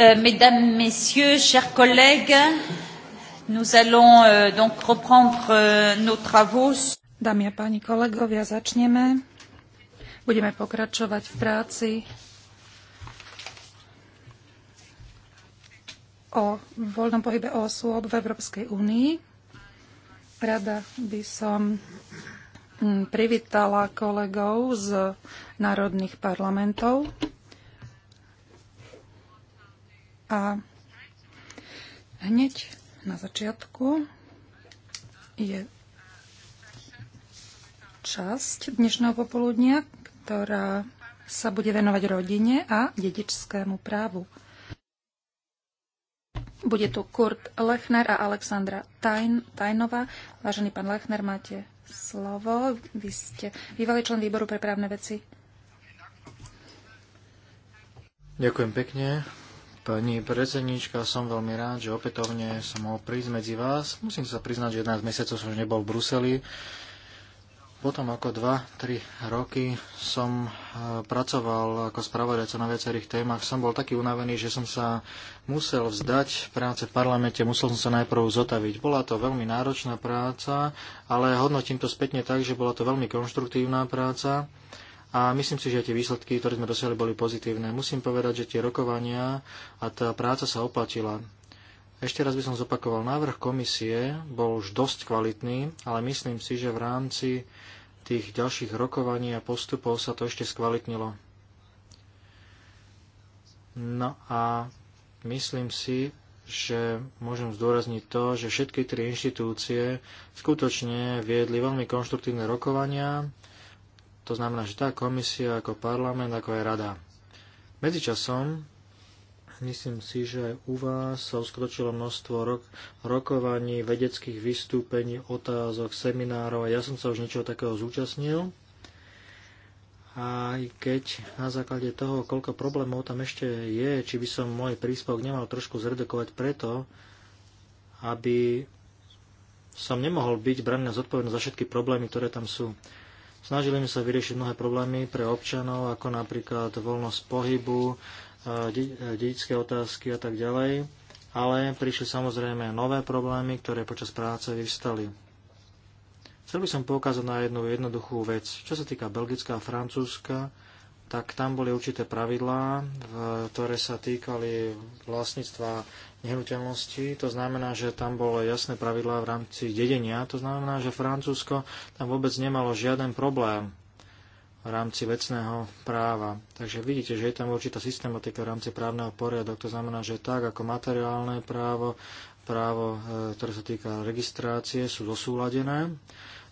Euh, mesdames, Messieurs, chers collègues, nous allons euh, donc reprendre euh, nos travaux. Dámy a páni kolegovia, začneme. Budeme pokračovať v práci o voľnom pohybe osôb v Európskej únii. Rada by som mm, privítala kolegov z národných parlamentov. A hneď na začiatku je časť dnešného popoludnia, ktorá sa bude venovať rodine a dedičskému právu. Bude tu Kurt Lechner a Alexandra Tajn, Tajnová. Vážený pán Lechner, máte slovo. Vy ste bývalý člen výboru pre právne veci. Ďakujem pekne. Pani predsednička, som veľmi rád, že opätovne som mohol prísť medzi vás. Musím sa priznať, že 11 mesiacov som už nebol v Bruseli. Potom ako 2-3 roky som e, pracoval ako spravodajca na viacerých témach. Som bol taký unavený, že som sa musel vzdať práce v parlamente, musel som sa najprv zotaviť. Bola to veľmi náročná práca, ale hodnotím to spätne tak, že bola to veľmi konštruktívna práca a myslím si, že tie výsledky, ktoré sme dosiahli, boli pozitívne. Musím povedať, že tie rokovania a tá práca sa oplatila. Ešte raz by som zopakoval, návrh komisie bol už dosť kvalitný, ale myslím si, že v rámci tých ďalších rokovaní a postupov sa to ešte skvalitnilo. No a myslím si, že môžem zdôrazniť to, že všetky tri inštitúcie skutočne viedli veľmi konštruktívne rokovania to znamená, že tá komisia ako parlament, ako aj rada. Medzičasom, myslím si, že u vás sa uskutočilo množstvo rok, rokovaní, vedeckých vystúpení, otázok, seminárov a ja som sa už niečo takého zúčastnil. Aj keď na základe toho, koľko problémov tam ešte je, či by som môj príspevok nemal trošku zredukovať preto, aby som nemohol byť braný na zodpovednosť za všetky problémy, ktoré tam sú. Snažili sme sa vyriešiť mnohé problémy pre občanov, ako napríklad voľnosť pohybu, e, dedické otázky a tak ďalej, ale prišli samozrejme nové problémy, ktoré počas práce vyvstali. Chcel by som poukázať na jednu jednoduchú vec. Čo sa týka Belgická a Francúzska, tak tam boli určité pravidlá, ktoré sa týkali vlastníctva nehnuteľnosti. To znamená, že tam bolo jasné pravidlá v rámci dedenia. To znamená, že Francúzsko tam vôbec nemalo žiaden problém v rámci vecného práva. Takže vidíte, že je tam určitá systematika v rámci právneho poriadok. To znamená, že tak ako materiálne právo, právo, e, ktoré sa týka registrácie, sú dosúladené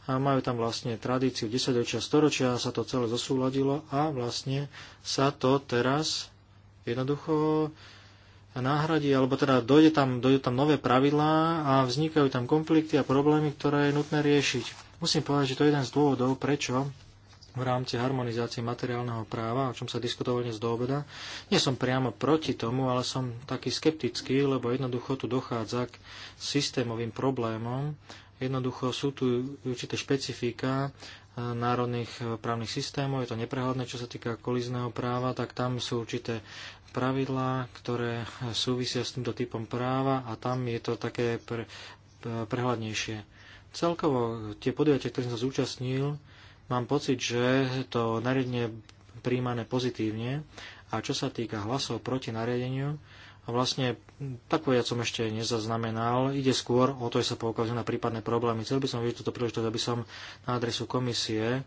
a majú tam vlastne tradíciu 10 ročia, 100 ročia sa to celé zosúladilo a vlastne sa to teraz jednoducho náhradí, alebo teda dojde tam, dojde tam nové pravidlá a vznikajú tam konflikty a problémy, ktoré je nutné riešiť. Musím povedať, že to je jeden z dôvodov, prečo v rámci harmonizácie materiálneho práva, o čom sa diskutovalo dnes do obeda. Nie som priamo proti tomu, ale som taký skeptický, lebo jednoducho tu dochádza k systémovým problémom Jednoducho sú tu určité špecifika e, národných e, právnych systémov, je to neprehľadné, čo sa týka kolizného práva, tak tam sú určité pravidlá, ktoré e, súvisia s týmto typom práva a tam je to také pre, prehľadnejšie. Celkovo tie podujatia, ktoré som sa zúčastnil, mám pocit, že to nariadenie príjmané pozitívne a čo sa týka hlasov proti nariadeniu, a vlastne tak povedať som ešte nezaznamenal. Ide skôr o to, že sa poukazujú na prípadné problémy. Chcel by som vidieť túto príležitosť, aby som na adresu komisie e,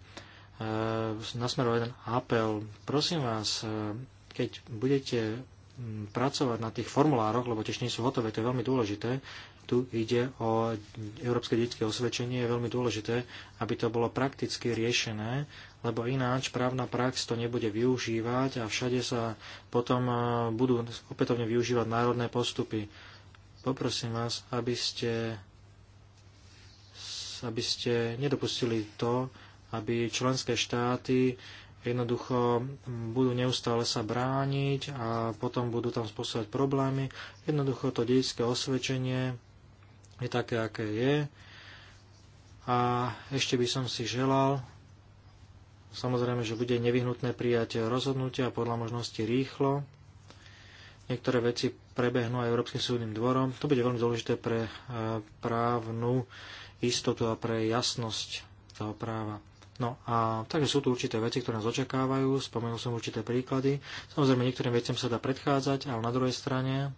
nasmeroval jeden apel. Prosím vás, e, keď budete pracovať na tých formulároch, lebo tiež nie sú hotové, to je veľmi dôležité, tu ide o európske detské osvedčenie, je veľmi dôležité, aby to bolo prakticky riešené, lebo ináč právna prax to nebude využívať a všade sa potom e, budú opätovne využívať národné postupy. Poprosím vás, aby ste, aby ste nedopustili to, aby členské štáty jednoducho budú neustále sa brániť a potom budú tam spôsobať problémy. Jednoducho to dedické osvedčenie je také, aké je. A ešte by som si želal, samozrejme, že bude nevyhnutné prijať rozhodnutia podľa možnosti rýchlo. Niektoré veci prebehnú aj Európskym súdnym dvorom. To bude veľmi dôležité pre e, právnu istotu a pre jasnosť toho práva. No a takže sú tu určité veci, ktoré nás očakávajú, spomenul som určité príklady. Samozrejme, niektorým veciam sa dá predchádzať, ale na druhej strane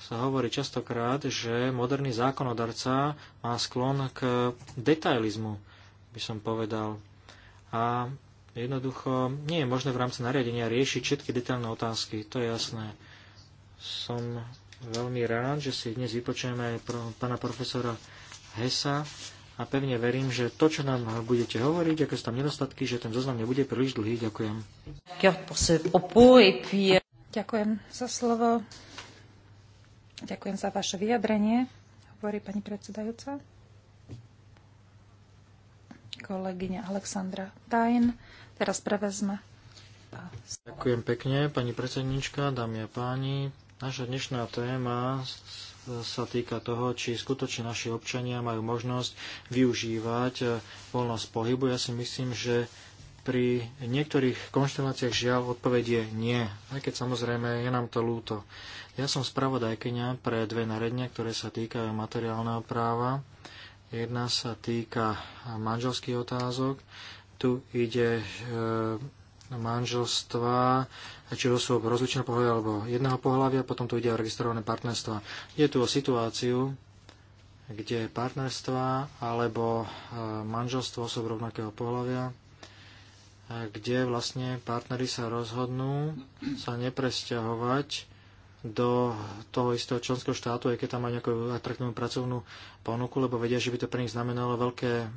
sa hovorí častokrát, že moderný zákonodarca má sklon k detailizmu, by som povedal. A jednoducho nie je možné v rámci nariadenia riešiť všetky detailné otázky, to je jasné. Som veľmi rád, že si dnes vypočujeme aj pána profesora Hesa a pevne verím, že to, čo nám budete hovoriť, aké sú tam nedostatky, že ten zoznam nebude príliš dlhý. Ďakujem. Ďakujem za slovo. Ďakujem za vaše vyjadrenie, hovorí pani predsedajúca. Kolegyňa Alexandra Tajn teraz prevezme. Ďakujem pekne, pani predsednička, dámy a páni. Naša dnešná téma sa týka toho, či skutočne naši občania majú možnosť využívať eh, voľnosť pohybu. Ja si myslím, že pri niektorých konšteláciách žiaľ odpovedie nie, aj keď samozrejme je nám to lúto. Ja som spravodajkyňa pre dve naredne, ktoré sa týkajú materiálneho práva. Jedna sa týka manželských otázok. Tu ide e, manželstva, či osôb rozličného pohľavia alebo jedného pohľavia, potom tu ide o registrované partnerstva. Je tu o situáciu, kde partnerstva alebo e, manželstvo osob rovnakého pohľavia kde vlastne partnery sa rozhodnú sa nepresťahovať do toho istého členského štátu, aj keď tam majú nejakú atraktívnu pracovnú ponuku, lebo vedia, že by to pre nich znamenalo veľké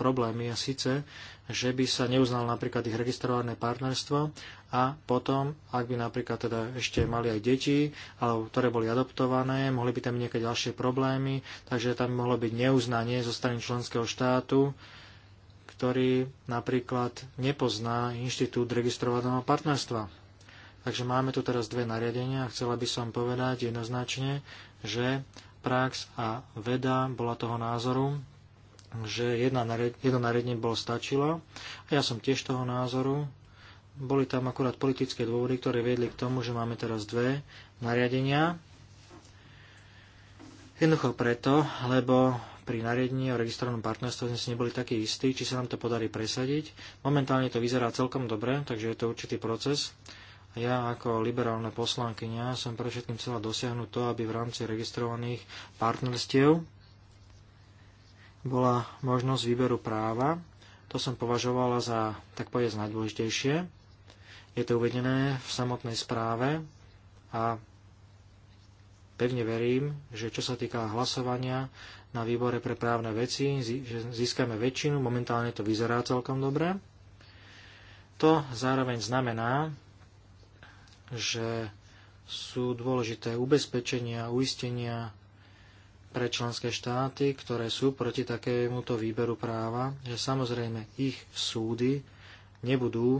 problémy a síce, že by sa neuznalo napríklad ich registrované partnerstvo a potom, ak by napríklad teda ešte mali aj deti, alebo ktoré boli adoptované, mohli by tam nejaké ďalšie problémy, takže tam mohlo byť neuznanie zo strany členského štátu, ktorý napríklad nepozná inštitút registrovaného partnerstva. Takže máme tu teraz dve nariadenia a chcela by som povedať jednoznačne, že prax a veda bola toho názoru, že jedna, jedno nariadenie bolo stačilo a ja som tiež toho názoru. Boli tam akurát politické dôvody, ktoré viedli k tomu, že máme teraz dve nariadenia. Jednoducho preto, lebo pri nariadení o registrovanom partnerstve sme si neboli takí istí, či sa nám to podarí presadiť. Momentálne to vyzerá celkom dobre, takže je to určitý proces. Ja ako liberálna poslankyňa som pre všetkým chcela dosiahnuť to, aby v rámci registrovaných partnerstiev bola možnosť výberu práva. To som považovala za, tak povedať, najdôležitejšie. Je to uvedené v samotnej správe a pevne verím, že čo sa týka hlasovania, na výbore pre právne veci, že získame väčšinu, momentálne to vyzerá celkom dobre. To zároveň znamená, že sú dôležité ubezpečenia, uistenia pre členské štáty, ktoré sú proti takémuto výberu práva, že samozrejme ich súdy nebudú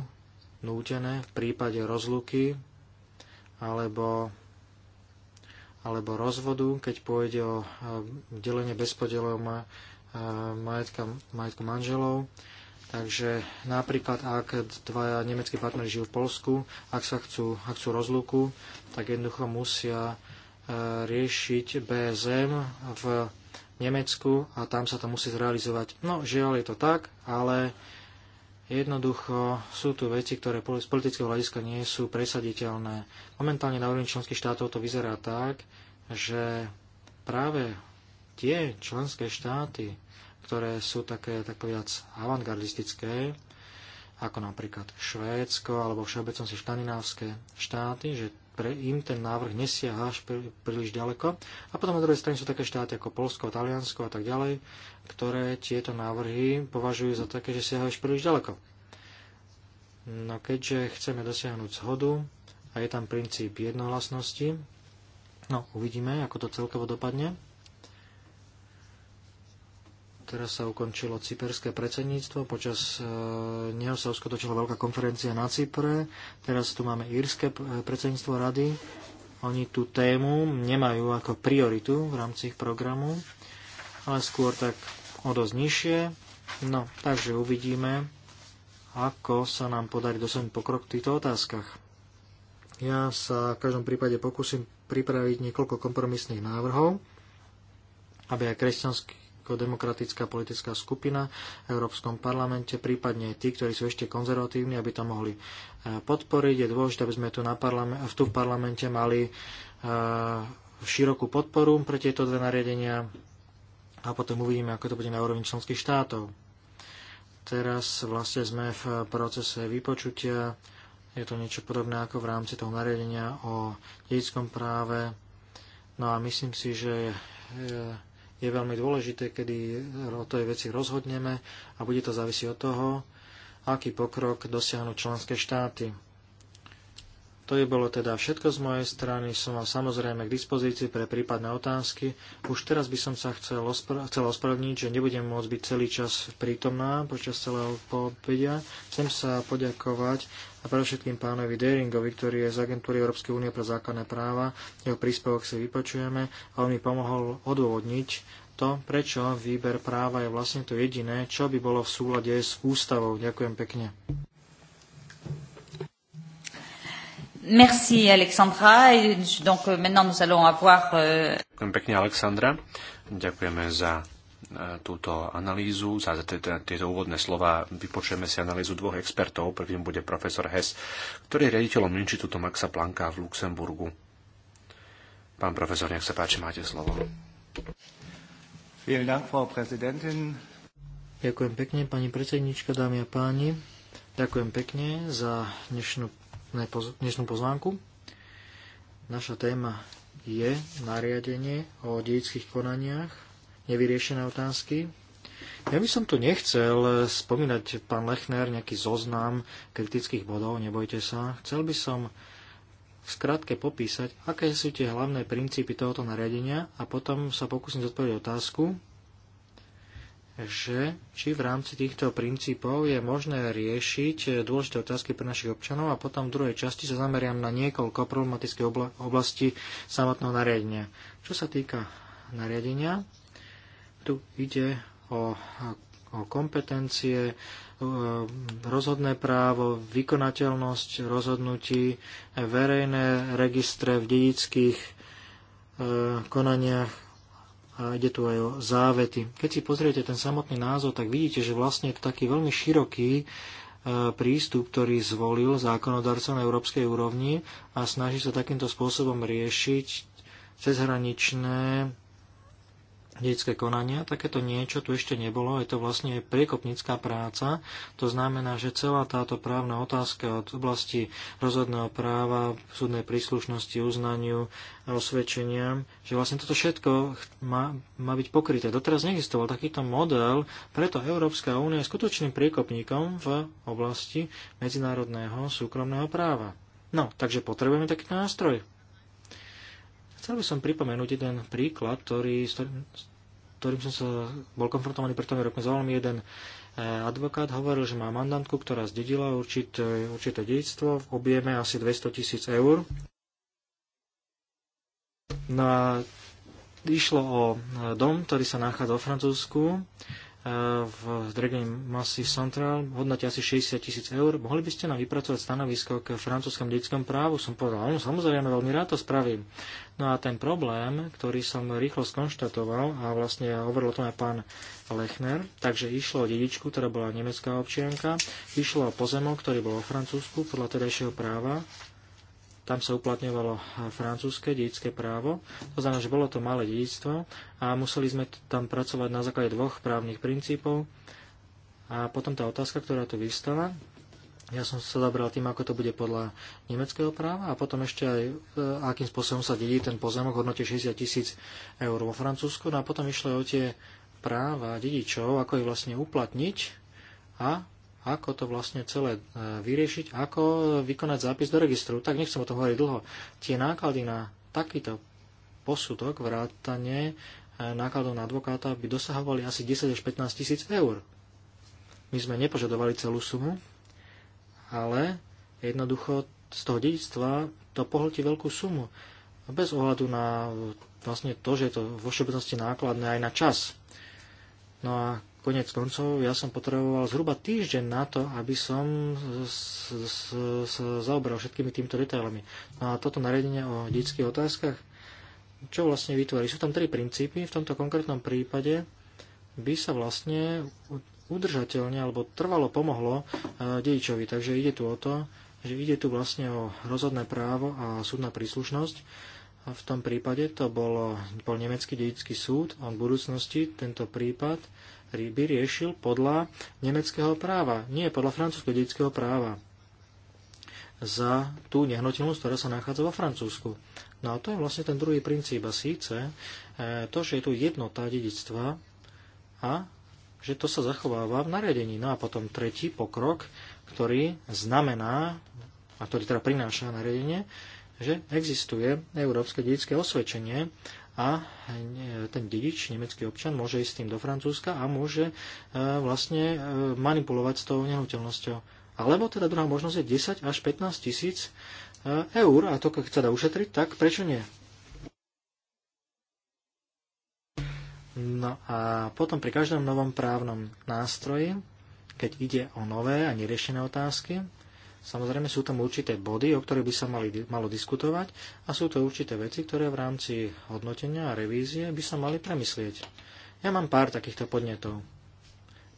nútené v prípade rozluky alebo alebo rozvodu, keď pôjde o eh, delenie bezpodielov eh, majetka, majetku manželov. Takže napríklad, ak dvaja nemeckí partneri žijú v Polsku, ak sa chcú, ak chcú rozluku, tak jednoducho musia eh, riešiť BSM v Nemecku a tam sa to musí zrealizovať. No, žiaľ je to tak, ale Jednoducho sú tu veci, ktoré z politického hľadiska nie sú presaditeľné. Momentálne na úrovni členských štátov to vyzerá tak, že práve tie členské štáty, ktoré sú také, tak viac avantgardistické, ako napríklad Švédsko alebo všeobecnosti škandinávské štáty, že pre im ten návrh nesiaha až príliš ďaleko. A potom na druhej strane sú také štáty ako Polsko, Taliansko a tak ďalej, ktoré tieto návrhy považujú za také, že siahajú až príliš ďaleko. No keďže chceme dosiahnuť zhodu a je tam princíp jednohlasnosti, no uvidíme, ako to celkovo dopadne. Teraz sa ukončilo cyperské predsedníctvo, počas e, neho sa uskutočila veľká konferencia na Cypre, teraz tu máme írske predsedníctvo rady, oni tú tému nemajú ako prioritu v rámci ich programu, ale skôr tak o dosť nižšie. No, takže uvidíme, ako sa nám podarí dosiahnuť pokrok v týchto otázkach. Ja sa v každom prípade pokúsim pripraviť niekoľko kompromisných návrhov, aby aj kresťanský ako demokratická politická skupina v Európskom parlamente, prípadne tí, ktorí sú ešte konzervatívni, aby to mohli e, podporiť. Je dôležité, aby sme tu, na parlament, tu v parlamente mali e, širokú podporu pre tieto dve nariadenia a potom uvidíme, ako to bude na úrovni členských štátov. Teraz vlastne sme v procese vypočutia. Je to niečo podobné ako v rámci toho nariadenia o dedickom práve. No a myslím si, že e, je veľmi dôležité, kedy o tej veci rozhodneme a bude to závisieť od toho, aký pokrok dosiahnu členské štáty. To je bolo teda všetko z mojej strany. Som vám samozrejme k dispozícii pre prípadné otázky. Už teraz by som sa chcel, ospr- chcel ospravedlniť, že nebudem môcť byť celý čas prítomná počas celého poobedia. Chcem sa poďakovať a všetkým pánovi Deringovi, ktorý je z agentúry Európskej únie pre základné práva. Jeho príspevok si vypočujeme a on mi pomohol odôvodniť to, prečo výber práva je vlastne to jediné, čo by bolo v súlade s ústavou. Ďakujem pekne. Merci Alexandra. donc euh, maintenant nous allons avoir... Euh, Ďakujem pekne Alexandra. Ďakujeme za e, túto analýzu, za tieto úvodné slova. Vypočujeme si analýzu dvoch expertov. Prvým bude profesor Hess, ktorý je riaditeľom Inštitútu Maxa Plancka v Luxemburgu. Pán profesor, nech sa páči, máte slovo. Ďakujem pekne, pani predsednička, dámy a páni. Ďakujem pekne za dnešnú dnešnú pozvánku. Naša téma je nariadenie o dedických konaniach, nevyriešené otázky. Ja by som tu nechcel spomínať, pán Lechner, nejaký zoznam kritických bodov, nebojte sa. Chcel by som v skratke popísať, aké sú tie hlavné princípy tohoto nariadenia a potom sa pokúsim zodpovedať otázku, že či v rámci týchto princípov je možné riešiť dôležité otázky pre našich občanov a potom v druhej časti sa zameriam na niekoľko problematických oblasti samotného nariadenia. Čo sa týka nariadenia, tu ide o, o kompetencie, rozhodné právo, vykonateľnosť rozhodnutí, verejné registre v dedických e, konaniach, a ide tu aj o závety. Keď si pozriete ten samotný názov, tak vidíte, že vlastne je to taký veľmi široký e, prístup, ktorý zvolil zákonodarca na európskej úrovni a snaží sa takýmto spôsobom riešiť cezhraničné dedické konania. Takéto niečo tu ešte nebolo, je to vlastne priekopnícká práca. To znamená, že celá táto právna otázka od oblasti rozhodného práva, súdnej príslušnosti, uznaniu, osvedčeniam, že vlastne toto všetko má, má byť pokryté. Doteraz neexistoval takýto model, preto Európska únia je skutočným priekopníkom v oblasti medzinárodného súkromného práva. No, takže potrebujeme takýto nástroj. Chcel by som pripomenúť jeden príklad, ktorý, s ktorým som sa bol konfrontovaný pred rokom. Zavolal mi jeden eh, advokát, hovoril, že má mandantku, ktorá zdedila určité, určité dedictvo v objeme asi 200 tisíc eur. No a išlo o eh, dom, ktorý sa nachádza vo Francúzsku v regióne Massif Central v hodnote asi 60 tisíc eur. Mohli by ste nám vypracovať stanovisko k francúzskom detskom právu? Som povedal, áno, samozrejme, veľmi rád to spravím. No a ten problém, ktorý som rýchlo skonštatoval, a vlastne hovoril o tom aj pán Lechner, takže išlo o dedičku, ktorá bola nemecká občianka, išlo o pozemok, ktorý bol o Francúzsku podľa tedajšieho práva, tam sa uplatňovalo francúzske dedické právo. To znamená, že bolo to malé dedictvo a museli sme tam pracovať na základe dvoch právnych princípov. A potom tá otázka, ktorá tu vystala, ja som sa zabral tým, ako to bude podľa nemeckého práva a potom ešte aj e, akým spôsobom sa dedí ten pozemok v hodnote 60 tisíc eur vo Francúzsku. No a potom išlo o tie práva dedičov, ako ich vlastne uplatniť a ako to vlastne celé e, vyriešiť, ako vykonať zápis do registru. Tak nechcem o tom hovoriť dlho. Tie náklady na takýto posudok, vrátanie e, nákladov na advokáta by dosahovali asi 10 až 15 tisíc eur. My sme nepožadovali celú sumu, ale jednoducho z toho dedictva to pohltí veľkú sumu. Bez ohľadu na e, vlastne to, že je to vo všeobecnosti nákladné aj na čas. No a Konec koncov, ja som potreboval zhruba týždeň na to, aby som sa zaoberal všetkými týmto detailami. No a toto nariadenie o detských otázkach, čo vlastne vytvorí? Sú tam tri princípy. V tomto konkrétnom prípade by sa vlastne udržateľne alebo trvalo pomohlo e, dedičovi. Takže ide tu o to, že ide tu vlastne o rozhodné právo a súdna príslušnosť. A v tom prípade to bol, bol nemecký dedický súd. On v budúcnosti tento prípad ryby riešil podľa nemeckého práva, nie podľa francúzsko-dedického práva za tú nehnuteľnosť, ktorá sa nachádza vo Francúzsku. No a to je vlastne ten druhý princíp a síce e, to, že je tu jednota dedictva a že to sa zachováva v nariadení. No a potom tretí pokrok, ktorý znamená, a ktorý teda prináša nariadenie, že existuje Európske dedické osvedčenie a ten dedič, nemecký občan, môže ísť s tým do Francúzska a môže e, vlastne e, manipulovať s tou nehnuteľnosťou. Alebo teda druhá možnosť je 10 až 15 tisíc e, eur a to, keď chce dá ušetriť, tak prečo nie? No a potom pri každom novom právnom nástroji, keď ide o nové a neriešené otázky, Samozrejme sú tam určité body, o ktorých by sa mali, malo diskutovať a sú to určité veci, ktoré v rámci hodnotenia a revízie by sa mali premyslieť. Ja mám pár takýchto podnetov.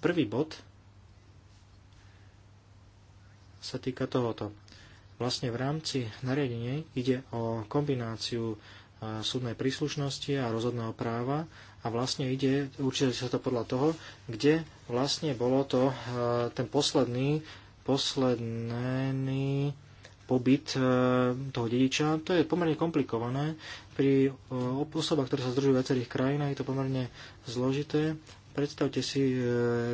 Prvý bod sa týka tohoto. Vlastne v rámci nariadenia ide o kombináciu e, súdnej príslušnosti a rozhodného práva a vlastne ide, určite sa to podľa toho, kde vlastne bolo to, e, ten posledný posledný pobyt e, toho dediča. To je pomerne komplikované. Pri e, osobách, ktoré sa združujú v viacerých krajinách, je to pomerne zložité. Predstavte si e,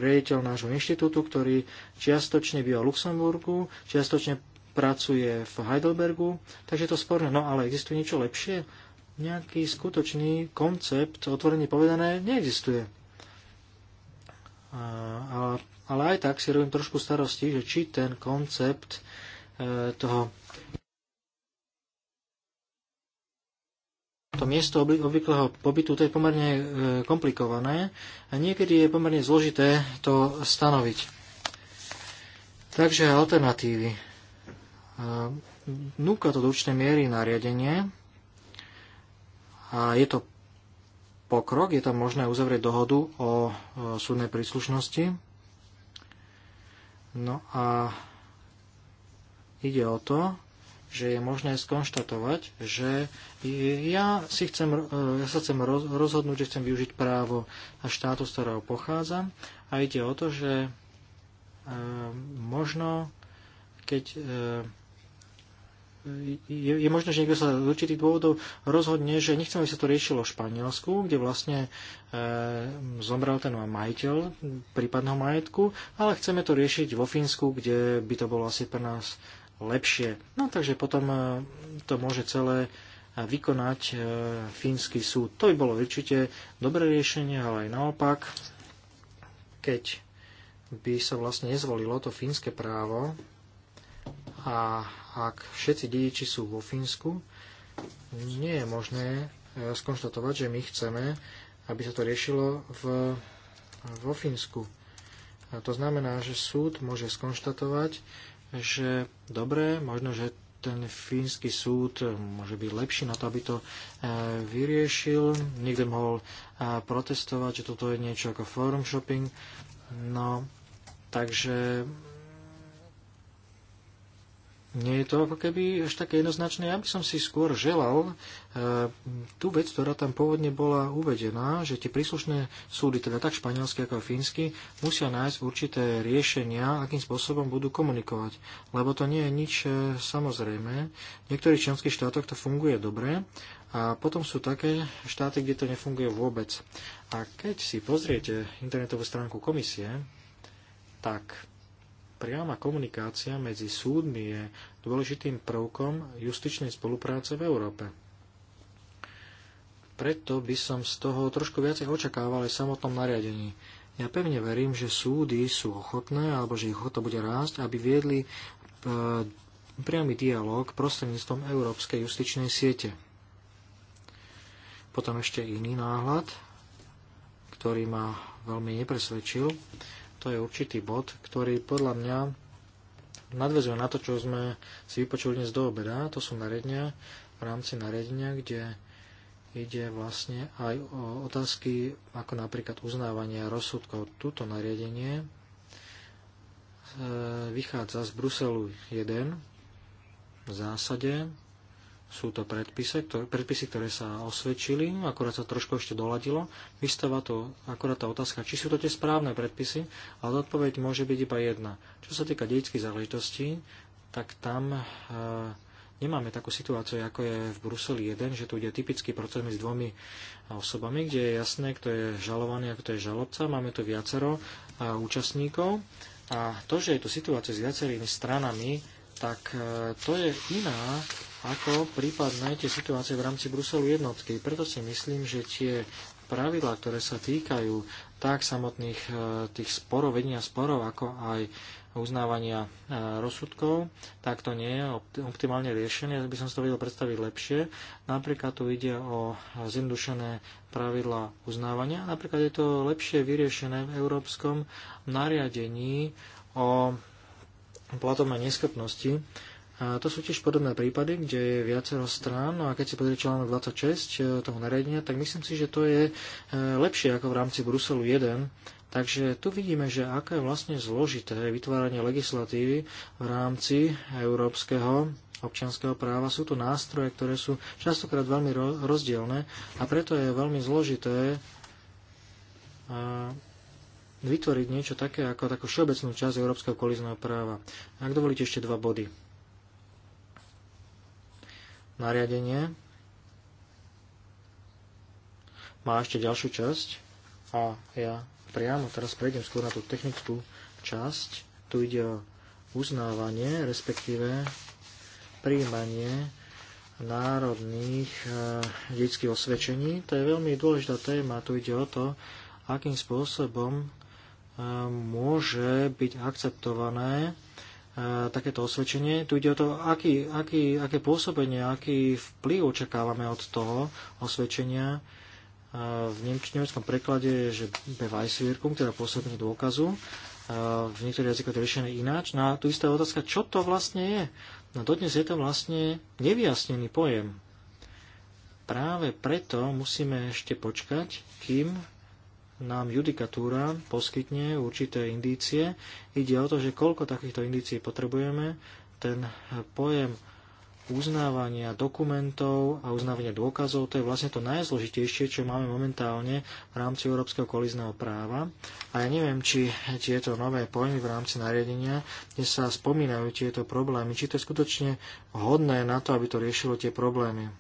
riaditeľ nášho inštitútu, ktorý čiastočne býva v Luxemburgu, čiastočne pracuje v Heidelbergu, takže je to sporné. No ale existuje niečo lepšie? Nejaký skutočný koncept, otvorene povedané, neexistuje. A, a ale aj tak si robím trošku starosti, že či ten koncept e, toho to miesto obvyklého pobytu to je pomerne e, komplikované a niekedy je pomerne zložité to stanoviť. Takže alternatívy. E, núka to do určitej miery nariadenie a je to pokrok, je tam možné uzavrieť dohodu o súdnej príslušnosti No a ide o to, že je možné skonštatovať, že ja, si chcem, e, ja sa chcem rozhodnúť, že chcem využiť právo a štátu, z ktorého pochádzam. A ide o to, že e, možno, keď e, je, je možné, že niekto sa z určitých dôvodov rozhodne, že nechcem, aby sa to riešilo v Španielsku, kde vlastne e, zomrel ten majiteľ prípadného majetku, ale chceme to riešiť vo Fínsku, kde by to bolo asi pre nás lepšie. No takže potom e, to môže celé e, vykonať e, fínsky súd. To by bolo určite dobré riešenie, ale aj naopak, keď by sa vlastne nezvolilo to fínske právo a ak všetci dediči sú vo Fínsku, nie je možné e, skonštatovať, že my chceme, aby sa to riešilo v, vo Fínsku. A to znamená, že súd môže skonštatovať, že dobre, možno, že ten fínsky súd môže byť lepší na to, aby to e, vyriešil. Niekde mohol e, protestovať, že toto je niečo ako forum shopping. No, takže nie je to ako keby až také jednoznačné. Ja by som si skôr želal e, tú vec, ktorá tam pôvodne bola uvedená, že tie príslušné súdy, teda tak španielské ako aj fínsky, musia nájsť určité riešenia, akým spôsobom budú komunikovať. Lebo to nie je nič e, samozrejme. V niektorých členských štátoch to funguje dobre a potom sú také štáty, kde to nefunguje vôbec. A keď si pozriete internetovú stránku komisie, tak priama komunikácia medzi súdmi je dôležitým prvkom justičnej spolupráce v Európe. Preto by som z toho trošku viacej očakával aj v samotnom nariadení. Ja pevne verím, že súdy sú ochotné, alebo že ich ochota bude rásť, aby viedli e, priamy dialog prostredníctvom Európskej justičnej siete. Potom ešte iný náhľad, ktorý ma veľmi nepresvedčil to je určitý bod, ktorý podľa mňa nadvezuje na to, čo sme si vypočuli dnes do obeda. To sú nariadenia v rámci nariadenia, kde ide vlastne aj o otázky ako napríklad uznávanie rozsudkov. Tuto nariadenie e, vychádza z Bruselu 1 v zásade sú to predpise, ktoré, predpisy, ktoré sa osvedčili, no akorát sa trošku ešte doladilo. Vystáva to akorát tá otázka, či sú to tie správne predpisy, ale odpoveď môže byť iba jedna. Čo sa týka dedických záležitostí, tak tam e, nemáme takú situáciu, ako je v Bruseli 1, že tu ide typický proces s dvomi osobami, kde je jasné, kto je žalovaný a kto je žalobca. Máme tu viacero e, účastníkov a to, že je tu situácia s viacerými stranami, tak e, to je iná ako prípad najte situácie v rámci Bruselu jednotky. Preto si myslím, že tie pravidlá, ktoré sa týkajú tak samotných e, tých sporov, vedenia sporov, ako aj uznávania e, rozsudkov, tak to nie je optimálne riešené. Ja by som si to vedel predstaviť lepšie. Napríklad tu ide o zjednodušené pravidla uznávania. Napríklad je to lepšie vyriešené v európskom nariadení o platobnej neschopnosti. A to sú tiež podobné prípady, kde je viacero strán no a keď si pozrie článok 26 e, toho nariadenia, tak myslím si, že to je e, lepšie ako v rámci Bruselu 1, Takže tu vidíme, že aké je vlastne zložité vytváranie legislatívy v rámci európskeho občianského práva. Sú to nástroje, ktoré sú častokrát veľmi rozdielne a preto je veľmi zložité e, vytvoriť niečo také ako takú všeobecnú časť európskeho kolizného práva. Ak dovolíte ešte dva body. Nariadenie má ešte ďalšiu časť a ja priamo teraz prejdem skôr na tú technickú časť. Tu ide o uznávanie, respektíve príjmanie národných eh, detských osvedčení. To je veľmi dôležitá téma. Tu ide o to, akým spôsobom môže byť akceptované e, takéto osvedčenie. Tu ide o to, aký, aký, aké pôsobenie, aký vplyv očakávame od toho osvedčenia. E, v nemeckom preklade je, že beweiswirkung, teda pôsobenie dôkazu. E, v niektorých jazykoch je riešené ináč. No a tu istá otázka, čo to vlastne je? No dodnes je to vlastne nevyjasnený pojem. Práve preto musíme ešte počkať, kým nám judikatúra poskytne určité indície. Ide o to, že koľko takýchto indícií potrebujeme. Ten pojem uznávania dokumentov a uznávania dôkazov, to je vlastne to najzložitejšie, čo máme momentálne v rámci európskeho kolizného práva. A ja neviem, či tieto nové pojmy v rámci nariadenia, kde sa spomínajú tieto problémy, či to je skutočne hodné na to, aby to riešilo tie problémy.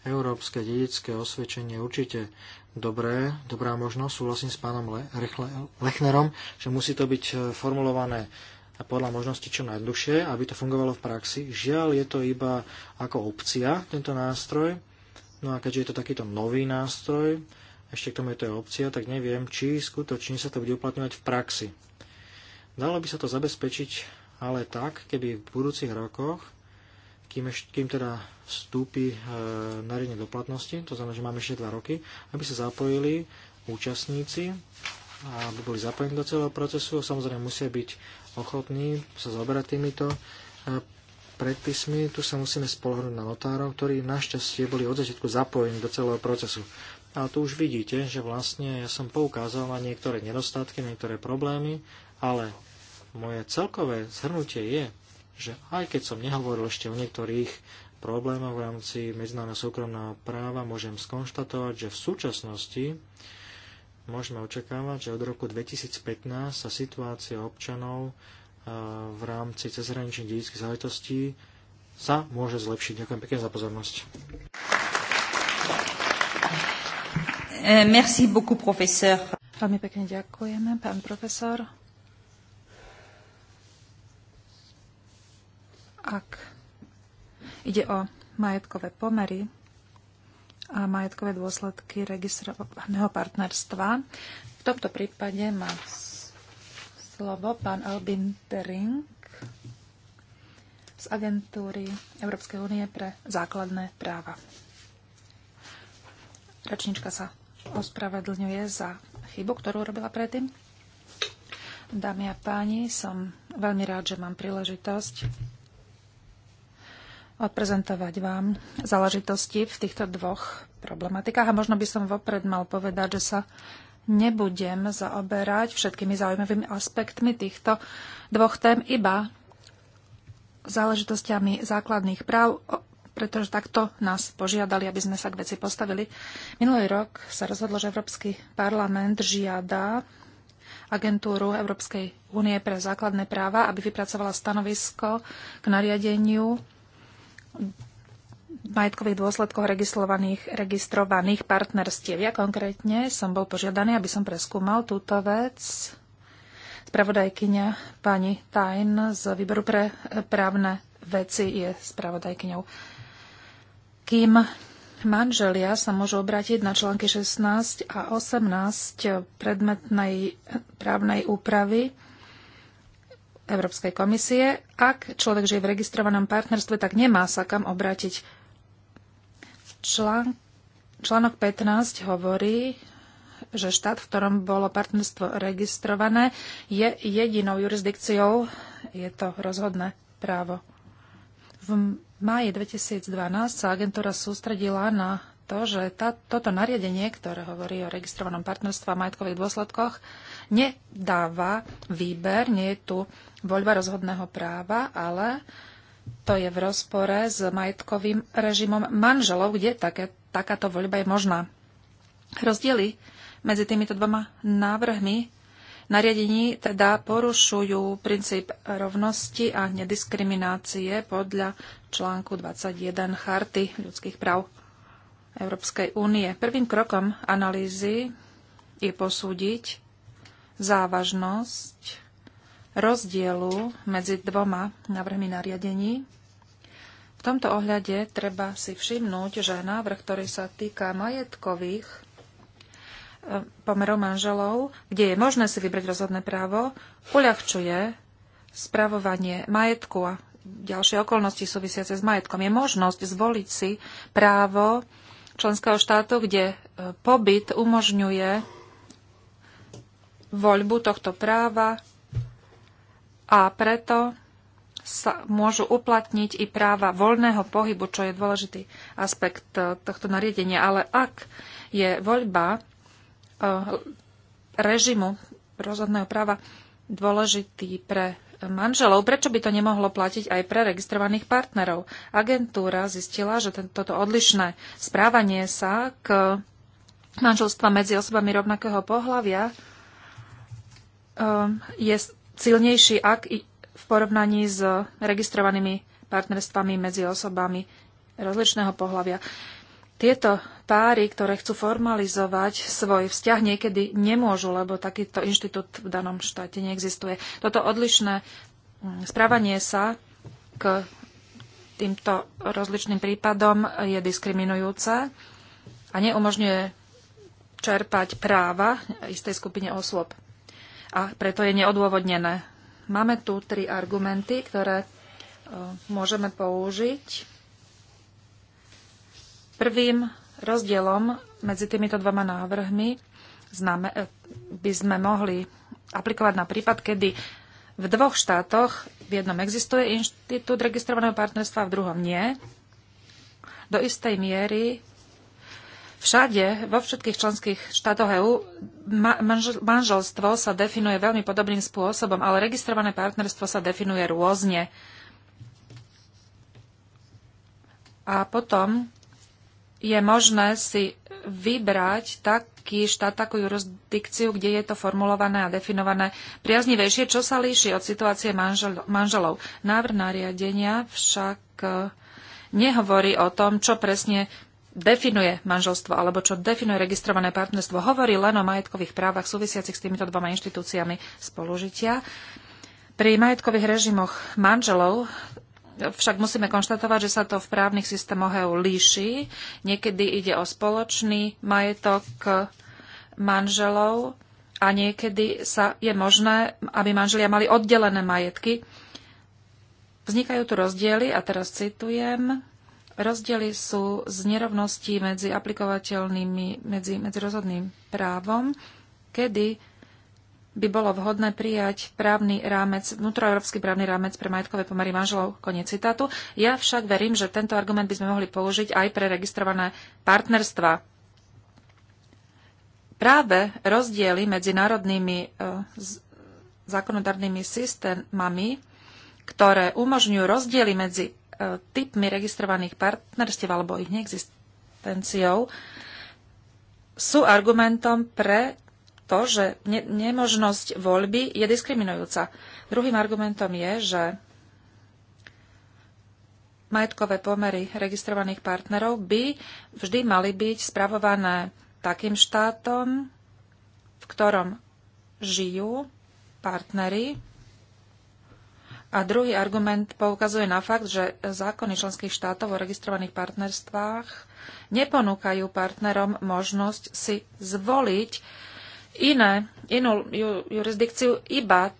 Európske dedické osvedčenie určite dobré, dobrá možnosť, súhlasím s pánom Le- Lechnerom, že musí to byť e, formulované podľa možnosti čo najdlhšie, aby to fungovalo v praxi. Žiaľ, je to iba ako opcia, tento nástroj. No a keďže je to takýto nový nástroj, ešte k tomu je to opcia, tak neviem, či skutočne sa to bude uplatňovať v praxi. Dalo by sa to zabezpečiť ale tak, keby v budúcich rokoch kým, eš, kým teda vstúpi e, nariadenie do platnosti, to znamená, že máme ešte 2 roky, aby sa zapojili účastníci, aby boli zapojení do celého procesu. Samozrejme musia byť ochotní sa zaoberať týmito e, predpismi. Tu sa musíme spolhnúť na notárov, ktorí našťastie boli od začiatku zapojení do celého procesu. A tu už vidíte, že vlastne ja som poukázal na niektoré nedostatky, niektoré problémy, ale moje celkové zhrnutie je, že aj keď som nehovoril ešte o niektorých problémoch v rámci medzinárodného súkromného práva, môžem skonštatovať, že v súčasnosti môžeme očakávať, že od roku 2015 sa situácia občanov v rámci cezhraničných dedických záležitostí sa môže zlepšiť. Ďakujem pekne za pozornosť. Eh, merci beaucoup, professeur. Veľmi pekne ďakujeme, pán profesor. Ak ide o majetkové pomery a majetkové dôsledky registrovaného partnerstva, v tomto prípade má slovo pán Albin Tering z agentúry Európskej únie pre základné práva. Rečnička sa ospravedlňuje za chybu, ktorú robila predtým. Dámy a páni, som veľmi rád, že mám príležitosť odprezentovať vám záležitosti v týchto dvoch problematikách. A možno by som vopred mal povedať, že sa nebudem zaoberať všetkými zaujímavými aspektmi týchto dvoch tém, iba záležitostiami základných práv, pretože takto nás požiadali, aby sme sa k veci postavili. Minulý rok sa rozhodlo, že Európsky parlament žiada agentúru Európskej únie pre základné práva, aby vypracovala stanovisko k nariadeniu majetkových dôsledkoch registrovaných, registrovaných partnerstiev. Ja konkrétne som bol požiadaný, aby som preskúmal túto vec. Spravodajkyňa pani Tajn z Výboru pre právne veci je spravodajkyňou. Kým manželia sa môžu obrátiť na články 16 a 18 predmetnej právnej úpravy, Európskej komisie. Ak človek žije v registrovanom partnerstve, tak nemá sa kam obrátiť. Člán, článok 15 hovorí, že štát, v ktorom bolo partnerstvo registrované, je jedinou jurisdikciou. Je to rozhodné právo. V máji 2012 sa agentúra sústredila na to, že tá, toto nariadenie, ktoré hovorí o registrovanom partnerstve a majetkových dôsledkoch, nedáva výber, nie je tu voľba rozhodného práva, ale to je v rozpore s majetkovým režimom manželov, kde také, takáto voľba je možná. Rozdiely medzi týmito dvoma návrhmi nariadení teda porušujú princíp rovnosti a nediskriminácie podľa článku 21 Charty ľudských práv Európskej únie. Prvým krokom analýzy je posúdiť, závažnosť rozdielu medzi dvoma návrhmi nariadení. V tomto ohľade treba si všimnúť, že návrh, ktorý sa týka majetkových e, pomerov manželov, kde je možné si vybrať rozhodné právo, uľahčuje spravovanie majetku a ďalšie okolnosti súvisiace s majetkom. Je možnosť zvoliť si právo členského štátu, kde e, pobyt umožňuje voľbu tohto práva a preto sa môžu uplatniť i práva voľného pohybu, čo je dôležitý aspekt e, tohto nariadenia. Ale ak je voľba e, režimu rozhodného práva dôležitý pre manželov, prečo by to nemohlo platiť aj pre registrovaných partnerov? Agentúra zistila, že toto odlišné správanie sa k manželstva medzi osobami rovnakého pohľavia Ehm, je silnejší, ak v porovnaní s registrovanými partnerstvami medzi osobami rozličného pohľavia. Tieto páry, ktoré chcú formalizovať svoj vzťah, niekedy nemôžu, lebo takýto inštitút v danom štáte neexistuje. Toto odlišné mm, správanie sa k týmto rozličným prípadom je diskriminujúce a neumožňuje čerpať práva istej skupine osôb a preto je neodôvodnené. Máme tu tri argumenty, ktoré e, môžeme použiť. Prvým rozdielom medzi týmito dvoma návrhmi e, by sme mohli aplikovať na prípad, kedy v dvoch štátoch v jednom existuje inštitút registrovaného partnerstva, v druhom nie. Do istej miery Všade, vo všetkých členských štátoch EÚ, manželstvo sa definuje veľmi podobným spôsobom, ale registrované partnerstvo sa definuje rôzne. A potom je možné si vybrať taký štát, takú jurisdikciu, kde je to formulované a definované priaznivejšie, čo sa líši od situácie manžel, manželov. Návrh nariadenia však eh, nehovorí o tom, čo presne definuje manželstvo alebo čo definuje registrované partnerstvo, hovorí len o majetkových právach súvisiacich s týmito dvoma inštitúciami spolužitia. Pri majetkových režimoch manželov však musíme konštatovať, že sa to v právnych systémoch EU líši. Niekedy ide o spoločný majetok manželov a niekedy sa je možné, aby manželia mali oddelené majetky. Vznikajú tu rozdiely, a teraz citujem, Rozdiely sú z nerovností medzi aplikovateľnými, medzi, medzi rozhodným právom, kedy by bolo vhodné prijať právny rámec, vnútroeurópsky právny rámec pre majetkové pomery manželov, koniec citátu. Ja však verím, že tento argument by sme mohli použiť aj pre registrované partnerstva. Práve rozdiely medzi národnými e, zákonodárnymi systémami, ktoré umožňujú rozdiely medzi typmi registrovaných partnerstiev alebo ich neexistenciou sú argumentom pre to, že ne- nemožnosť voľby je diskriminujúca. Druhým argumentom je, že majetkové pomery registrovaných partnerov by vždy mali byť spravované takým štátom, v ktorom žijú partnery a druhý argument poukazuje na fakt, že zákony členských štátov o registrovaných partnerstvách neponúkajú partnerom možnosť si zvoliť iné, inú ju, jurisdikciu iba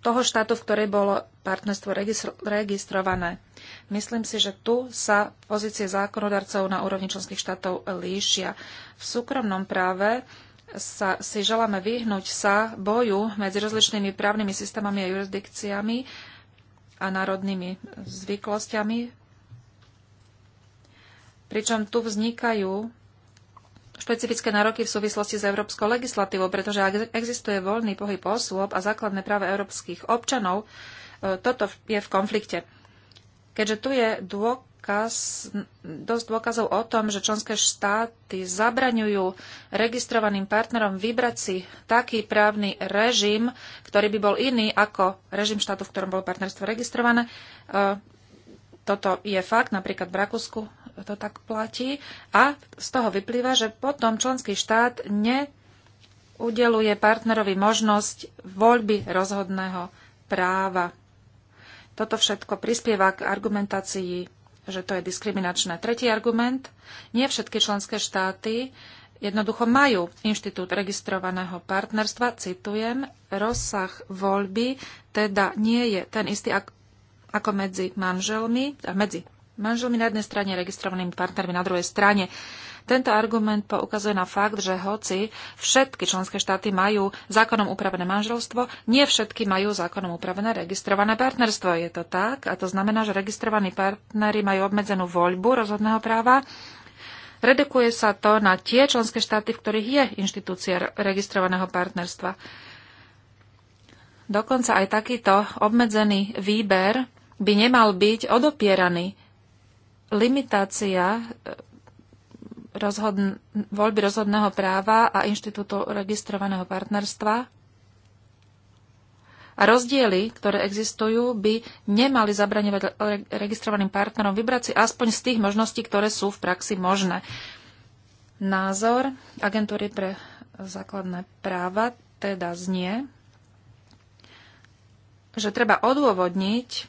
toho štátu, v ktorej bolo partnerstvo registro registrované. Myslím si, že tu sa pozície zákonodarcov na úrovni členských štátov líšia. V súkromnom práve sa, si želáme vyhnúť sa boju medzi rozličnými právnymi systémami a jurisdikciami a národnými zvyklostiami, pričom tu vznikajú špecifické nároky v súvislosti s európskou legislatívou, pretože ak existuje voľný pohyb osôb a základné práva európskych občanov, e, toto je v konflikte. Keďže tu je dôkaz, dôkaz, dosť dôkazov o tom, že členské štáty zabraňujú registrovaným partnerom vybrať si taký právny režim, ktorý by bol iný ako režim štátu, v ktorom bolo partnerstvo registrované. E, toto je fakt, napríklad v Rakúsku to tak platí. A z toho vyplýva, že potom členský štát neudeluje partnerovi možnosť voľby rozhodného práva. Toto všetko prispieva k argumentácii že to je diskriminačné. Tretí argument. Nie všetky členské štáty jednoducho majú inštitút registrovaného partnerstva, citujem, rozsah voľby teda nie je ten istý ako medzi manželmi, medzi manželmi na jednej strane registrovanými partnermi na druhej strane. Tento argument poukazuje na fakt, že hoci všetky členské štáty majú zákonom upravené manželstvo, nie všetky majú zákonom upravené registrované partnerstvo. Je to tak a to znamená, že registrovaní partnery majú obmedzenú voľbu rozhodného práva Redukuje sa to na tie členské štáty, v ktorých je inštitúcia registrovaného partnerstva. Dokonca aj takýto obmedzený výber by nemal byť odopieraný. Limitácia rozhodn- voľby rozhodného práva a inštitútu registrovaného partnerstva. A rozdiely, ktoré existujú, by nemali zabraňovať registrovaným partnerom vybrať si aspoň z tých možností, ktoré sú v praxi možné. Názor agentúry pre základné práva teda znie, že treba odôvodniť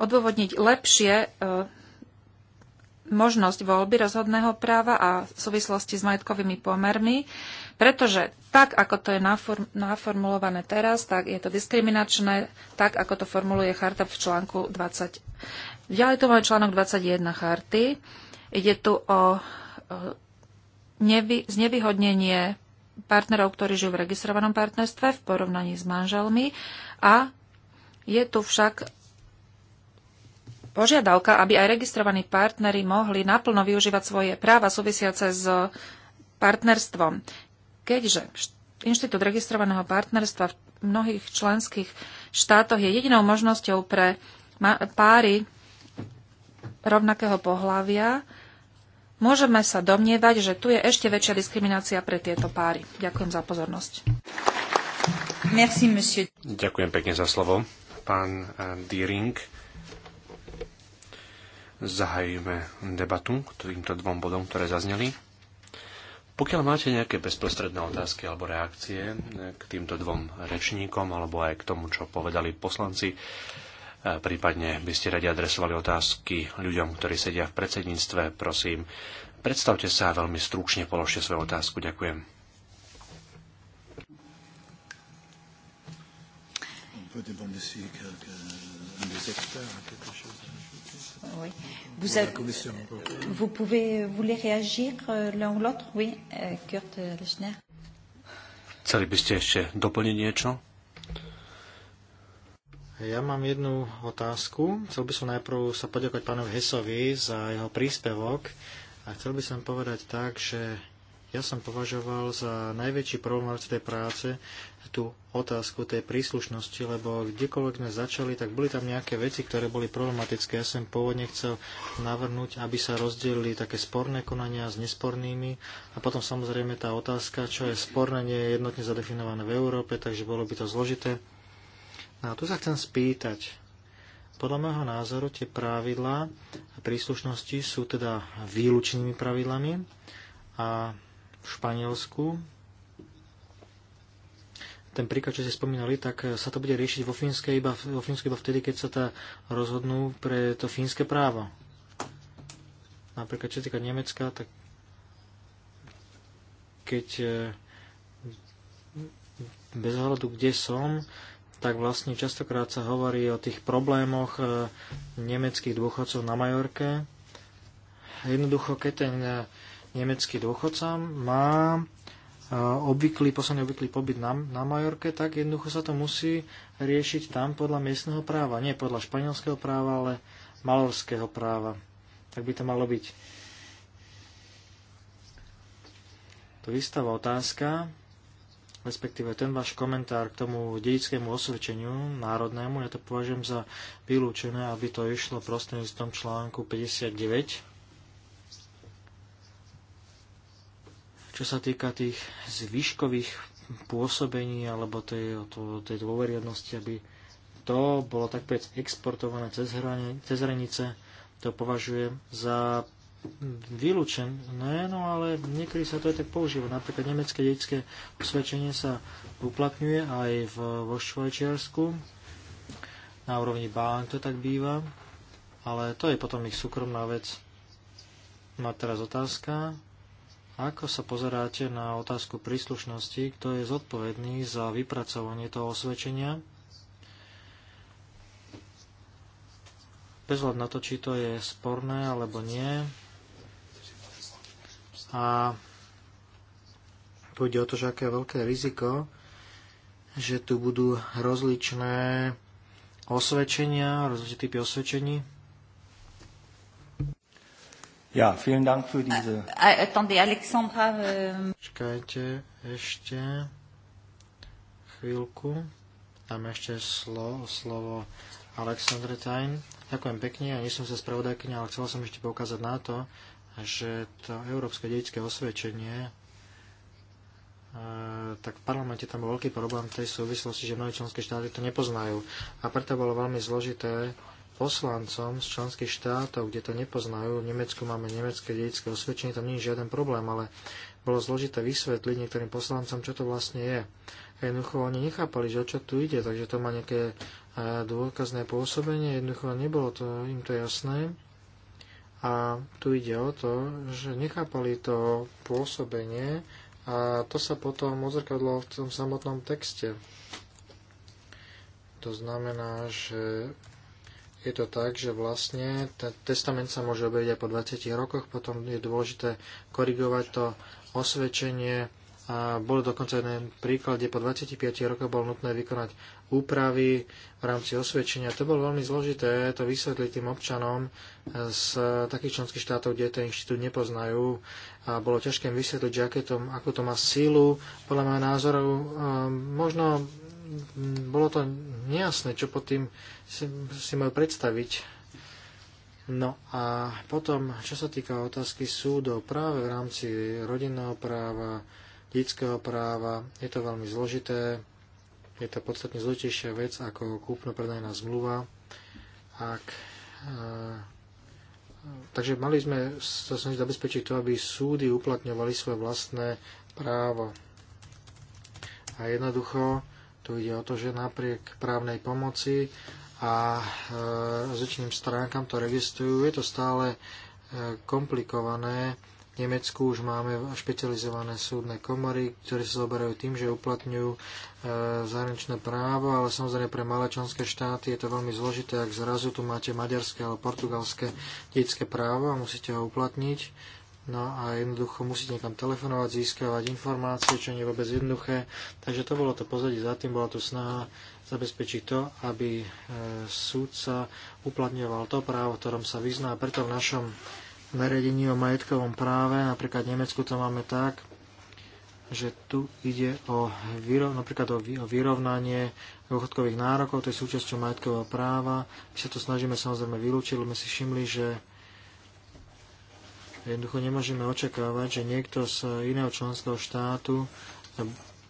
odôvodniť lepšie e, možnosť voľby rozhodného práva a v súvislosti s majetkovými pomermi, pretože tak, ako to je naformulované teraz, tak je to diskriminačné, tak, ako to formuluje charta v článku 20. Ďalej tu máme článok 21 charty. Ide tu o nevy, znevýhodnenie partnerov, ktorí žijú v registrovanom partnerstve v porovnaní s manželmi a je tu však požiadavka, aby aj registrovaní partnery mohli naplno využívať svoje práva súvisiace s partnerstvom. Keďže Inštitút registrovaného partnerstva v mnohých členských štátoch je jedinou možnosťou pre páry rovnakého pohľavia, môžeme sa domnievať, že tu je ešte väčšia diskriminácia pre tieto páry. Ďakujem za pozornosť. Merci, Ďakujem pekne za slovo, pán eh, Diering. Zahajíme debatu k týmto dvom bodom, ktoré zazneli. Pokiaľ máte nejaké bezprostredné otázky alebo reakcie k týmto dvom rečníkom alebo aj k tomu, čo povedali poslanci, e, prípadne by ste radi adresovali otázky ľuďom, ktorí sedia v predsedníctve, prosím, predstavte sa a veľmi stručne položte svoju otázku. Ďakujem. peut demander si quelques, des experts quelque chose oui. Vous, avez, vous pouvez, vous voulez réagir euh, l'un ou l'autre? Oui, euh, Kurt euh, Lechner. Chceli by ste ešte doplniť niečo? Ja mám jednu otázku. Chcel by som najprv sa poďakovať pánovi Hesovi za jeho príspevok a chcel by som povedať tak, že ja som považoval za najväčší problém v tej práce tú otázku tej príslušnosti, lebo kdekoľvek sme začali, tak boli tam nejaké veci, ktoré boli problematické. Ja som pôvodne chcel navrhnúť, aby sa rozdelili také sporné konania s nespornými a potom samozrejme tá otázka, čo je sporné, nie je jednotne zadefinované v Európe, takže bolo by to zložité. No a tu sa chcem spýtať. Podľa môjho názoru tie pravidlá a príslušnosti sú teda výlučnými pravidlami a v Španielsku. Ten príklad, čo ste spomínali, tak sa to bude riešiť vo Fínske iba, vo Fínske iba vtedy, keď sa tá rozhodnú pre to fínske právo. Napríklad, čo týka Nemecka, tak keď eh, bez hľadu, kde som, tak vlastne častokrát sa hovorí o tých problémoch eh, nemeckých dôchodcov na Majorke. Jednoducho, keď ten eh, nemecký dôchodca má e, obvyklý, posledný obvyklý pobyt na, na Majorke, tak jednoducho sa to musí riešiť tam podľa miestneho práva. Nie podľa španielského práva, ale malorského práva. Tak by to malo byť. To vystáva otázka, respektíve ten váš komentár k tomu dedickému osvedčeniu národnému, ja to považujem za vylúčené, aby to išlo prostredníctvom článku 59 Čo sa týka tých zvyškových pôsobení alebo tej, to, tej dôveriadnosti, aby to bolo tak povedz exportované cez, hrane, cez hranice, to považujem za vylúčené, no ale niekedy sa to aj tak používa. Napríklad nemecké detské osvedčenie sa uplatňuje aj v, vo Švajčiarsku na úrovni bank, to tak býva, ale to je potom ich súkromná vec. Má no teraz otázka, ako sa pozeráte na otázku príslušnosti, kto je zodpovedný za vypracovanie toho osvedčenia? Bez na to, či to je sporné alebo nie. A tu ide o to, že aké je veľké riziko, že tu budú rozličné osvedčenia, rozličné typy osvedčení. Ja, vielen Dank für diese... A, a, attendez, Alexandra... Um... ešte chvíľku. Dám ešte slovo, slovo Alexandre Tain. Ďakujem pekne, ja nie som sa spravodajkynia, ale chcel som ešte poukázať na to, že to európske dedické osvedčenie e, tak v parlamente tam bol veľký problém v tej súvislosti, že mnohé členské štáty to nepoznajú. A preto bolo veľmi zložité poslancom z členských štátov, kde to nepoznajú, v Nemecku máme nemecké dedické osvedčenie, tam nie je žiaden problém, ale bolo zložité vysvetliť niektorým poslancom, čo to vlastne je. A jednoducho oni nechápali, že o čo tu ide, takže to má nejaké e, dôkazné pôsobenie, jednoducho nebolo to im to jasné. A tu ide o to, že nechápali to pôsobenie a to sa potom odzrkadlo v tom samotnom texte. To znamená, že je to tak, že vlastne ten testament sa môže objaviť aj po 20 rokoch, potom je dôležité korigovať to osvedčenie a bol dokonca jeden príklad, kde po 25 rokoch bolo nutné vykonať úpravy v rámci osvedčenia. To bolo veľmi zložité to vysvetliť tým občanom z takých členských štátov, kde ten inštitút nepoznajú a bolo ťažké vysvetliť, že aké to, ako to má sílu. Podľa môjho názoru možno bolo to nejasné, čo pod tým si, si majú predstaviť. No a potom, čo sa týka otázky súdov, práve v rámci rodinného práva, detského práva, je to veľmi zložité, je to podstatne zložitejšia vec ako kúpno-predajná zmluva. Ak, e, takže mali sme sa snažiť zabezpečiť to, aby súdy uplatňovali svoje vlastné právo. A jednoducho tu ide o to, že napriek právnej pomoci a e, rozličným stránkam, to registrujú. je to stále e, komplikované. V Nemecku už máme špecializované súdne komory, ktoré sa zoberajú tým, že uplatňujú e, zahraničné právo, ale samozrejme pre malé členské štáty je to veľmi zložité, ak zrazu tu máte maďarské alebo portugalské detské právo a musíte ho uplatniť No a jednoducho musíte niekam telefonovať, získavať informácie, čo nie je vôbec jednoduché. Takže to bolo to pozadie za tým, bola tu snaha zabezpečiť to, aby e, súdca uplatňoval to právo, v ktorom sa vyzná. Preto v našom nariadení o majetkovom práve, napríklad v Nemecku to máme tak, že tu ide o, vyrov, napríklad o, vy, o vyrovnanie dôchodkových nárokov, to je súčasťou majetkového práva. My sa to snažíme samozrejme vylúčiť, lebo sme si všimli, že Jednoducho nemôžeme očakávať, že niekto z iného členského štátu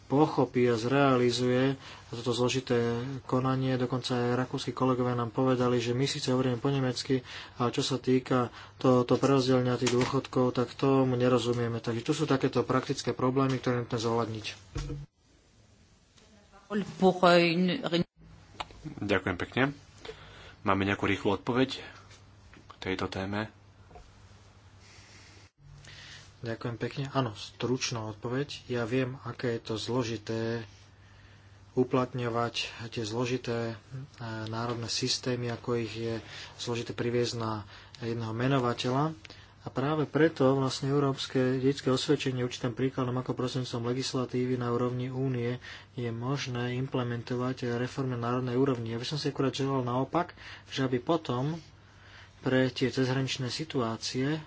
pochopí a zrealizuje toto zložité konanie. Dokonca aj rakúsky kolegovia nám povedali, že my síce hovoríme po nemecky, ale čo sa týka tohoto prerozdelenia tých dôchodkov, tak tomu nerozumieme. Takže tu sú takéto praktické problémy, ktoré nutné zohľadniť. Ďakujem pekne. Máme nejakú rýchlu odpoveď k tejto téme? Ďakujem pekne. Áno, stručná odpoveď. Ja viem, aké je to zložité uplatňovať tie zložité e, národné systémy, ako ich je zložité priviesť na jedného menovateľa. A práve preto vlastne Európske detské osvedčenie určitým príkladom, ako prostredníctvom legislatívy na úrovni únie je možné implementovať reformy národnej úrovni. Ja by som si akurát želal naopak, že aby potom pre tie cezhraničné situácie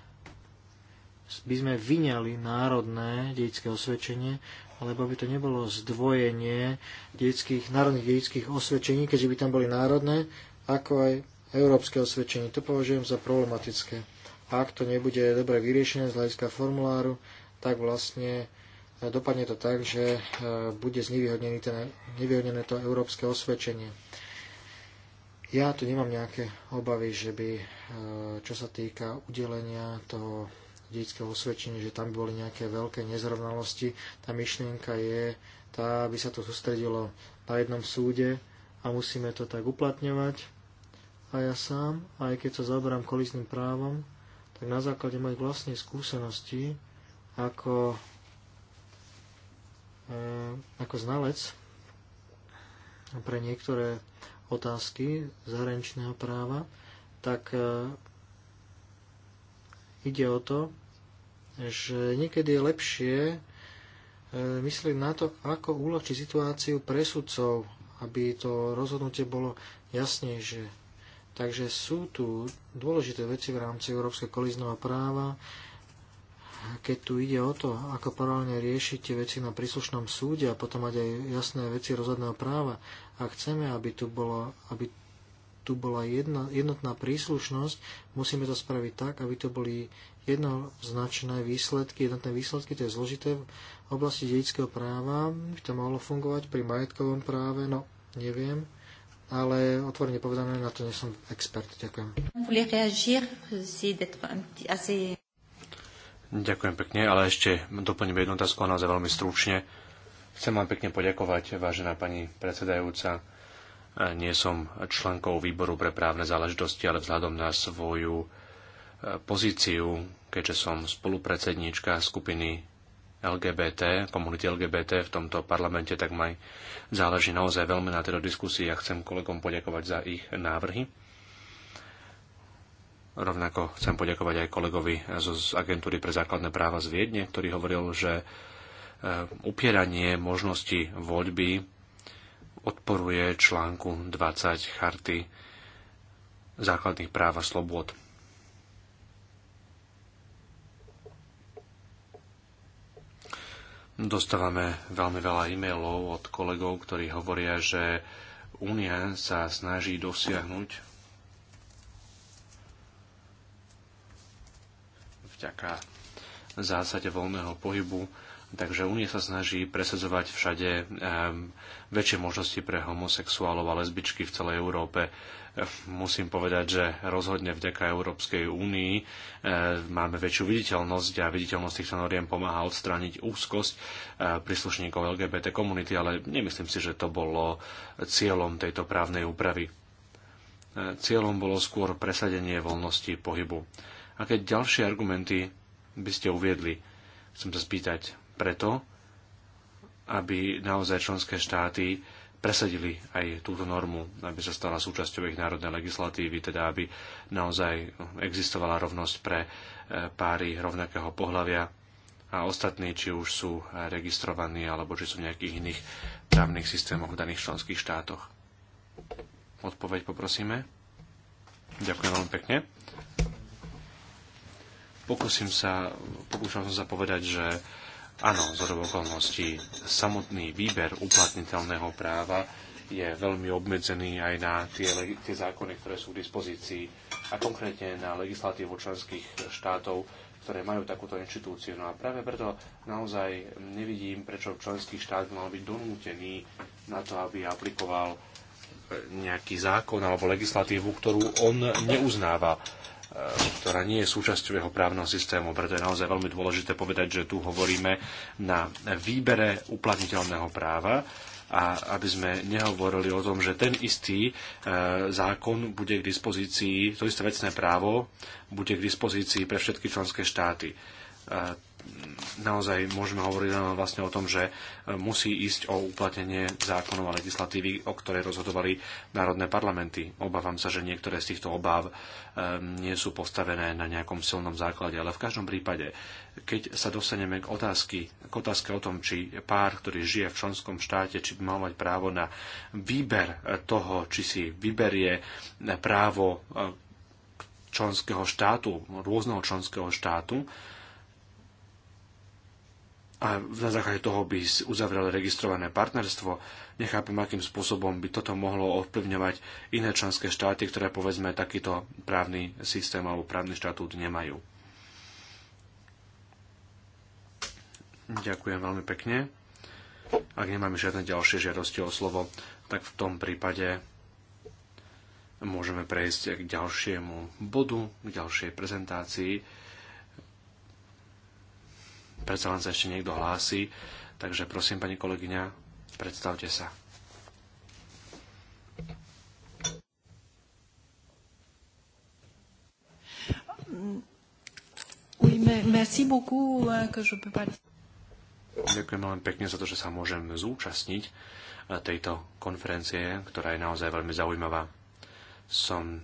by sme vyňali národné dedické osvedčenie, alebo by to nebolo zdvojenie dedických, národných dejických osvedčení, keďže by tam boli národné, ako aj európske osvedčenie. To považujem za problematické. A ak to nebude dobre vyriešené z hľadiska formuláru, tak vlastne eh, dopadne to tak, že eh, bude znevýhodnené to európske osvedčenie. Ja tu nemám nejaké obavy, že by, eh, čo sa týka udelenia toho dedického osvedčenia, že tam boli nejaké veľké nezrovnalosti. Tá myšlienka je tá, aby sa to sústredilo na jednom súde a musíme to tak uplatňovať. A ja sám, aj keď sa zaoberám kolísnym právom, tak na základe mojich vlastnej skúsenosti ako, e, ako znalec pre niektoré otázky zahraničného práva, tak e, ide o to, že niekedy je lepšie e, myslieť na to, ako uľahčiť situáciu pre sudcov, aby to rozhodnutie bolo jasnejšie. Takže sú tu dôležité veci v rámci Európskeho kolizného práva, keď tu ide o to, ako paralelne riešiť tie veci na príslušnom súde a potom mať aj jasné veci rozhodného práva. A chceme, aby tu, bolo, aby tu bola jedna, jednotná príslušnosť, musíme to spraviť tak, aby to boli jednoznačné výsledky, jednotné výsledky, to je zložité v oblasti dedického práva, by to mohlo fungovať pri majetkovom práve, no neviem, ale otvorene povedané, na to nie som expert. Ďakujem. Ďakujem pekne, ale ešte doplním jednu otázku, naozaj veľmi stručne. Chcem vám pekne poďakovať, vážená pani predsedajúca. Nie som členkou výboru pre právne záležitosti, ale vzhľadom na svoju pozíciu, keďže som spolupredsedníčka skupiny LGBT, komunity LGBT v tomto parlamente, tak maj záleží naozaj veľmi na tejto diskusii a chcem kolegom poďakovať za ich návrhy. Rovnako chcem poďakovať aj kolegovi z Agentúry pre základné práva z Viedne, ktorý hovoril, že e, upieranie možnosti voľby odporuje článku 20 charty základných práv a slobôd. Dostávame veľmi veľa e-mailov od kolegov, ktorí hovoria, že Únia sa snaží dosiahnuť vďaka zásade voľného pohybu, takže Únia sa snaží presadzovať všade ehm, väčšie možnosti pre homosexuálov a lesbičky v celej Európe musím povedať, že rozhodne vďaka Európskej únii e, máme väčšiu viditeľnosť a viditeľnosť týchto noriem pomáha odstrániť úzkosť e, príslušníkov LGBT komunity, ale nemyslím si, že to bolo cieľom tejto právnej úpravy. E, cieľom bolo skôr presadenie voľnosti pohybu. A keď ďalšie argumenty by ste uviedli? Chcem sa spýtať preto, aby naozaj členské štáty presadili aj túto normu, aby sa stala súčasťou ich národnej legislatívy, teda aby naozaj existovala rovnosť pre e, páry rovnakého pohľavia a ostatní, či už sú registrovaní alebo či sú v nejakých iných právnych systémoch v daných členských štátoch. Odpoveď poprosíme. Ďakujem veľmi pekne. Pokúsim sa, pokúšam som sa povedať, že Áno, z okolností samotný výber uplatniteľného práva je veľmi obmedzený aj na tie, tie zákony, ktoré sú k dispozícii a konkrétne na legislatívu členských štátov, ktoré majú takúto inštitúciu. No a práve preto naozaj nevidím, prečo členský štát mal byť donútený na to, aby aplikoval nejaký zákon alebo legislatívu, ktorú on neuznáva. Ehm, ktorá nie je súčasťou jeho právneho systému. Preto je naozaj veľmi dôležité povedať, že tu hovoríme na výbere uplatniteľného práva a aby sme nehovorili o tom, že ten istý ehm, zákon bude k dispozícii, to isté vecné právo bude k dispozícii pre všetky členské štáty naozaj môžeme hovoriť len vlastne o tom, že e, musí ísť o uplatnenie zákonov a legislatívy, o ktorej rozhodovali národné parlamenty. Obávam sa, že niektoré z týchto obáv e, nie sú postavené na nejakom silnom základe, ale v každom prípade, keď sa dostaneme k, otázky, k otázke o tom, či pár, ktorý žije v členskom štáte, či by mal mať právo na výber toho, či si vyberie právo e, členského štátu, rôzneho členského štátu, a na základe toho by uzavrel registrované partnerstvo. Nechápem, akým spôsobom by toto mohlo ovplyvňovať iné členské štáty, ktoré povedzme takýto právny systém alebo právny štatút nemajú. Ďakujem veľmi pekne. Ak nemáme žiadne ďalšie žiadosti o slovo, tak v tom prípade môžeme prejsť k ďalšiemu bodu, k ďalšej prezentácii Predsa len sa ešte niekto hlási, takže prosím, pani kolegyňa, predstavte sa. Euh, Ďakujem veľmi pekne za to, že sa môžem zúčastniť eh, tejto konferencie, ktorá je naozaj veľmi zaujímavá. Som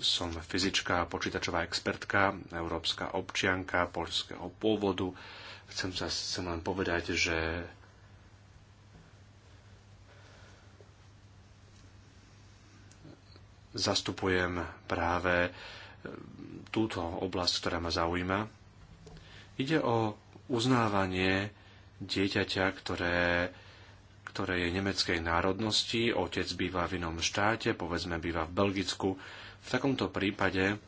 som fyzička počítačová expertka, európska občianka poľského pôvodu. Chcem sa chcem len povedať, že zastupujem práve e, túto oblasť, ktorá ma zaujíma. Ide o uznávanie dieťaťa, ktoré, ktoré je nemeckej národnosti, otec býva v inom štáte, povedzme býva v Belgicku v takomto prípade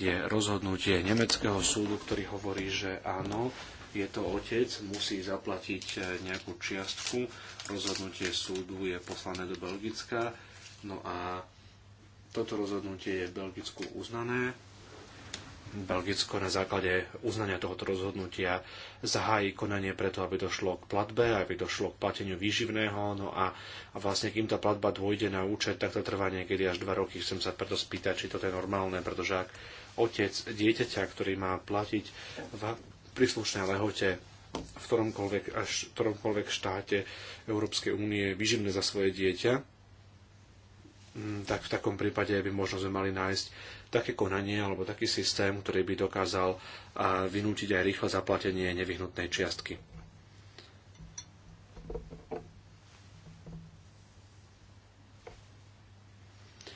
je rozhodnutie nemeckého súdu, ktorý hovorí, že áno, je to otec, musí zaplatiť eh, nejakú čiastku, rozhodnutie súdu je poslané do Belgicka, no a toto rozhodnutie je v Belgicku uznané Belgicko na základe uznania tohoto rozhodnutia zahájí konanie preto, aby došlo k platbe, aby došlo k plateniu výživného, no a, a vlastne kým tá platba dôjde na účet, tak to trvá niekedy až dva roky. Chcem sa preto spýtať, či toto je normálne, pretože ak otec dieťaťa, ktorý má platiť v príslušnej lehote v ktoromkoľvek, až v ktoromkoľvek štáte Európskej únie vyživné za svoje dieťa, Mm, tak v takom prípade by možno sme mali nájsť také konanie alebo taký systém, ktorý by dokázal vynútiť aj rýchle zaplatenie nevyhnutnej čiastky.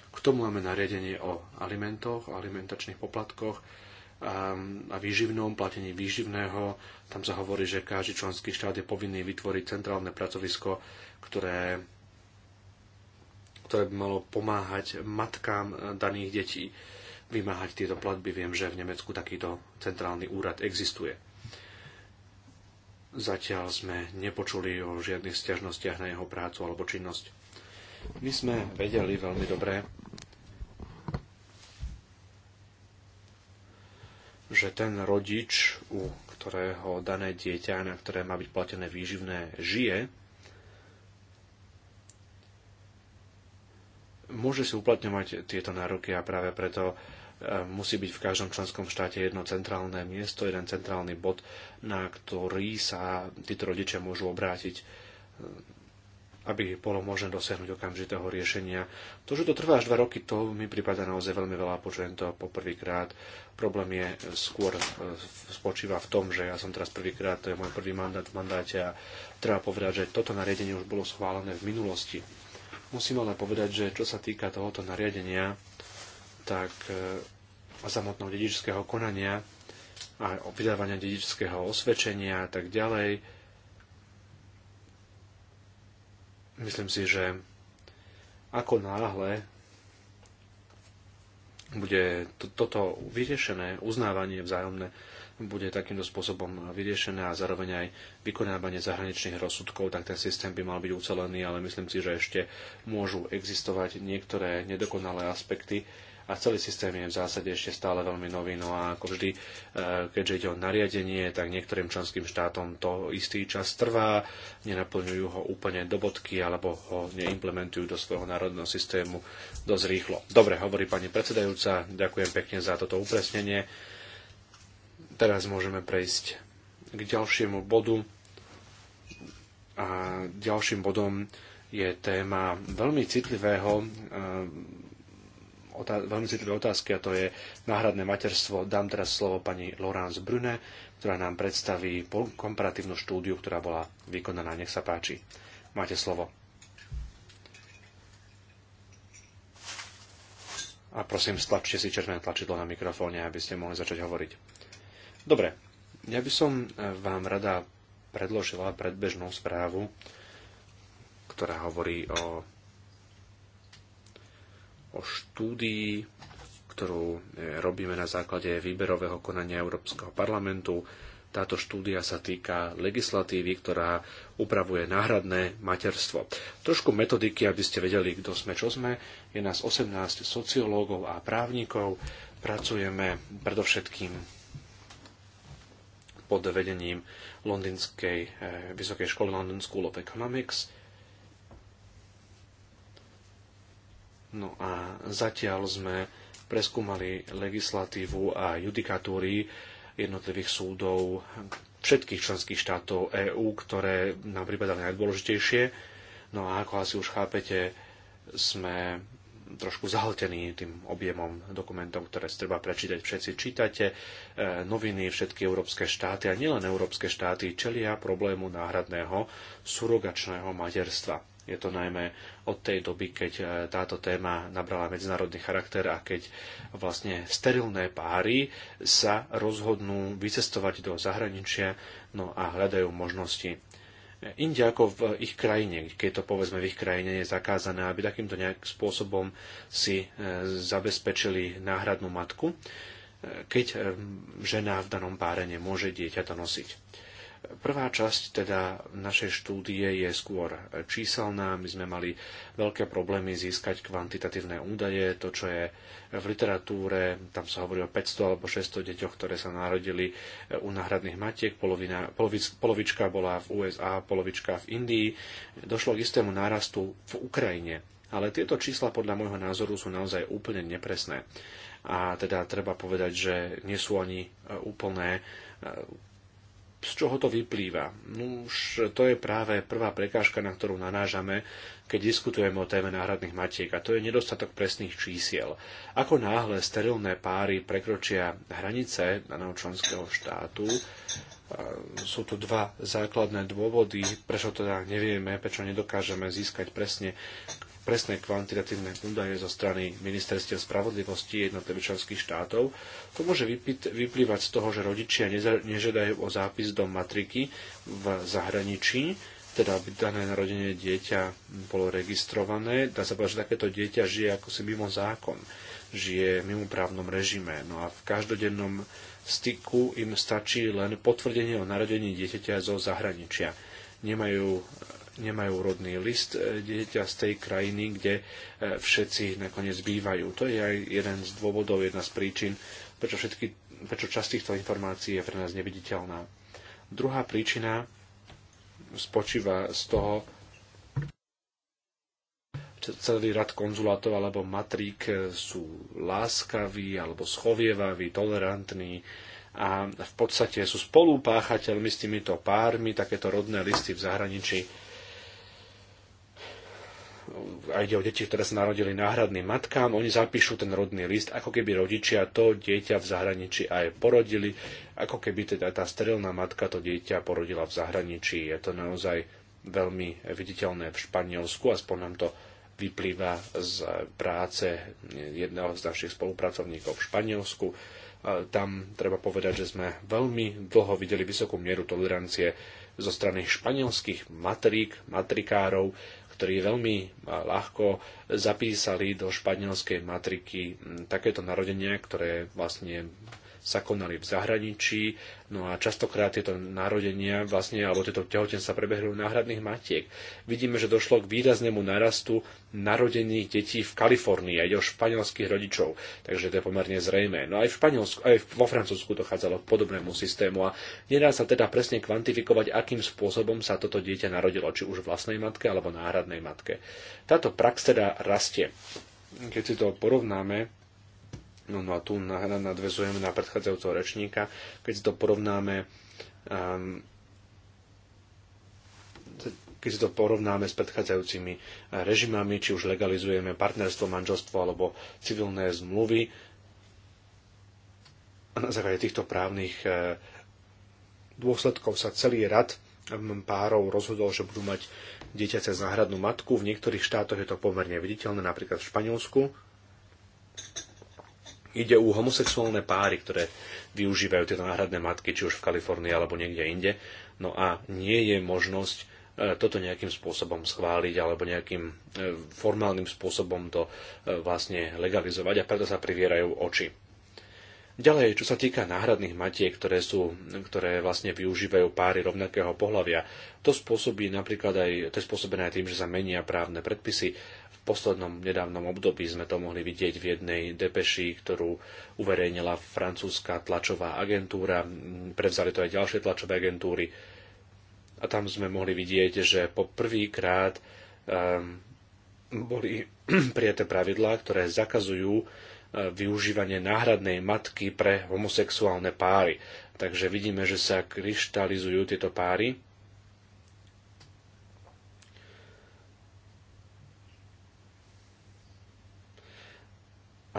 K tomu máme nariadenie o alimentoch, o alimentačných poplatkoch um, a výživnom, platení výživného. Tam sa hovorí, že každý členský štát je povinný vytvoriť centrálne pracovisko, ktoré ktoré by malo pomáhať matkám daných detí vymáhať tieto platby. Viem, že v Nemecku takýto centrálny úrad existuje. Zatiaľ sme nepočuli o žiadnych stiažnostiach na jeho prácu alebo činnosť. My sme vedeli veľmi dobre, že ten rodič, u ktorého dané dieťa, na ktoré má byť platené výživné, žije, môže si uplatňovať tieto nároky a práve preto e, musí byť v každom členskom štáte jedno centrálne miesto, jeden centrálny bod, na ktorý sa títo rodičia môžu obrátiť e, aby bolo možné dosiahnuť okamžitého riešenia. To, že to trvá až dva roky, to mi prípada naozaj veľmi veľa, počujem to poprvýkrát. Problém je skôr e, spočíva v tom, že ja som teraz prvýkrát, to je môj prvý mandát v mandáte a treba povedať, že toto nariadenie už bolo schválené v minulosti Musím ale povedať, že čo sa týka tohoto nariadenia, tak e, samotného dedičského konania a vydávania dedičského osvedčenia a tak ďalej, myslím si, že ako náhle bude to, toto vyriešené uznávanie vzájomné bude takýmto spôsobom vyriešené a zároveň aj vykonávanie zahraničných rozsudkov, tak ten systém by mal byť ucelený, ale myslím si, že ešte môžu existovať niektoré nedokonalé aspekty a celý systém je v zásade ešte stále veľmi nový. No a ako vždy, e, keďže ide o nariadenie, tak niektorým členským štátom to istý čas trvá, nenaplňujú ho úplne do bodky alebo ho neimplementujú do svojho národného systému dosť rýchlo. Dobre, hovorí pani predsedajúca, ďakujem pekne za toto upresnenie. Teraz môžeme prejsť k ďalšiemu bodu. A ďalším bodom je téma veľmi citlivého eh, veľmi citlivé otázky a to je náhradné materstvo. Dám teraz slovo pani Laurence Brune, ktorá nám predstaví komparatívnu štúdiu, ktorá bola vykonaná. Nech sa páči. Máte slovo. A prosím, stlačte si červené tlačidlo na mikrofóne, aby ste mohli začať hovoriť. Dobre, ja by som e, vám rada predložila predbežnú správu, ktorá hovorí o, o štúdii, ktorú e, robíme na základe výberového konania Európskeho parlamentu. Táto štúdia sa týka legislatívy, ktorá upravuje náhradné materstvo. Trošku metodiky, aby ste vedeli, kto sme, čo sme. Je nás 18 sociológov a právnikov. Pracujeme predovšetkým pod vedením Londýnskej eh, vysokej školy London School of Economics. No a zatiaľ sme preskúmali legislatívu a judikatúry jednotlivých súdov všetkých členských štátov EÚ, ktoré nám pripadali najdôležitejšie. No a ako asi už chápete, sme trošku zahltený tým objemom dokumentov, ktoré si treba prečítať. Všetci čítate e, noviny, všetky európske štáty a nielen európske štáty čelia problému náhradného surogačného materstva. Je to najmä od tej doby, keď e, táto téma nabrala medzinárodný charakter a keď vlastne sterilné páry sa rozhodnú vycestovať do zahraničia no a hľadajú možnosti inde ako v ich krajine, keď to povedzme v ich krajine je zakázané, aby takýmto nejakým spôsobom si e, zabezpečili náhradnú matku, e, keď e, žena v danom páre nemôže dieťa to nosiť. Prvá časť teda našej štúdie je skôr číselná. My sme mali veľké problémy získať kvantitatívne údaje, to, čo je v literatúre, tam sa hovorí o 500 alebo 600 deťoch, ktoré sa narodili e, u náhradných matiek, Polovina, polovic, polovička bola v USA, polovička v Indii. Došlo k istému nárastu v Ukrajine, ale tieto čísla podľa môjho názoru sú naozaj úplne nepresné. A teda treba povedať, že nie sú ani e, úplné e, z čoho to vyplýva? No už to je práve prvá prekážka, na ktorú narážame, keď diskutujeme o téme náhradných matiek, a to je nedostatok presných čísiel. Ako náhle sterilné páry prekročia hranice daného členského štátu, sú tu dva základné dôvody, prečo teda nevieme, prečo nedokážeme získať presne presné kvantitatívne údaje zo strany ministerstva spravodlivosti jednotlivých členských štátov. To môže vyplývať z toho, že rodičia nežiadajú o zápis do matriky v zahraničí, teda aby dané narodenie dieťa bolo registrované. Dá sa povedať, že takéto dieťa žije ako si mimo zákon, žije v mimo právnom režime. No a v každodennom styku im stačí len potvrdenie o narodení dieťaťa zo zahraničia nemajú nemajú rodný list e, dieťa z tej krajiny, kde e, všetci nakoniec bývajú. To je aj jeden z dôvodov, jedna z príčin, prečo, všetky, prečo časť týchto informácií je pre nás neviditeľná. Druhá príčina spočíva z toho, celý rad konzulátov alebo matrík e, sú láskaví alebo schovievaví, tolerantní a v podstate sú spolupáchateľmi s týmito pármi, takéto rodné listy v zahraničí a ide o deti, ktoré sa narodili náhradným matkám, oni zapíšu ten rodný list, ako keby rodičia to dieťa v zahraničí aj porodili, ako keby teda tá sterilná matka to dieťa porodila v zahraničí. Je to naozaj veľmi viditeľné v Španielsku, aspoň nám to vyplýva z práce jedného z našich spolupracovníkov v Španielsku. E, tam treba povedať, že sme veľmi dlho videli vysokú mieru tolerancie zo strany španielských matrík, matrikárov ktorí veľmi ľahko zapísali do španielskej matriky takéto narodenia, ktoré vlastne sa konali v zahraničí, no a častokrát tieto narodenia vlastne, alebo tieto tehotenstva prebehli u náhradných matiek. Vidíme, že došlo k výraznému narastu narodených detí v Kalifornii, aj o španielských rodičov, takže to je pomerne zrejme. No aj, v Španielsku, aj vo Francúzsku dochádzalo k podobnému systému a nedá sa teda presne kvantifikovať, akým spôsobom sa toto dieťa narodilo, či už vlastnej matke alebo náhradnej matke. Táto prax teda rastie. Keď si to porovnáme, No, no a tu nadvezujeme na predchádzajúceho rečníka, keď si to porovnáme um, keď si to porovnáme s predchádzajúcimi režimami, či už legalizujeme partnerstvo, manželstvo alebo civilné zmluvy, a na základe týchto právnych eh, dôsledkov sa celý rad ehm, párov rozhodol, že budú mať dieťa cez náhradnú matku. V niektorých štátoch je to pomerne viditeľné, napríklad v Španielsku. Ide o homosexuálne páry, ktoré využívajú tieto náhradné matky, či už v Kalifornii alebo niekde inde. No a nie je možnosť e, toto nejakým spôsobom schváliť alebo nejakým e, formálnym spôsobom to e, vlastne legalizovať a preto sa privierajú oči. Ďalej, čo sa týka náhradných matiek, ktoré, sú, ktoré vlastne využívajú páry rovnakého pohľavia, to spôsobí napríklad aj, to je spôsobené aj tým, že sa menia právne predpisy. V poslednom nedávnom období sme to mohli vidieť v jednej depeši, ktorú uverejnila francúzska tlačová agentúra, prevzali to aj ďalšie tlačové agentúry. A tam sme mohli vidieť, že po prvýkrát um, boli prijaté pravidlá, ktoré zakazujú využívanie náhradnej matky pre homosexuálne páry. Takže vidíme, že sa kryštalizujú tieto páry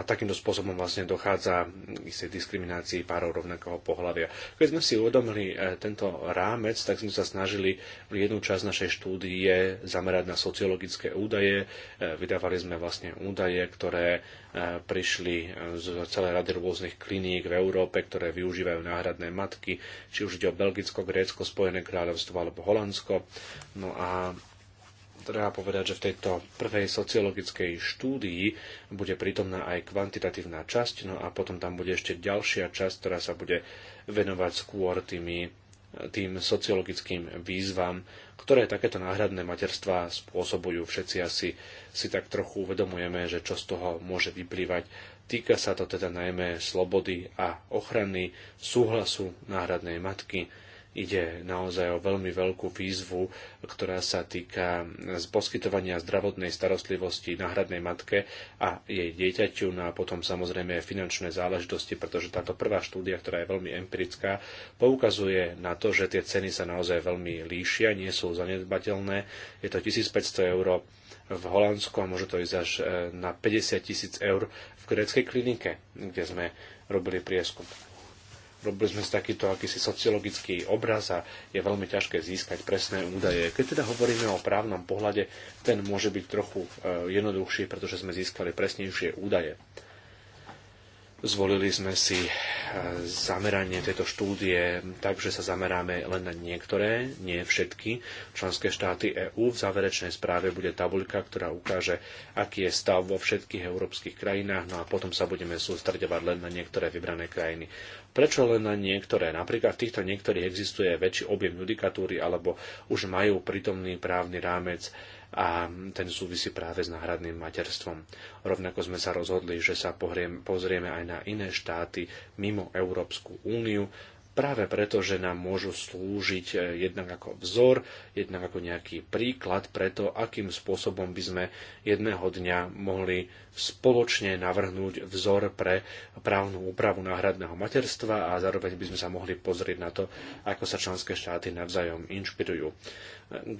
a takýmto spôsobom vlastne dochádza k istej diskriminácii párov rovnakého pohľavia. Keď sme si uvedomili e, tento rámec, tak sme sa snažili jednu časť našej štúdie zamerať na sociologické údaje. E, vydávali sme vlastne údaje, ktoré e, prišli z celej rady rôznych kliník v Európe, ktoré využívajú náhradné matky, či už ide o Belgicko, Grécko, Spojené kráľovstvo alebo Holandsko. No a treba povedať, že v tejto prvej sociologickej štúdii bude prítomná aj kvantitatívna časť, no a potom tam bude ešte ďalšia časť, ktorá sa bude venovať skôr tými, tým sociologickým výzvam, ktoré takéto náhradné materstva spôsobujú. Všetci asi si tak trochu uvedomujeme, že čo z toho môže vyplývať. Týka sa to teda najmä slobody a ochrany súhlasu náhradnej matky, Ide naozaj o veľmi veľkú výzvu, ktorá sa týka poskytovania zdravotnej starostlivosti náhradnej matke a jej dieťaťu, no a potom samozrejme finančné záležitosti, pretože táto prvá štúdia, ktorá je veľmi empirická, poukazuje na to, že tie ceny sa naozaj veľmi líšia, nie sú zanedbateľné. Je to 1500 eur v Holandsku a môže to ísť až e, na 50 tisíc eur v gréckej klinike, kde sme robili prieskum. Robili sme si takýto akýsi sociologický obraz a je veľmi ťažké získať presné údaje. Keď teda hovoríme o právnom pohľade, ten môže byť trochu e, jednoduchší, pretože sme získali presnejšie údaje. Zvolili sme si e, zameranie tejto štúdie tak, že sa zameráme len na niektoré, nie všetky členské štáty EÚ. V záverečnej správe bude tabuľka, ktorá ukáže, aký je stav vo všetkých európskych krajinách, no a potom sa budeme sústredovať len na niektoré vybrané krajiny. Prečo len na niektoré? Napríklad v týchto niektorých existuje väčší objem judikatúry alebo už majú prítomný právny rámec a ten súvisí práve s náhradným materstvom. Rovnako sme sa rozhodli, že sa pozrieme aj na iné štáty mimo Európsku úniu, práve preto, že nám môžu slúžiť e, jednak ako vzor, jednak ako nejaký príklad pre to, akým spôsobom by sme jedného dňa mohli spoločne navrhnúť vzor pre právnu úpravu náhradného materstva a zároveň by sme sa mohli pozrieť na to, ako sa členské štáty navzájom inšpirujú.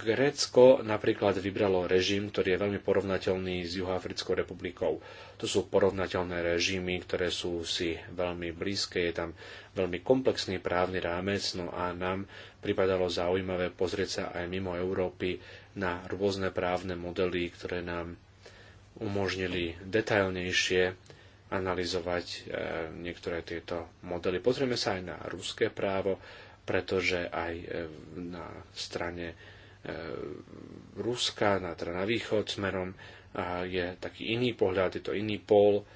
Grécko napríklad vybralo režim, ktorý je veľmi porovnateľný s Juhoafrickou republikou. To sú porovnateľné režimy, ktoré sú si veľmi blízke, je tam veľmi komplexný právny rámec, no a nám pripadalo zaujímavé pozrieť sa aj mimo Európy na rôzne právne modely, ktoré nám umožnili detailnejšie analyzovať e, niektoré tieto modely. Pozrieme sa aj na ruské právo, pretože aj e, na strane E, Ruska, na, teda na východ smerom, a je taký iný pohľad, je to iný pól,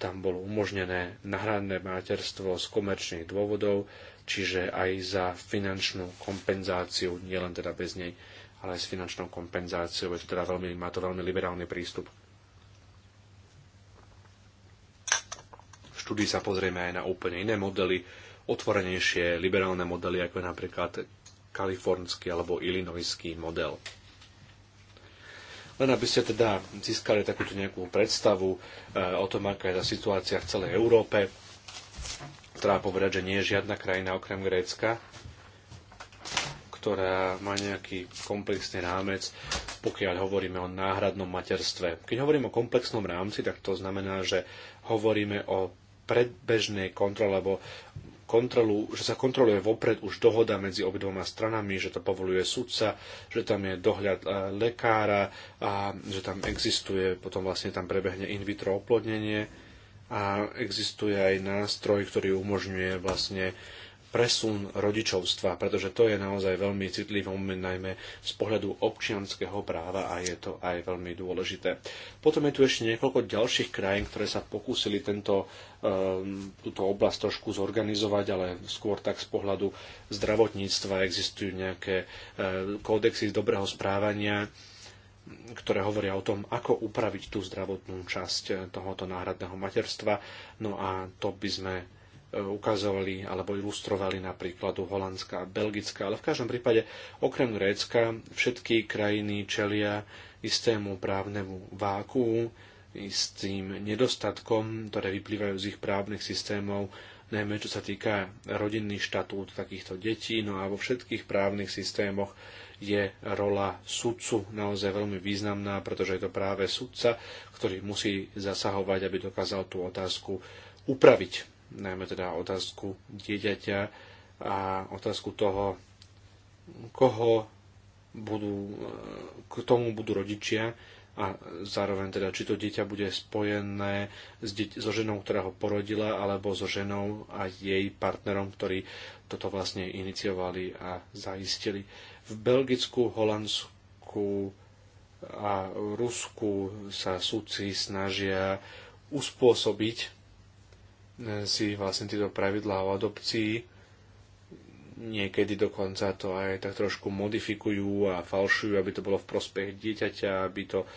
tam bolo umožnené nahradné materstvo z komerčných dôvodov, čiže aj za finančnú kompenzáciu, nielen teda bez nej, ale aj s finančnou kompenzáciou, je to teda veľmi, má to veľmi liberálny prístup. V štúdii sa pozrieme aj na úplne iné modely, otvorenejšie liberálne modely, ako je napríklad kalifornský alebo ilinojský model. Len aby ste teda získali takúto nejakú predstavu e, o tom, aká je tá situácia v celej Európe. Treba povedať, že nie je žiadna krajina okrem Grécka, ktorá má nejaký komplexný rámec, pokiaľ hovoríme o náhradnom materstve. Keď hovorím o komplexnom rámci, tak to znamená, že hovoríme o predbežnej kontrole alebo kontrolu, že sa kontroluje vopred už dohoda medzi obidvoma stranami, že to povoluje sudca, že tam je dohľad e, lekára a že tam existuje, potom vlastne tam prebehne in vitro oplodnenie a existuje aj nástroj, ktorý umožňuje vlastne uh, presun rodičovstva, pretože to je naozaj veľmi citlivý moment, najmä z pohľadu občianského práva a je to aj veľmi dôležité. Potom je tu ešte niekoľko ďalších krajín, ktoré sa pokúsili tento, ehm, túto oblasť trošku zorganizovať, ale skôr tak z pohľadu zdravotníctva existujú nejaké e, kódexy dobrého správania, ktoré hovoria o tom, ako upraviť tú zdravotnú časť e, tohoto náhradného materstva. No a to by sme ukazovali alebo ilustrovali na príkladu Holandska a Belgická. Ale v každom prípade, okrem Grécka, všetky krajiny čelia istému právnemu váku, istým nedostatkom, ktoré vyplývajú z ich právnych systémov, najmä čo sa týka rodinných štatút takýchto detí, no a vo všetkých právnych systémoch je rola sudcu naozaj veľmi významná, pretože je to práve sudca, ktorý musí zasahovať, aby dokázal tú otázku upraviť najmä teda otázku dieťaťa a otázku toho, koho budú, k tomu budú rodičia a zároveň teda, či to dieťa bude spojené s dieť, so ženou, ktorá ho porodila, alebo so ženou a jej partnerom, ktorí toto vlastne iniciovali a zaistili. V Belgicku, Holandsku a Rusku sa sudci snažia uspôsobiť si vlastne tieto pravidlá o adopcii niekedy dokonca to aj tak trošku modifikujú a falšujú, aby to bolo v prospech dieťaťa, aby to e,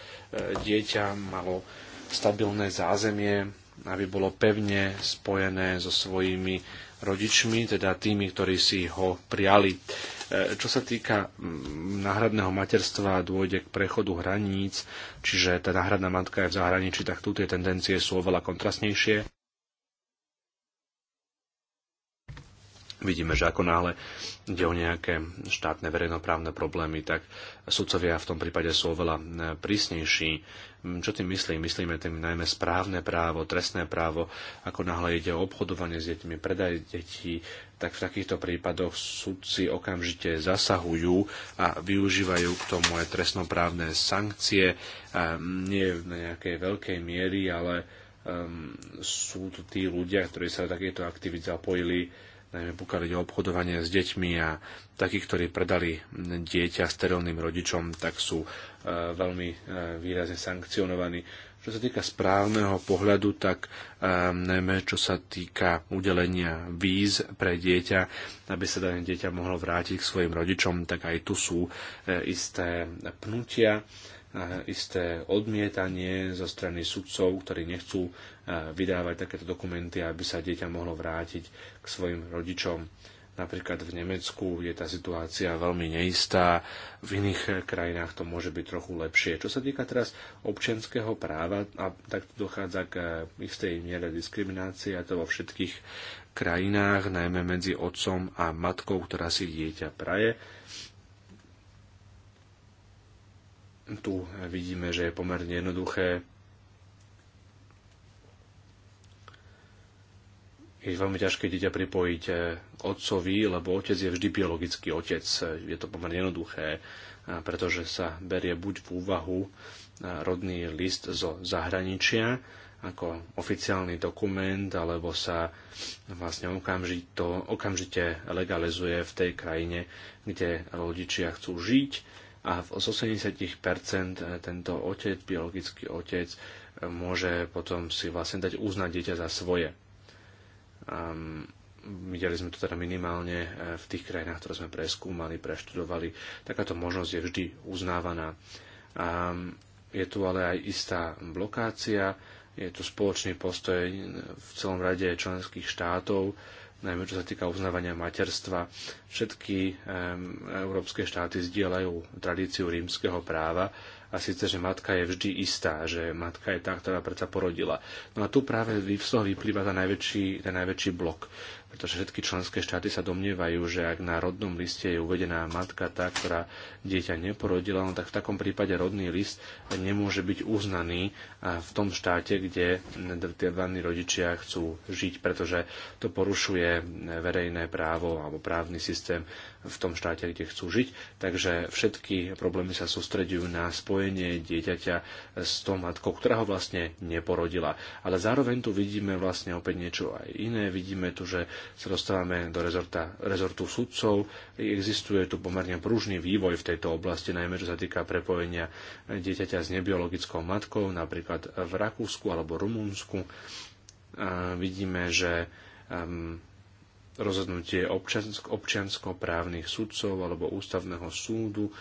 dieťa malo stabilné zázemie, aby bolo pevne spojené so svojimi rodičmi, teda tými, ktorí si ho prijali. E, čo sa týka náhradného materstva, dôjde k prechodu hraníc, čiže tá náhradná matka je v zahraničí, tak tu tie tendencie sú oveľa kontrastnejšie. Vidíme, že ako náhle ide o nejaké štátne verejnoprávne problémy, tak sudcovia v tom prípade sú oveľa e, prísnejší. Mm, čo tým myslím? Myslíme tým najmä správne právo, trestné právo, ako náhle ide o obchodovanie s deťmi, predaj detí, tak v takýchto prípadoch sudci okamžite zasahujú a využívajú k tomu aj trestnoprávne sankcie, mm, nie v nejakej veľkej miery, ale um, sú tu tí ľudia, ktorí sa do takéto aktivity zapojili najmä pokiaľ ide o obchodovanie s deťmi a takí, ktorí predali dieťa sterilným rodičom, tak sú e, veľmi e, výrazne sankcionovaní. Čo sa týka správneho pohľadu, tak um, najmä čo sa týka udelenia víz pre dieťa, aby sa dané dieťa mohlo vrátiť k svojim rodičom, tak aj tu sú e, isté pnutia, e, isté odmietanie zo strany sudcov, ktorí nechcú vydávať takéto dokumenty, aby sa dieťa mohlo vrátiť k svojim rodičom. Napríklad v Nemecku je tá situácia veľmi neistá, v iných krajinách to môže byť trochu lepšie. Čo sa týka teraz občianského práva, a tak dochádza k eh, istej miere diskriminácie, a to vo všetkých krajinách, najmä medzi otcom a matkou, ktorá si dieťa praje. Tu vidíme, že je pomerne jednoduché je veľmi ťažké dieťa pripojiť e, otcovi, lebo otec je vždy biologický otec. Je to pomerne jednoduché, e, pretože sa berie buď v úvahu e, rodný list zo zahraničia ako oficiálny dokument, alebo sa vlastne okamžito, okamžite legalizuje v tej krajine, kde rodičia chcú žiť a v 80% tento otec, biologický otec, môže potom si vlastne dať uznať dieťa za svoje Um, videli sme to teda minimálne e, v tých krajinách, ktoré sme preskúmali, preštudovali. Takáto možnosť je vždy uznávaná. Um, je tu ale aj istá blokácia, je tu spoločný postoj v celom rade členských štátov, najmä čo sa týka uznávania materstva. Všetky um, európske štáty zdieľajú tradíciu rímskeho práva, a síce, že matka je vždy istá, že matka je tá, ktorá predsa porodila. No a tu práve v toho vyplýva ten najväčší, ten najväčší blok, pretože všetky členské štáty sa domnievajú, že ak na rodnom liste je uvedená matka tá, ktorá dieťa neporodila, no tak v takom prípade rodný list nemôže byť uznaný v tom štáte, kde tie daní rodičia chcú žiť, pretože to porušuje verejné právo alebo právny systém v tom štáte, kde chcú žiť. Takže všetky problémy sa sústredujú na spojenie dieťaťa s tou matkou, ktorá ho vlastne neporodila. Ale zároveň tu vidíme vlastne opäť niečo aj iné. Vidíme tu, že sa dostávame do rezorta, rezortu sudcov. Existuje tu pomerne pružný vývoj v tejto oblasti, najmä čo sa týka prepojenia dieťaťa s nebiologickou matkou, napríklad v Rakúsku alebo Rumunsku. vidíme, že ehm, rozhodnutie občiansko, občiansko-právnych sudcov alebo ústavného súdu,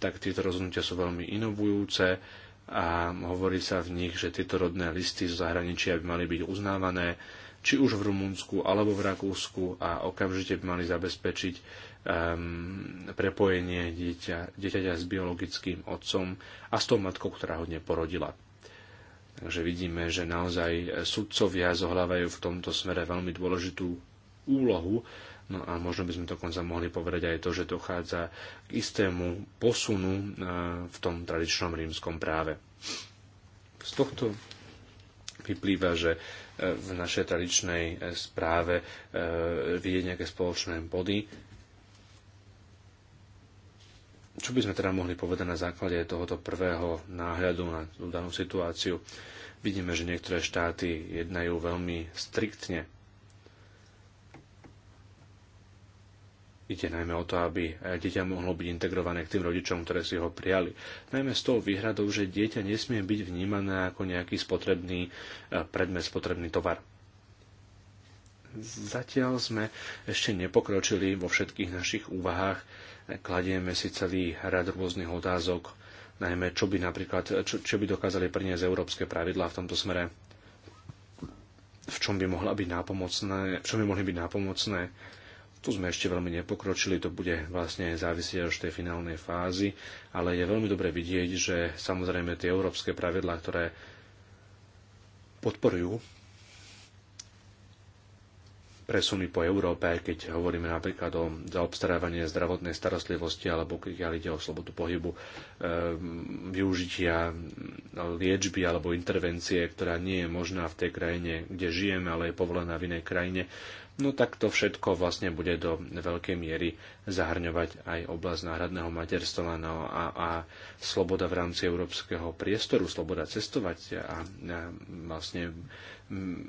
tak tieto rozhodnutia sú veľmi inovujúce a hovorí sa v nich, že tieto rodné listy zo zahraničia by mali byť uznávané či už v Rumunsku alebo v Rakúsku a okamžite by mali zabezpečiť um, prepojenie dieťa, dieťaťa s biologickým otcom a s tou matkou, ktorá ho neporodila. Takže vidíme, že naozaj sudcovia zohľavajú v tomto smere veľmi dôležitú úlohu. No a možno by sme dokonca mohli povedať aj to, že dochádza k istému posunu e, v tom tradičnom rímskom práve. Z tohto vyplýva, že e, v našej tradičnej e, správe vidieť nejaké spoločné body, čo by sme teda mohli povedať na základe tohoto prvého náhľadu na tú danú situáciu? Vidíme, že niektoré štáty jednajú veľmi striktne. Ide najmä o to, aby dieťa mohlo byť integrované k tým rodičom, ktoré si ho prijali. Najmä s tou výhradou, že dieťa nesmie byť vnímané ako nejaký spotrebný e, predmet, spotrebný tovar zatiaľ sme ešte nepokročili vo všetkých našich úvahách kladieme si celý rad rôznych otázok, najmä čo by napríklad, čo, čo by dokázali priniesť európske pravidlá v tomto smere, v čom by mohla byť nápomocné, v čom by mohli byť nápomocné. Tu sme ešte veľmi nepokročili, to bude vlastne závisieť až tej finálnej fázy, ale je veľmi dobre vidieť, že samozrejme tie európske pravidlá, ktoré podporujú presuny po Európe, keď hovoríme napríklad o zaobstarávanie zdravotnej starostlivosti alebo keď ide o slobodu pohybu, ehm, využitia liečby alebo intervencie, ktorá nie je možná v tej krajine, kde žijeme, ale je povolená v inej krajine, no tak to všetko vlastne bude do veľkej miery zahrňovať aj oblasť náhradného materstva no a, a sloboda v rámci európskeho priestoru, sloboda cestovať a, a vlastne m,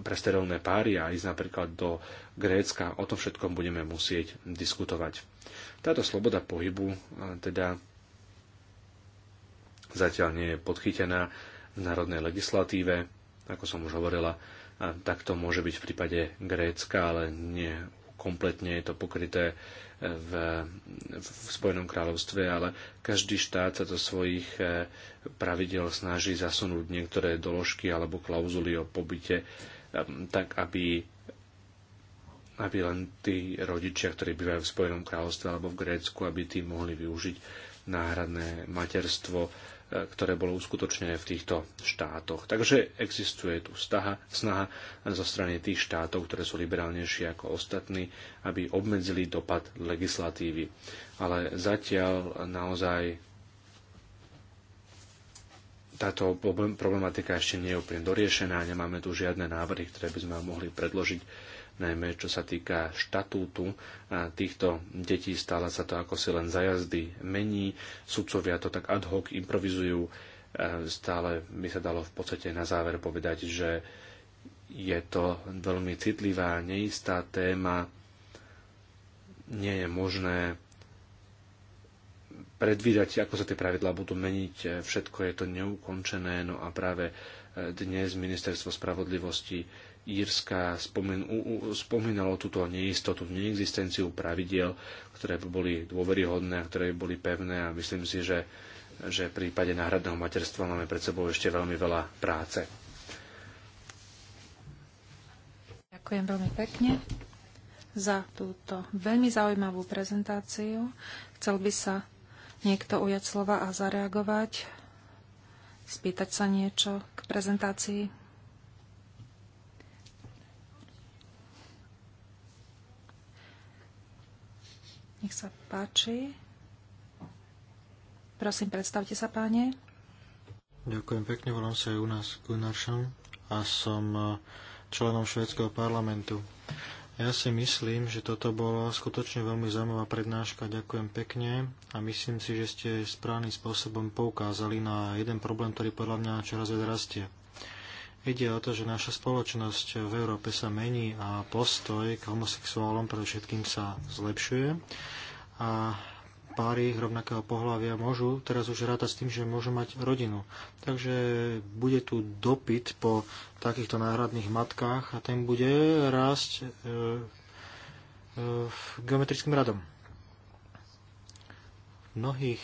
pre sterilné páry a ísť napríklad do Grécka, o tom všetkom budeme musieť diskutovať. Táto sloboda pohybu e, teda zatiaľ nie je podchytená v národnej legislatíve, ako som už hovorila, a tak to môže byť v prípade Grécka, ale nie kompletne je to pokryté e, v, v Spojenom kráľovstve, ale každý štát sa do svojich e, pravidel snaží zasunúť niektoré doložky alebo klauzuly o pobyte Ehm, tak aby aby len tí rodičia, ktorí bývajú v Spojenom kráľovstve alebo v Grécku, aby tí mohli využiť náhradné materstvo, e, ktoré bolo uskutočnené v týchto štátoch. Takže existuje tu staha, snaha zo strany tých štátov, ktoré sú liberálnejšie ako ostatní, aby obmedzili dopad legislatívy. Ale zatiaľ naozaj táto problematika ešte nie je úplne doriešená, nemáme tu žiadne návrhy, ktoré by sme mohli predložiť, najmä čo sa týka štatútu týchto detí, stále sa to ako si len za jazdy mení, sudcovia to tak ad hoc improvizujú, stále by sa dalo v podstate na záver povedať, že je to veľmi citlivá, neistá téma, nie je možné predvídať, ako sa tie pravidlá budú meniť. E, všetko je to neukončené, no a práve e, dnes Ministerstvo spravodlivosti Írska spomen, u, u, spomínalo túto neistotu, neexistenciu pravidiel, ktoré by boli dôveryhodné a ktoré by boli pevné a myslím si, že, že v prípade náhradného materstva máme pred sebou ešte veľmi veľa práce. Ďakujem veľmi pekne za túto veľmi zaujímavú prezentáciu. Chcel by sa niekto ujať slova a zareagovať, spýtať sa niečo k prezentácii? Nech sa páči. Prosím, predstavte sa, páne. Ďakujem pekne, volám sa Jonas Gunnarsson a som eh, členom Švedského parlamentu. Ja si myslím, že toto bola skutočne veľmi zaujímavá prednáška. Ďakujem pekne a myslím si, že ste správnym spôsobom poukázali na jeden problém, ktorý podľa mňa čoraz viac rastie. Ide o to, že naša spoločnosť v Európe sa mení a postoj k homosexuálom všetkým sa zlepšuje. A páry rovnakého pohľavia môžu teraz už rátať s tým, že môžu mať rodinu. Takže bude tu dopyt po takýchto náhradných matkách a ten bude rásť e, e, geometrickým radom. V mnohých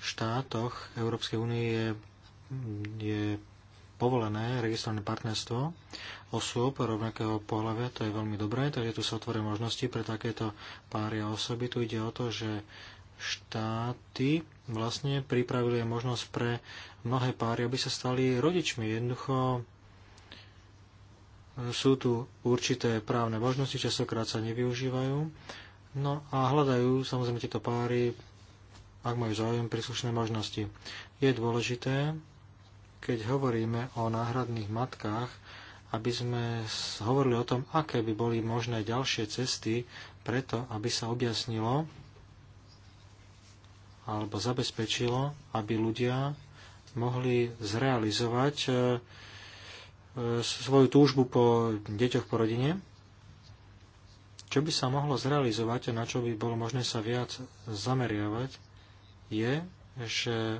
štátoch Európskej únie je, je povolené registrované partnerstvo osôb rovnakého pohľavia, to je veľmi dobré, takže tu sa otvoria možnosti pre takéto páry a osoby. Tu ide o to, že štáty vlastne pripravili aj možnosť pre mnohé páry, aby sa stali rodičmi. Jednoducho e, sú tu určité právne možnosti, častokrát sa nevyužívajú. No a hľadajú samozrejme tieto páry, ak majú záujem, príslušné možnosti. Je dôležité, keď hovoríme o náhradných matkách, aby sme hovorili o tom, aké by boli možné ďalšie cesty preto, aby sa objasnilo alebo zabezpečilo, aby ľudia mohli zrealizovať e, e, svoju túžbu po deťoch po rodine. Čo by sa mohlo zrealizovať a na čo by bolo možné sa viac zameriavať, je, že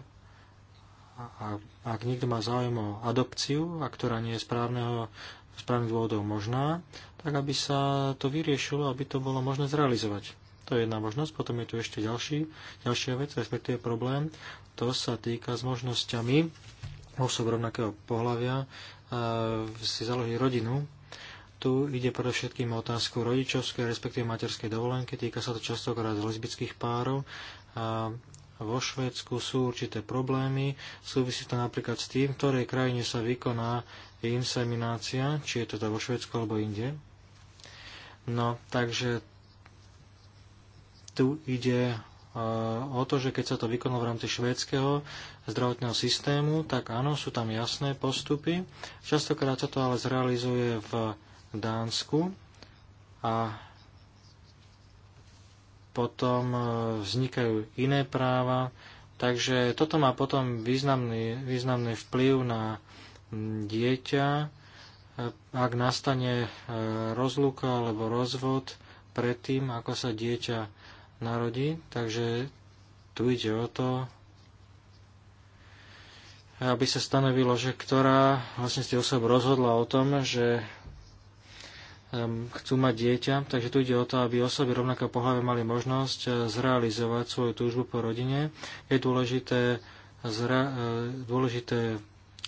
a ak niekto má záujem o adopciu, a ktorá nie je správneho, správnych dôvodov možná, tak aby sa to vyriešilo, aby to bolo možné zrealizovať. To je jedna možnosť. Potom je tu ešte ďalší, ďalšia vec, respektíve problém. To sa týka s možnosťami osob rovnakého pohľavia e, si založiť rodinu. Tu ide predovšetkým o otázku rodičovskej, respektíve materskej dovolenky. Týka sa to častokrát lesbických párov. E, vo Švédsku sú určité problémy. Súvisí to napríklad s tým, v ktorej krajine sa vykoná inseminácia, či je to teda vo Švedsku alebo inde. No, takže tu ide e, o to, že keď sa to vykonalo v rámci švédskeho zdravotného systému, tak áno, sú tam jasné postupy. Častokrát sa to ale zrealizuje v Dánsku a potom e, vznikajú iné práva, takže toto má potom významný, významný vplyv na dieťa, e, ak nastane e, rozluka alebo rozvod predtým, ako sa dieťa narodí, takže tu ide o to, aby sa stanovilo, že ktorá vlastne z tých osob rozhodla o tom, že chcú mať dieťa, takže tu ide o to, aby osoby rovnaké pohľave mali možnosť eh, zrealizovať svoju túžbu po rodine. Je dôležité, zra, eh, dôležité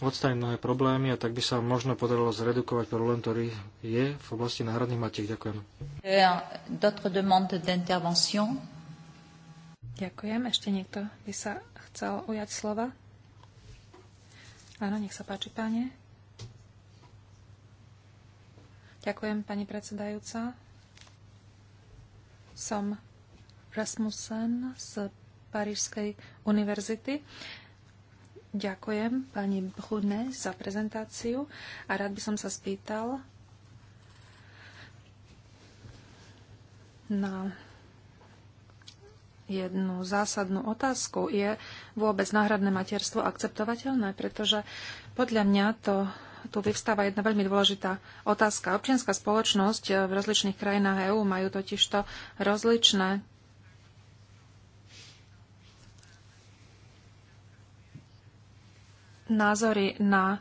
odstaviť mnohé problémy a tak by sa možno podarilo zredukovať problém, ktorý je v oblasti náhradných matiek. Ďakujem. Euh, Ďakujem. Ešte niekto by sa chcel ujať slova? Áno, nech sa páči, páne. Ďakujem, pani predsedajúca. Som Rasmussen z Parížskej univerzity. Ďakujem pani Brune za prezentáciu a rád by som sa spýtal na jednu zásadnú otázku. Je vôbec náhradné materstvo akceptovateľné? Pretože podľa mňa to tu vyvstáva jedna veľmi dôležitá otázka. Občianská spoločnosť eh, v rozličných krajinách EÚ majú totižto rozličné názory na eh,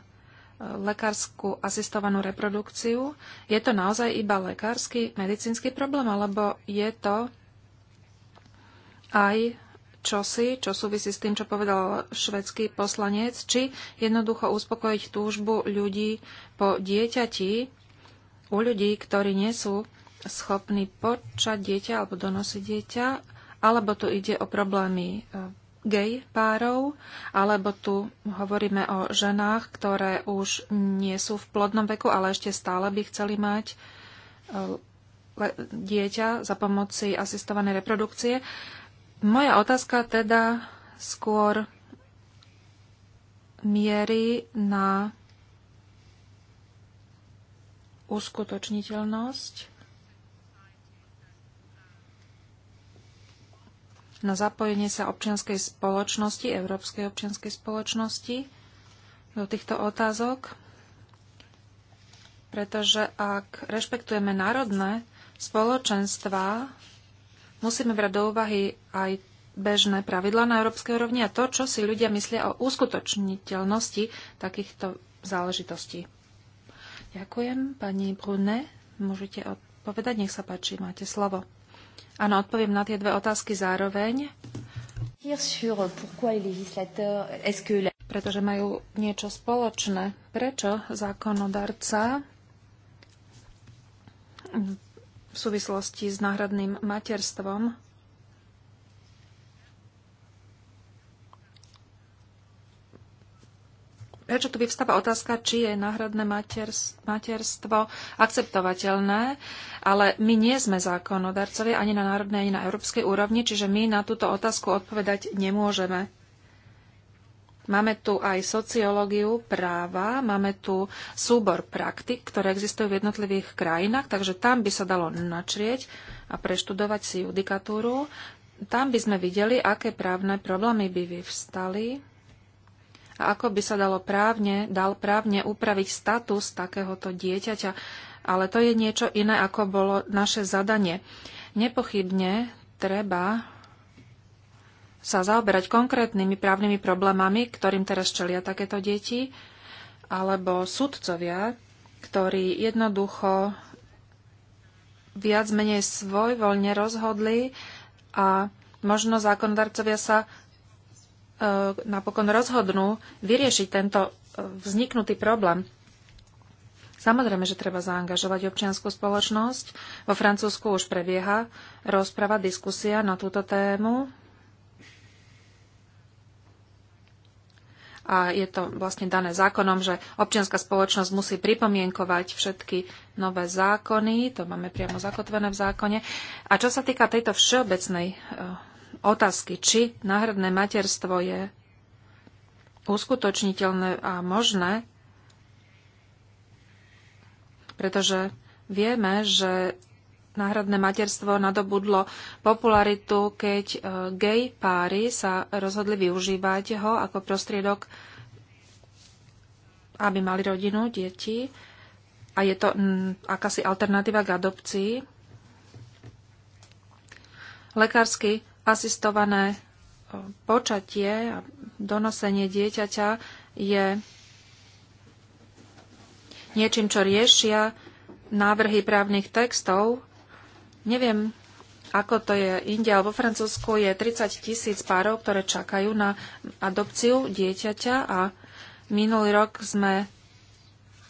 lekárskú asistovanú reprodukciu. Je to naozaj iba lekársky, medicínsky problém, alebo je to aj čosi, čo súvisí s tým, čo povedal švedský poslanec, či jednoducho uspokojiť túžbu ľudí po dieťati, u ľudí, ktorí nie sú schopní počať dieťa alebo donosiť dieťa, alebo tu ide o problémy e, gay párov, alebo tu hovoríme o ženách, ktoré už nie sú v plodnom veku, ale ešte stále by chceli mať e, dieťa za pomoci asistovanej reprodukcie. Moja otázka teda skôr mierí na uskutočniteľnosť, na zapojenie sa občianskej spoločnosti, Európskej občianskej spoločnosti do týchto otázok, pretože ak rešpektujeme národné spoločenstva musíme brať do úvahy aj bežné pravidla na európskej úrovni a to, čo si ľudia myslia o uskutočniteľnosti takýchto záležitostí. Ďakujem. Pani Brune, môžete odpovedať? Nech sa páči, máte slovo. Áno, odpoviem na tie dve otázky zároveň. Pretože majú niečo spoločné. Prečo zákonodarca v súvislosti s náhradným materstvom. Prečo tu vyvstáva otázka, či je náhradné materstvo akceptovateľné, ale my nie sme zákonodarcovia ani na národnej, ani na európskej úrovni, čiže my na túto otázku odpovedať nemôžeme. Máme tu aj sociológiu práva, máme tu súbor praktik, ktoré existujú v jednotlivých krajinách, takže tam by sa dalo načrieť a preštudovať si judikatúru. Tam by sme videli, aké právne problémy by vyvstali a ako by sa dalo právne, dal právne upraviť status takéhoto dieťaťa. Ale to je niečo iné, ako bolo naše zadanie. Nepochybne treba sa zaoberať konkrétnymi právnymi problémami, ktorým teraz čelia takéto deti, alebo sudcovia, ktorí jednoducho viac menej svoj voľne rozhodli a možno zákonodarcovia sa e, napokon rozhodnú vyriešiť tento e, vzniknutý problém. Samozrejme, že treba zaangažovať občianskú spoločnosť. Vo Francúzsku už prebieha rozprava, diskusia na túto tému a je to vlastne dané zákonom, že občianská spoločnosť musí pripomienkovať všetky nové zákony, to máme priamo zakotvené v zákone. A čo sa týka tejto všeobecnej e, otázky, či náhradné materstvo je uskutočniteľné a možné, pretože vieme, že náhradné materstvo nadobudlo popularitu, keď e, gay páry sa rozhodli využívať ho ako prostriedok, aby mali rodinu, deti. A je to akási alternatíva k adopcii. Lekársky asistované e, počatie a donosenie dieťaťa je niečím, čo riešia návrhy právnych textov Neviem, ako to je inde, ale vo Francúzsku je 30 tisíc párov, ktoré čakajú na adopciu dieťaťa a minulý rok sme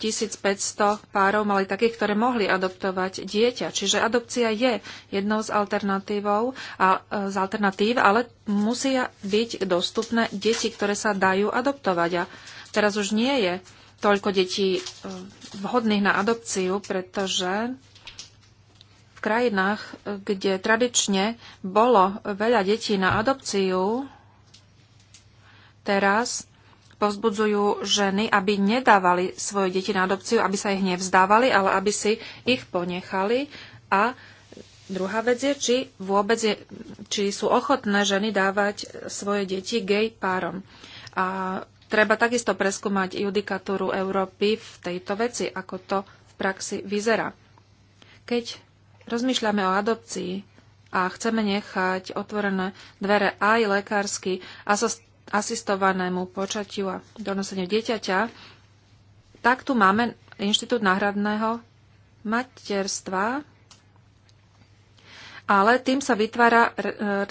1500 párov mali takých, ktoré mohli adoptovať dieťa. Čiže adopcia je jednou z alternatívou a, e, z alternatív, ale musia byť dostupné deti, ktoré sa dajú adoptovať. A teraz už nie je toľko detí e, vhodných na adopciu, pretože krajinách, kde tradične bolo veľa detí na adopciu, teraz povzbudzujú ženy, aby nedávali svoje deti na adopciu, aby sa ich nevzdávali, ale aby si ich ponechali. A druhá vec je, či vôbec je, či sú ochotné ženy dávať svoje deti gay párom. A treba takisto preskúmať judikatúru Európy v tejto veci, ako to v praxi vyzerá. Keď rozmýšľame o adopcii a chceme nechať otvorené dvere aj lekársky asistovanému počatiu a donoseniu dieťaťa, tak tu máme Inštitút náhradného materstva, ale tým sa vytvára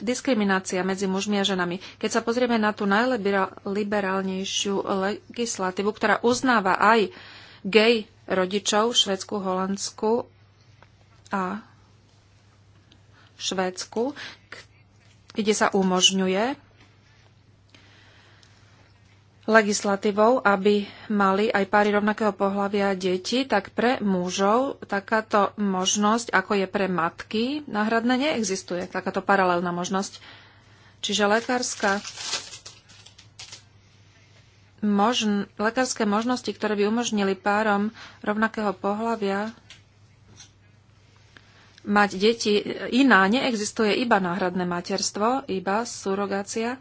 diskriminácia medzi mužmi a ženami. Keď sa pozrieme na tú najliberálnejšiu legislatívu, ktorá uznáva aj gay rodičov v Švedsku, Holandsku a Švédsku, kde sa umožňuje legislatívou, aby mali aj páry rovnakého pohľavia deti, tak pre mužov takáto možnosť, ako je pre matky, náhradné neexistuje. Takáto paralelná možnosť. Čiže lekárska možn- lekárske možnosti, ktoré by umožnili párom rovnakého pohľavia, mať deti iná. Neexistuje iba náhradné materstvo, iba surogácia.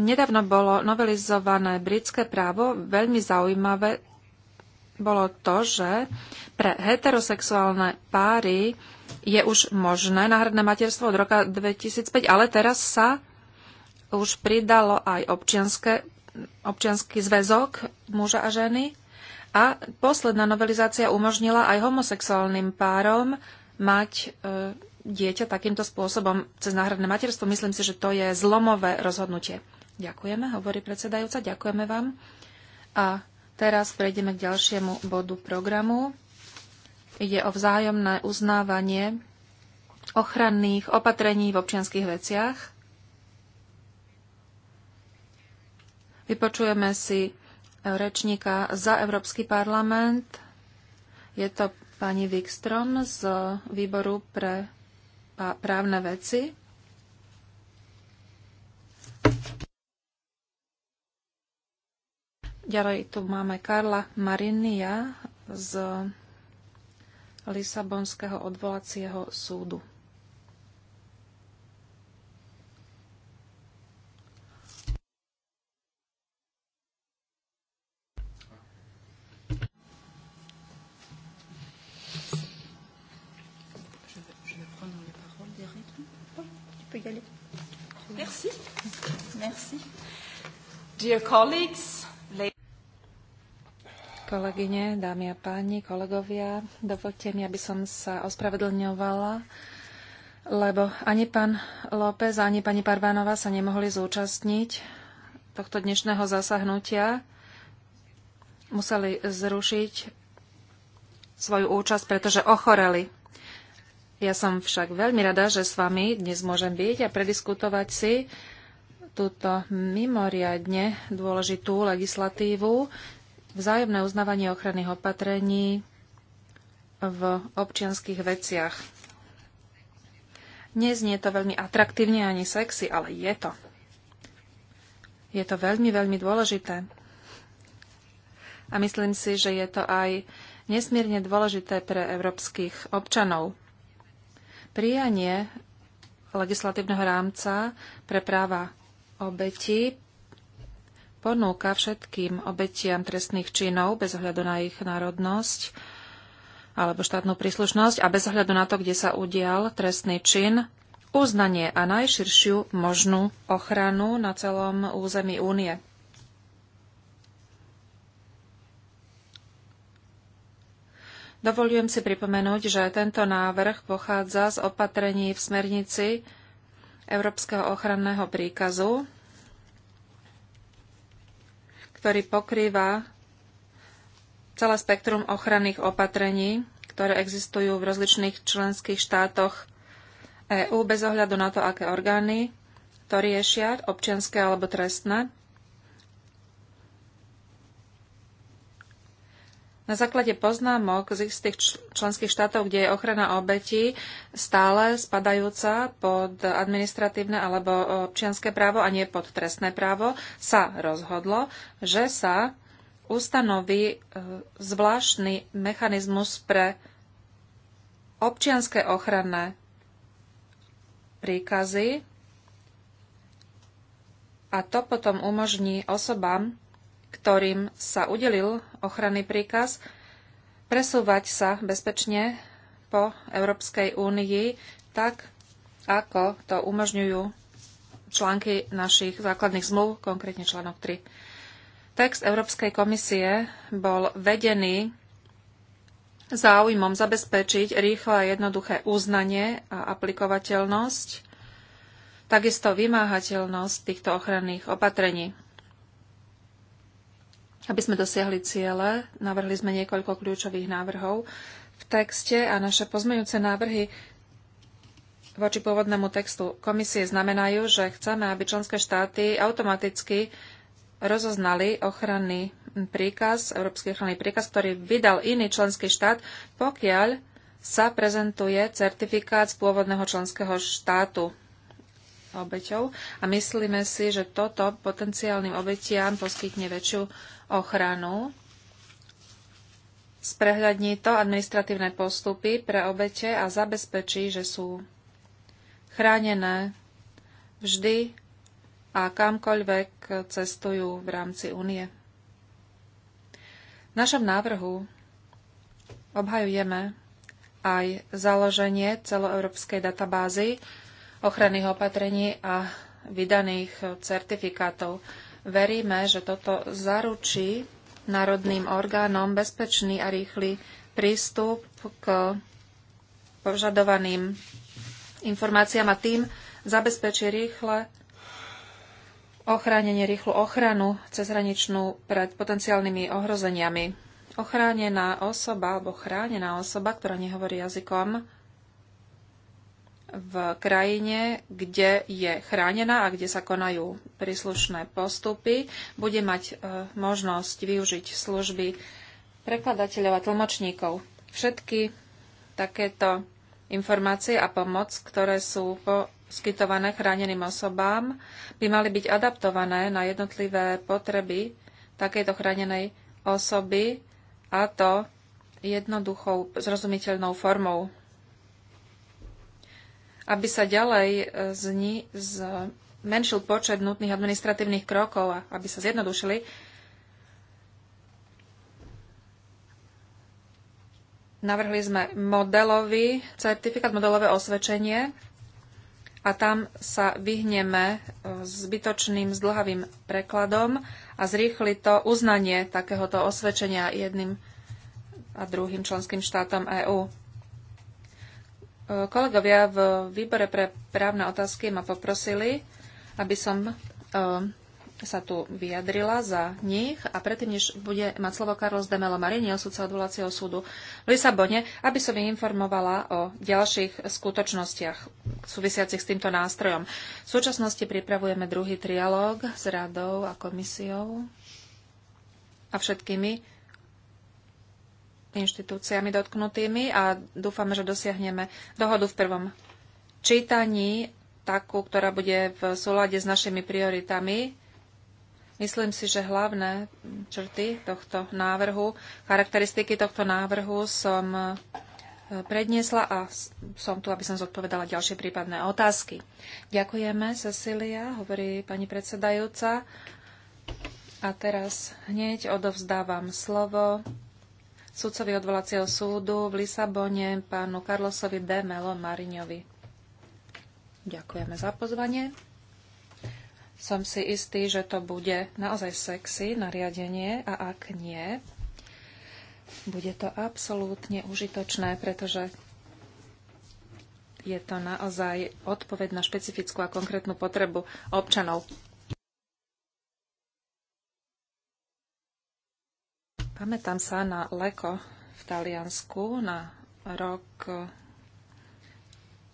Nedávno bolo novelizované britské právo. Veľmi zaujímavé bolo to, že pre heterosexuálne páry je už možné náhradné materstvo od roka 2005, ale teraz sa už pridalo aj občianské, občianský zväzok muža a ženy. A posledná novelizácia umožnila aj homosexuálnym párom mať e, dieťa takýmto spôsobom cez náhradné materstvo. Myslím si, že to je zlomové rozhodnutie. Ďakujeme, hovorí predsedajúca, ďakujeme vám. A teraz prejdeme k ďalšiemu bodu programu. Ide o vzájomné uznávanie ochranných opatrení v občianských veciach. Vypočujeme si rečníka za Európsky parlament. Je to pani Wikström z výboru pre právne veci. Ďalej tu máme Karla Marinia z Lisabonského odvolacieho súdu. Merci. Dear colleagues, Kolegyne, dámy a páni, kolegovia, dovolte mi, aby som sa ospravedlňovala, lebo ani pán López, ani pani Parvánova sa nemohli zúčastniť tohto dnešného zasahnutia. Museli zrušiť svoju účasť, pretože ochoreli. Ja som však veľmi rada, že s vami dnes môžem byť a prediskutovať si túto mimoriadne dôležitú legislatívu, vzájomné uznávanie ochranných opatrení v občianských veciach. Neznie to veľmi atraktívne ani sexy, ale je to. Je to veľmi, veľmi dôležité. A myslím si, že je to aj nesmierne dôležité pre európskych občanov. Prijanie legislatívneho rámca pre práva obeti ponúka všetkým obetiam trestných činov bez ohľadu na ich národnosť alebo štátnu príslušnosť a bez ohľadu na to, kde sa udial trestný čin, uznanie a najširšiu možnú ochranu na celom území únie. Dovolujem si pripomenúť, že tento návrh pochádza z opatrení v smernici Európskeho ochranného príkazu, ktorý pokrýva celé spektrum ochranných opatrení, ktoré existujú v rozličných členských štátoch EÚ bez ohľadu na to, aké orgány to riešia, občianské alebo trestné. Na základe poznámok z istých členských štátov, kde je ochrana obetí stále spadajúca pod administratívne alebo občianské právo a nie pod trestné právo, sa rozhodlo, že sa ustanoví e, zvláštny mechanizmus pre občianské ochranné príkazy a to potom umožní osobám, ktorým sa udelil ochranný príkaz, presúvať sa bezpečne po Európskej únii tak, ako to umožňujú články našich základných zmluv, konkrétne článok 3. Text Európskej komisie bol vedený záujmom zabezpečiť rýchle a jednoduché uznanie a aplikovateľnosť, takisto vymáhateľnosť týchto ochranných opatrení. Aby sme dosiahli ciele, navrhli sme niekoľko kľúčových návrhov v texte a naše pozmejúce návrhy voči pôvodnému textu komisie znamenajú, že chceme, aby členské štáty automaticky rozoznali ochranný príkaz, Európsky ochranný príkaz, ktorý vydal iný členský štát, pokiaľ sa prezentuje certifikát z pôvodného členského štátu obeťou a myslíme si, že toto potenciálnym obetiam poskytne väčšiu ochranu, sprehľadní to administratívne postupy pre obete a zabezpečí, že sú chránené vždy a kamkoľvek cestujú v rámci únie. V našom návrhu obhajujeme aj založenie celoeurópskej databázy ochranných opatrení a vydaných certifikátov. Veríme, že toto zaručí národným orgánom bezpečný a rýchly prístup k požadovaným informáciám a tým zabezpečí rýchle ochránenie, rýchlu ochranu cezhraničnú pred potenciálnymi ohrozeniami. Ochránená osoba alebo chránená osoba, ktorá nehovorí jazykom v krajine, kde je chránená a kde sa konajú príslušné postupy, bude mať e, možnosť využiť služby prekladateľov a tlmočníkov. Všetky takéto informácie a pomoc, ktoré sú poskytované chráneným osobám, by mali byť adaptované na jednotlivé potreby takejto chránenej osoby a to jednoduchou, zrozumiteľnou formou aby sa ďalej e, zni, zmenšil počet nutných administratívnych krokov a aby sa zjednodušili. Navrhli sme modelový certifikát, modelové osvedčenie a tam sa vyhneme e, zbytočným zdlhavým prekladom a zrýchli to uznanie takéhoto osvedčenia jedným a druhým členským štátom EÚ. Kolegovia v výbore pre právne otázky ma poprosili, aby som eh, sa tu vyjadrila za nich a predtým, než bude mať slovo Carlos de Melo Marinio, sudca odvolacieho súdu v Lisabone, aby som ich informovala o ďalších skutočnostiach súvisiacich s týmto nástrojom. V súčasnosti pripravujeme druhý trialóg s radou a komisiou a všetkými inštitúciami dotknutými a dúfame, že dosiahneme dohodu v prvom čítaní, takú, ktorá bude v súlade s našimi prioritami. Myslím si, že hlavné črty tohto návrhu, charakteristiky tohto návrhu som e, predniesla a som tu, aby som zodpovedala ďalšie prípadné otázky. Ďakujeme, Cecilia, hovorí pani predsedajúca. A teraz hneď odovzdávam slovo sudcovi odvolacieho súdu v Lisabone, pánu Carlosovi B. Melo Mariňovi. Ďakujeme za pozvanie. Som si istý, že to bude naozaj sexy nariadenie a ak nie, bude to absolútne užitočné, pretože je to naozaj odpoveď na špecifickú a konkrétnu potrebu občanov. Pamätám sa na Leko v Taliansku na rok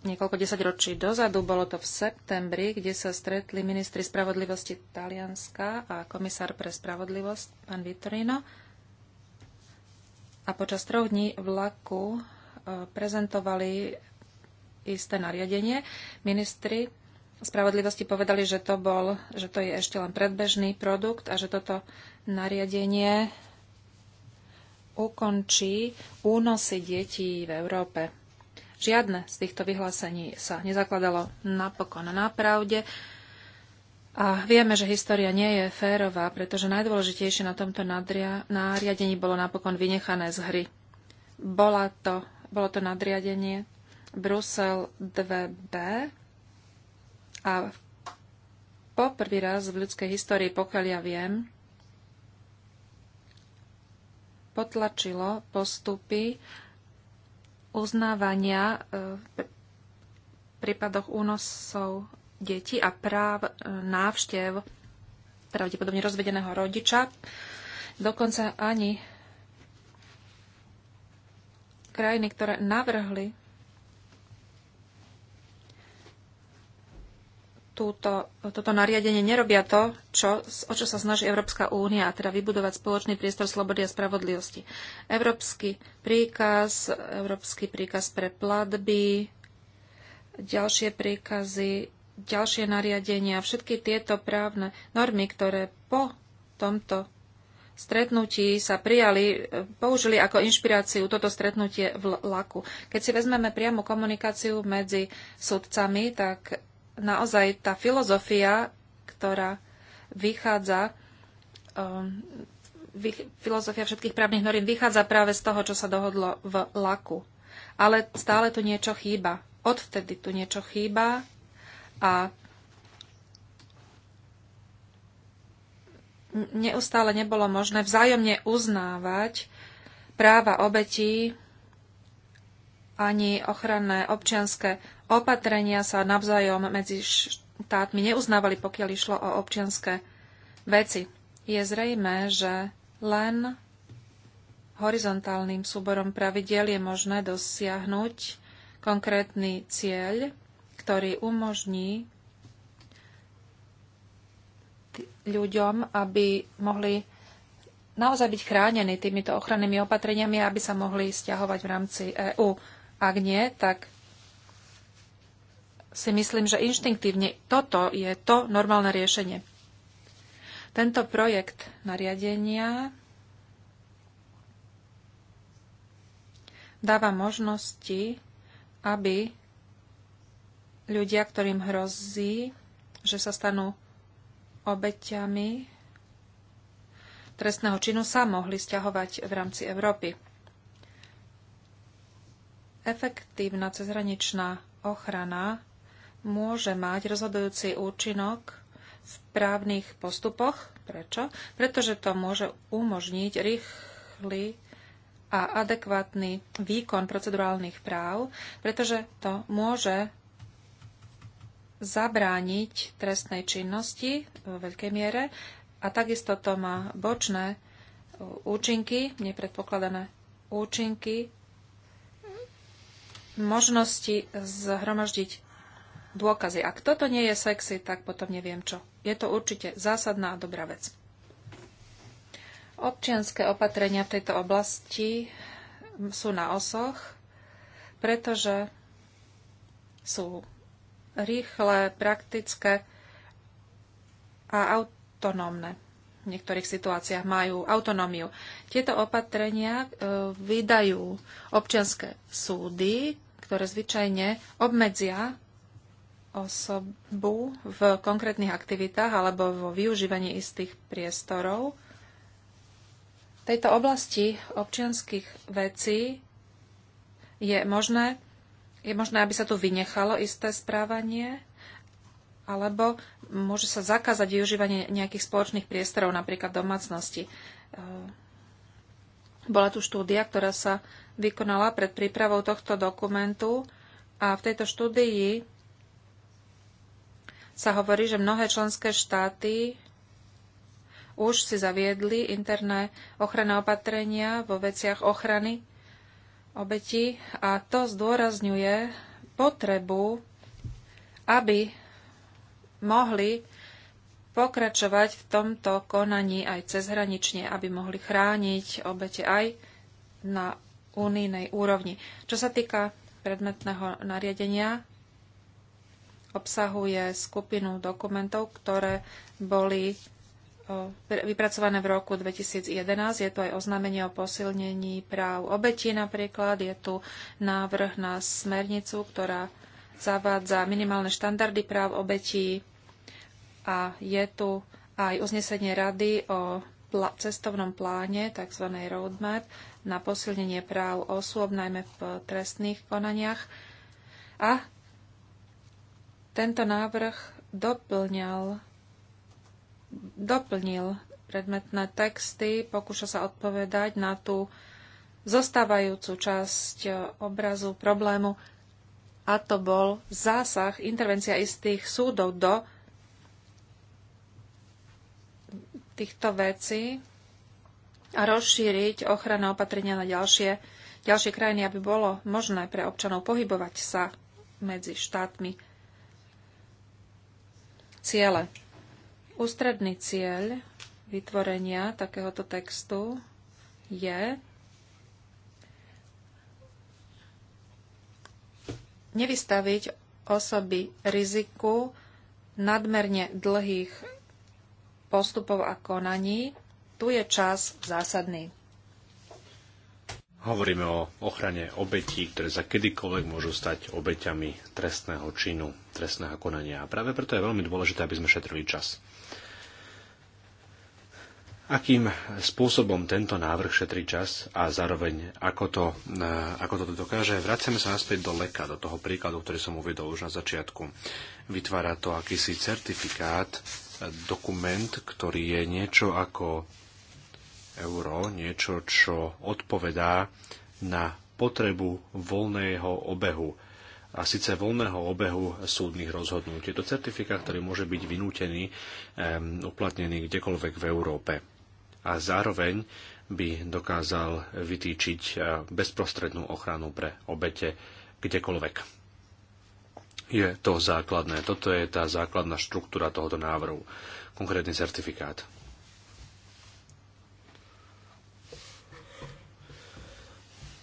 niekoľko desaťročí dozadu. Bolo to v septembri, kde sa stretli ministri spravodlivosti Talianska a komisár pre spravodlivosť, pán Vitorino. A počas troch dní vlaku e, prezentovali isté nariadenie. Ministri spravodlivosti povedali, že to, bol, že to je ešte len predbežný produkt a že toto nariadenie ukončí únosy detí v Európe. Žiadne z týchto vyhlásení sa nezakladalo napokon na pravde. A vieme, že história nie je férová, pretože najdôležitejšie na tomto nariadení bolo napokon vynechané z hry. Bola to, bolo to nadriadenie Brusel 2b a poprvý raz v ľudskej histórii, pokiaľ ja viem, potlačilo postupy uznávania v e, prípadoch únosov detí a práv e, návštev pravdepodobne rozvedeného rodiča. Dokonca ani krajiny, ktoré navrhli túto, toto nariadenie nerobia to, čo, o čo sa snaží Európska únia, teda vybudovať spoločný priestor slobody a spravodlivosti. Európsky príkaz, Európsky príkaz pre platby, ďalšie príkazy, ďalšie nariadenia, všetky tieto právne normy, ktoré po tomto stretnutí sa prijali, použili ako inšpiráciu toto stretnutie v laku. Keď si vezmeme priamu komunikáciu medzi sudcami, tak naozaj tá filozofia, ktorá vychádza, um, filozofia všetkých právnych noriem vychádza práve z toho, čo sa dohodlo v laku. Ale stále tu niečo chýba. Odvtedy tu niečo chýba a neustále nebolo možné vzájomne uznávať práva obetí ani ochranné občianské opatrenia sa navzájom medzi štátmi neuznávali, pokiaľ išlo o občianské veci. Je zrejme, že len horizontálnym súborom pravidiel je možné dosiahnuť konkrétny cieľ, ktorý umožní ľuďom, aby mohli naozaj byť chránení týmito ochrannými opatreniami, aby sa mohli stiahovať v rámci EÚ. Ak nie, tak si myslím, že inštinktívne toto je to normálne riešenie. Tento projekt nariadenia dáva možnosti, aby ľudia, ktorým hrozí, že sa stanú obeťami trestného činu, sa mohli stiahovať v rámci Európy. Efektívna cezhraničná ochrana môže mať rozhodujúci účinok v právnych postupoch. Prečo? Pretože to môže umožniť rýchly a adekvátny výkon procedurálnych práv, pretože to môže zabrániť trestnej činnosti vo veľkej miere a takisto to má bočné účinky, nepredpokladané účinky, možnosti zhromaždiť dôkazy. Ak toto nie je sexy, tak potom neviem čo. Je to určite zásadná a dobrá vec. Občianské opatrenia v tejto oblasti sú na osoch, pretože sú rýchle, praktické a autonómne. V niektorých situáciách majú autonómiu. Tieto opatrenia e, vydajú občianské súdy, ktoré zvyčajne obmedzia osobu v konkrétnych aktivitách alebo vo využívaní istých priestorov. V tejto oblasti občianských vecí je možné, je možné, aby sa tu vynechalo isté správanie, alebo môže sa zakázať využívanie nejakých spoločných priestorov, napríklad domácnosti. Ehm, bola tu štúdia, ktorá sa vykonala pred prípravou tohto dokumentu a v tejto štúdii sa hovorí, že mnohé členské štáty už si zaviedli interné ochranné opatrenia vo veciach ochrany obeti a to zdôrazňuje potrebu, aby mohli pokračovať v tomto konaní aj cezhranične, aby mohli chrániť obete aj na unijnej úrovni. Čo sa týka predmetného nariadenia, obsahuje skupinu dokumentov, ktoré boli vypracované v roku 2011. Je tu aj oznámenie o posilnení práv obetí napríklad. Je tu návrh na smernicu, ktorá zavádza minimálne štandardy práv obetí a je tu aj uznesenie rady o cestovnom pláne, tzv. roadmap, na posilnenie práv osôb, najmä v trestných konaniach. A tento návrh doplňal, doplnil predmetné texty, pokúša sa odpovedať na tú zostávajúcu časť obrazu problému a to bol zásah, intervencia istých súdov do týchto vecí a rozšíriť ochranné opatrenia na ďalšie, ďalšie krajiny, aby bolo možné pre občanov pohybovať sa medzi štátmi Ciele. Ústredný cieľ vytvorenia takéhoto textu je nevystaviť osoby riziku nadmerne dlhých postupov a konaní. Tu je čas zásadný. Hovoríme o ochrane obetí, ktoré sa kedykoľvek môžu stať obeťami trestného činu, trestného konania. A práve preto je veľmi dôležité, aby sme šetrili čas. Akým spôsobom tento návrh šetrí čas a zároveň ako to, eh, ako to dokáže, vraceme sa naspäť do leka, do toho príkladu, ktorý som uvedol už na začiatku. Vytvára to akýsi certifikát, eh, dokument, ktorý je niečo ako euro niečo, čo odpovedá na potrebu voľného obehu a síce voľného obehu súdnych rozhodnutí. Je to certifikát, ktorý môže byť vynútený, um, uplatnený kdekoľvek v Európe. A zároveň by dokázal vytýčiť eh, bezprostrednú ochranu pre obete kdekoľvek. Je to základné. Toto je tá základná štruktúra tohoto návrhu. Konkrétny certifikát.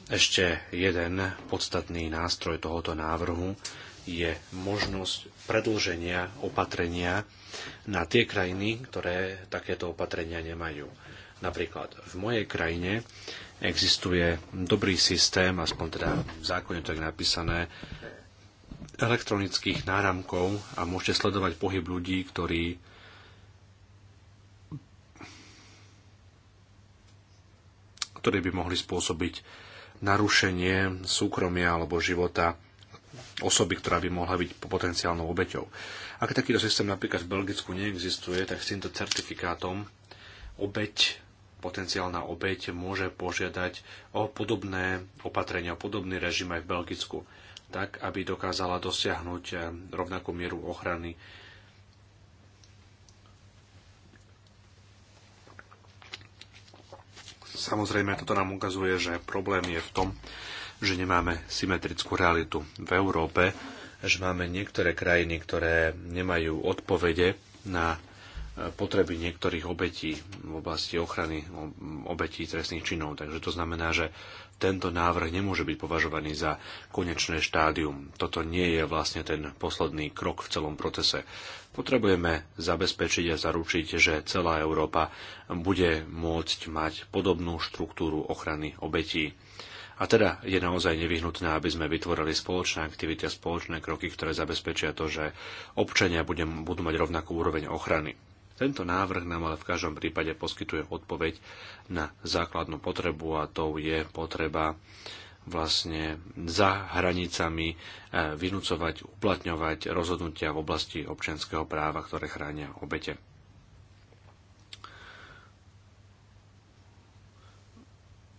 Ešte jeden podstatný nástroj tohoto návrhu je možnosť predlženia opatrenia na tie krajiny, ktoré takéto opatrenia nemajú. Napríklad v mojej krajine existuje dobrý systém, aspoň teda v zákone to je napísané, elektronických náramkov a môžete sledovať pohyb ľudí, ktorí ktorí by mohli spôsobiť narušenie súkromia alebo života osoby, ktorá by mohla byť potenciálnou obeťou. Ak takýto systém napríklad v Belgicku neexistuje, tak s týmto certifikátom obeť, potenciálna obeť môže požiadať o podobné opatrenia, o podobný režim aj v Belgicku, tak aby dokázala dosiahnuť rovnakú mieru ochrany Samozrejme, toto nám ukazuje, že problém je v tom, že nemáme symetrickú realitu v Európe, že máme niektoré krajiny, ktoré nemajú odpovede na potreby niektorých obetí v oblasti ochrany obetí trestných činov. Takže to znamená, že tento návrh nemôže byť považovaný za konečné štádium. Toto nie je vlastne ten posledný krok v celom procese. Potrebujeme zabezpečiť a zaručiť, že celá Európa bude môcť mať podobnú štruktúru ochrany obetí. A teda je naozaj nevyhnutné, aby sme vytvorili spoločné aktivity a spoločné kroky, ktoré zabezpečia to, že občania budú mať rovnakú úroveň ochrany. Tento návrh nám ale v každom prípade poskytuje odpoveď na základnú potrebu a to je potreba vlastne za hranicami eh, vynúcovať, uplatňovať rozhodnutia v oblasti občianského práva, ktoré chránia obete.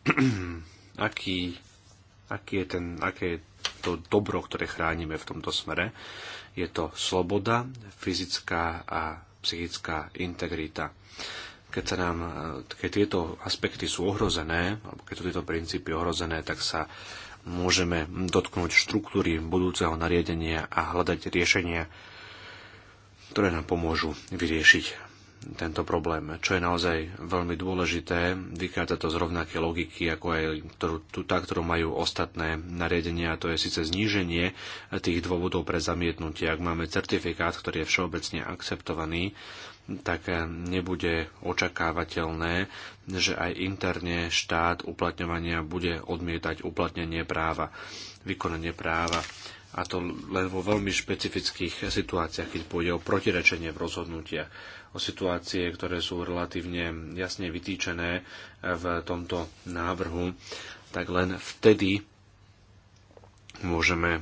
Aký, aký je ten, aké je to dobro, ktoré chránime v tomto smere? Je to sloboda, fyzická a psychická integrita. Keď, sa nám, e, keď tieto aspekty sú ohrozené, alebo keď sú tieto princípy ohrozené, tak sa môžeme dotknúť štruktúry budúceho nariadenia a hľadať riešenia, ktoré nám pomôžu vyriešiť tento problém, čo je naozaj veľmi dôležité. Vychádza to z rovnaké logiky, ako aj ktorú, tú, tá, ktorú majú ostatné nariadenia, to je síce zníženie tých dôvodov pre zamietnutie. Ak máme certifikát, ktorý je všeobecne akceptovaný, tak nebude očakávateľné, že aj interne štát uplatňovania bude odmietať uplatnenie práva, vykonanie práva a to len vo veľmi špecifických situáciách, keď pôjde o protirečenie v rozhodnutiach o situácie, ktoré sú relatívne jasne vytýčené v tomto návrhu, tak len vtedy môžeme e,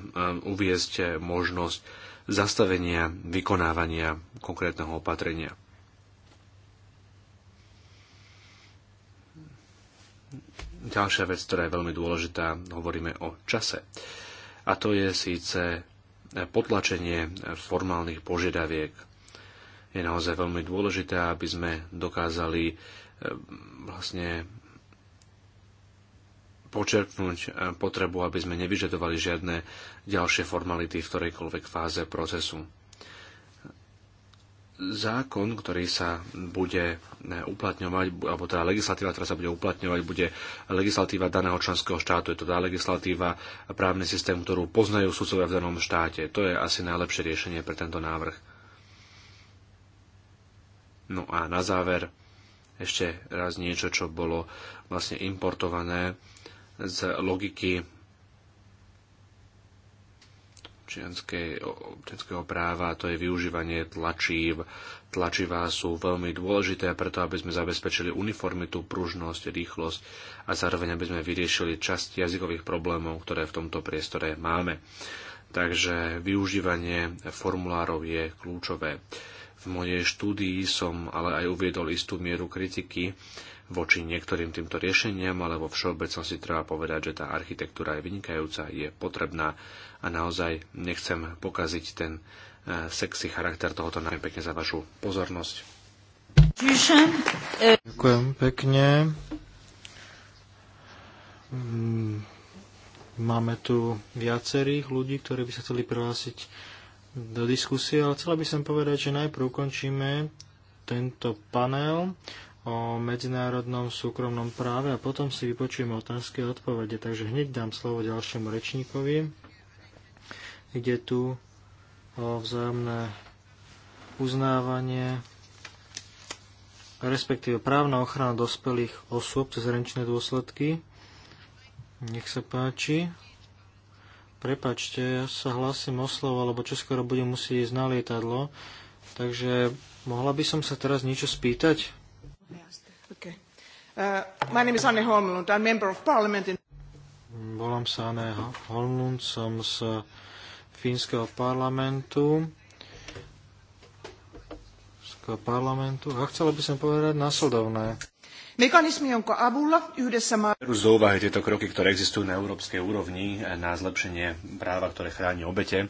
uviezť možnosť zastavenia vykonávania konkrétneho opatrenia. Ďalšia vec, ktorá je veľmi dôležitá, hovoríme o čase. A to je síce potlačenie formálnych požiadaviek je naozaj veľmi dôležité, aby sme dokázali e, vlastne počerpnúť e, potrebu, aby sme nevyžadovali žiadne ďalšie formality v ktorejkoľvek fáze procesu. Zákon, ktorý sa bude e, uplatňovať, alebo teda legislatíva, ktorá sa bude uplatňovať, bude legislatíva daného členského štátu. Je to tá legislatíva a právny systém, ktorú poznajú sudcovia v danom štáte. To je asi najlepšie riešenie pre tento návrh No a na záver ešte raz niečo, čo bolo vlastne importované z logiky občianského práva, to je využívanie tlačív. Tlačivá sú veľmi dôležité preto, aby sme zabezpečili uniformitu, pružnosť, rýchlosť a zároveň aby sme vyriešili časť jazykových problémov, ktoré v tomto priestore máme. Takže využívanie formulárov je kľúčové. V mojej štúdii som ale aj uviedol istú mieru kritiky voči niektorým týmto riešeniam, ale vo všeobecnosti treba povedať, že tá architektúra je vynikajúca, je potrebná a naozaj nechcem pokaziť ten e, sexy charakter tohoto. Najmä pekne za vašu pozornosť. Ďakujem pekne. Mm, máme tu viacerých ľudí, ktorí by sa chceli prihlásiť do diskusie, ale chcela by som povedať, že najprv ukončíme tento panel o medzinárodnom súkromnom práve a potom si vypočujeme otázky a odpovede. Takže hneď dám slovo ďalšiemu rečníkovi. Ide tu o vzájomné uznávanie, respektíve právna ochrana dospelých osôb cez hraničné dôsledky. Nech sa páči. Prepačte, ja sa hlásim o slovo, lebo čoskoro budem musieť ísť na lietadlo. Takže mohla by som sa teraz niečo spýtať? Uh, Volám sa Anne Holmlund, som z fínskeho parlamentu. Fínskeho parlamentu. A chcela by som povedať následovné. Mechanizmi, jonka avulla yhdessä maa... do úvahy tieto kroky, ktoré existujú na európskej úrovni e, na zlepšenie práva, ktoré chráni obete, e,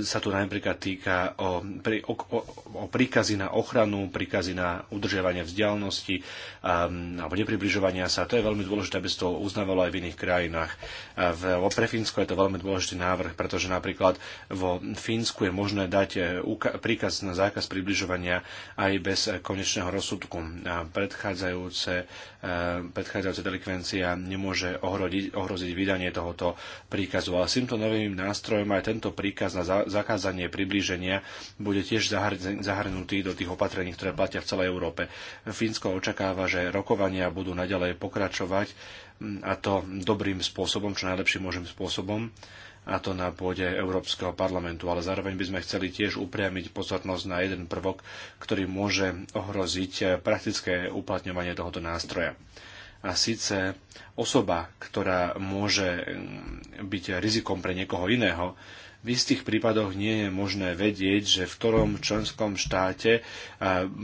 sa tu napríklad týka o, o, o príkazy na ochranu, príkazy na udržiavanie vzdialenosti um, e, alebo nepribližovania sa. To je veľmi dôležité, aby sa to uznávalo aj v iných krajinách. V, pre Fínsko je to veľmi dôležitý návrh, pretože napríklad vo Fínsku je možné dať príkaz na zákaz približovania aj bez konečného rozsudku. Predchádza predchádzajúce, eh, predchádzajúce delikvencia nemôže ohrodiť, ohroziť vydanie tohoto príkazu. Ale s týmto novým nástrojom aj tento príkaz na zakázanie priblíženia bude tiež zahrnutý do tých opatrení, ktoré platia v celej Európe. Fínsko očakáva, že rokovania budú naďalej pokračovať hm, a to dobrým spôsobom, čo najlepším možným spôsobom a to na pôde Európskeho parlamentu, ale zároveň by sme chceli tiež upriamiť pozornosť na jeden prvok, ktorý môže ohroziť praktické uplatňovanie tohoto nástroja. A síce osoba, ktorá môže mm, byť rizikom pre niekoho iného, v istých prípadoch nie je možné vedieť, že v ktorom členskom štáte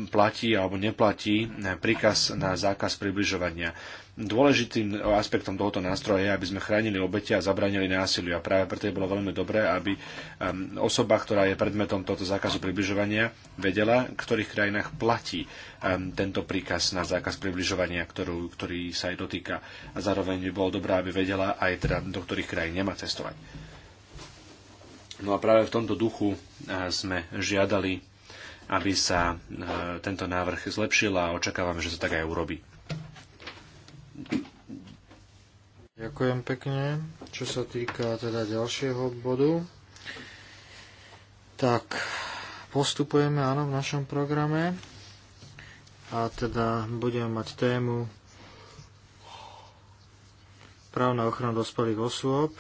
platí alebo neplatí e, príkaz na zákaz približovania. Dôležitým aspektom tohoto nástroja je, aby sme chránili obete a zabránili násiliu. A práve preto je bolo veľmi dobré, aby um, osoba, ktorá je predmetom tohto zákazu približovania, vedela, v ktorých krajinách platí um, tento príkaz na zákaz približovania, ktorú, ktorý sa jej dotýka. A zároveň by bolo dobré, aby vedela aj teda, do ktorých krajín nemá cestovať. No a práve v tomto duchu sme žiadali, aby sa tento návrh zlepšil a očakávame, že sa tak aj urobí. Ďakujem pekne. Čo sa týka teda ďalšieho bodu, tak postupujeme áno v našom programe a teda budeme mať tému právna ochrana dospelých osôb.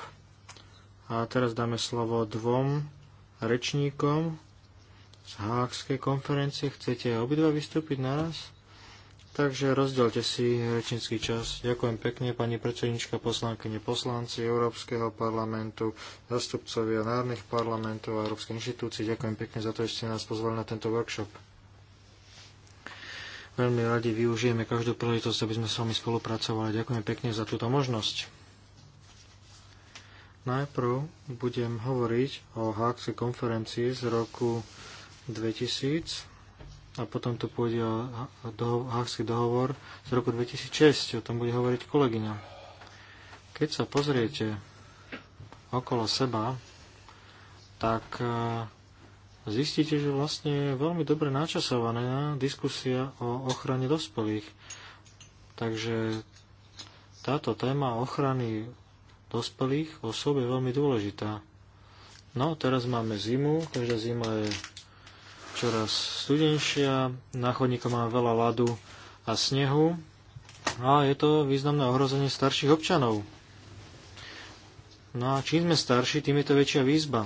A teraz dáme slovo dvom rečníkom z Hákskej konferencie. Chcete obidva vystúpiť naraz? Takže rozdielte si rečnícky čas. Ďakujem pekne, pani predsednička, poslankyne, poslanci Európskeho parlamentu, zastupcovia národných parlamentov a Európskej inštitúcii. Ďakujem pekne za to, že ste nás pozvali na tento workshop. Veľmi radi využijeme každú príležitosť, aby sme s vami spolupracovali. Ďakujem pekne za túto možnosť. Najprv budem hovoriť o Hákskej konferencii z roku 2000 a potom tu pôjde o Hákský dohovor z roku 2006, o tom bude hovoriť kolegyňa. Keď sa pozriete okolo seba, tak e, zistíte, že vlastne je veľmi dobre načasovaná diskusia o ochrane dospelých. Takže táto téma ochrany dospelých osôb je veľmi dôležitá. No, teraz máme zimu, každá zima je čoraz studenšia, na chodníku máme veľa ľadu a snehu a je to významné ohrozenie starších občanov. No a čím sme starší, tým je to väčšia výzba.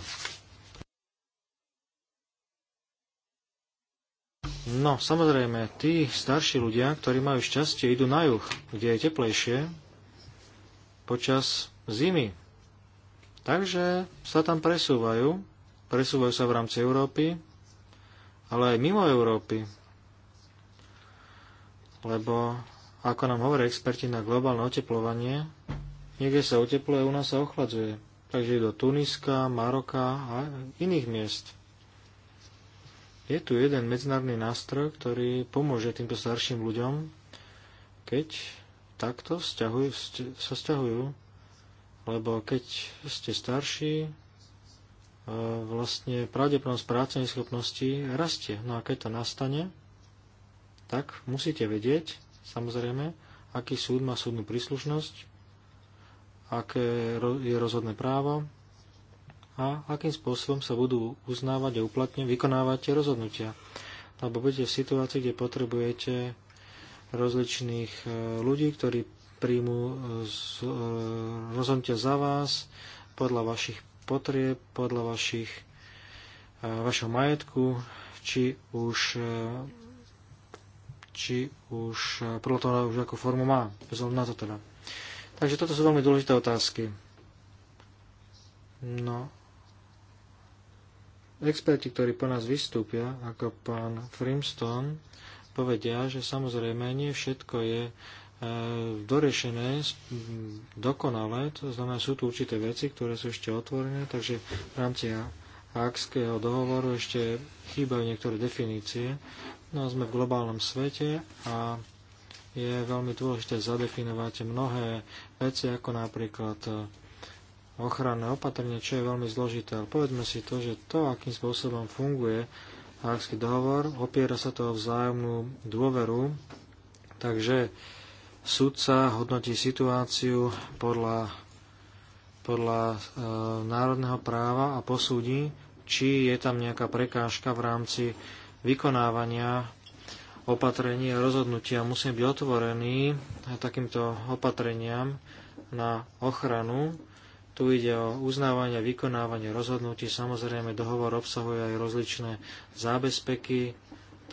No, samozrejme, tí starší ľudia, ktorí majú šťastie, idú na juh, kde je teplejšie, počas zimy. Takže sa tam presúvajú, presúvajú sa v rámci Európy, ale aj mimo Európy. Lebo, ako nám hovorí experti na globálne oteplovanie, niekde sa otepluje, u nás sa ochladzuje. Takže do Tuniska, Maroka a iných miest. Je tu jeden medzinárodný nástroj, ktorý pomôže týmto starším ľuďom, keď takto vzťahujú, sa vzťahujú, lebo keď ste starší, vlastne pravdepodobnosť práce schopnosti rastie. No a keď to nastane, tak musíte vedieť, samozrejme, aký súd má súdnu príslušnosť, aké je rozhodné právo a akým spôsobom sa budú uznávať a uplatne vykonávať tie rozhodnutia. Lebo budete v situácii, kde potrebujete rozličných e, ľudí, ktorí príjmu e, e, rozhodnutia za vás podľa vašich potrieb, podľa vašich, vašho majetku, či už či už podľa toho už ako formu má, bez na to teda. Takže toto sú veľmi dôležité otázky. No, experti, ktorí po nás vystúpia, ako pán Frimston, povedia, že samozrejme nie všetko je E, dorešené, dokonale, to znamená, sú tu určité veci, ktoré sú ešte otvorené, takže v rámci akského dohovoru ešte chýbajú niektoré definície. No sme v globálnom svete a je veľmi dôležité zadefinovať mnohé veci, ako napríklad e, ochranné opatrenie, čo je veľmi zložité. Ale povedzme si to, že to, akým spôsobom funguje Hákský dohovor, opiera sa to o vzájomnú dôveru, takže Sudca hodnotí situáciu podľa, podľa e, národného práva a posúdi, či je tam nejaká prekážka v rámci vykonávania opatrení a rozhodnutia. Musíme byť otvorení takýmto opatreniam na ochranu. Tu ide o uznávanie a vykonávanie rozhodnutí. Samozrejme, dohovor obsahuje aj rozličné zábezpeky,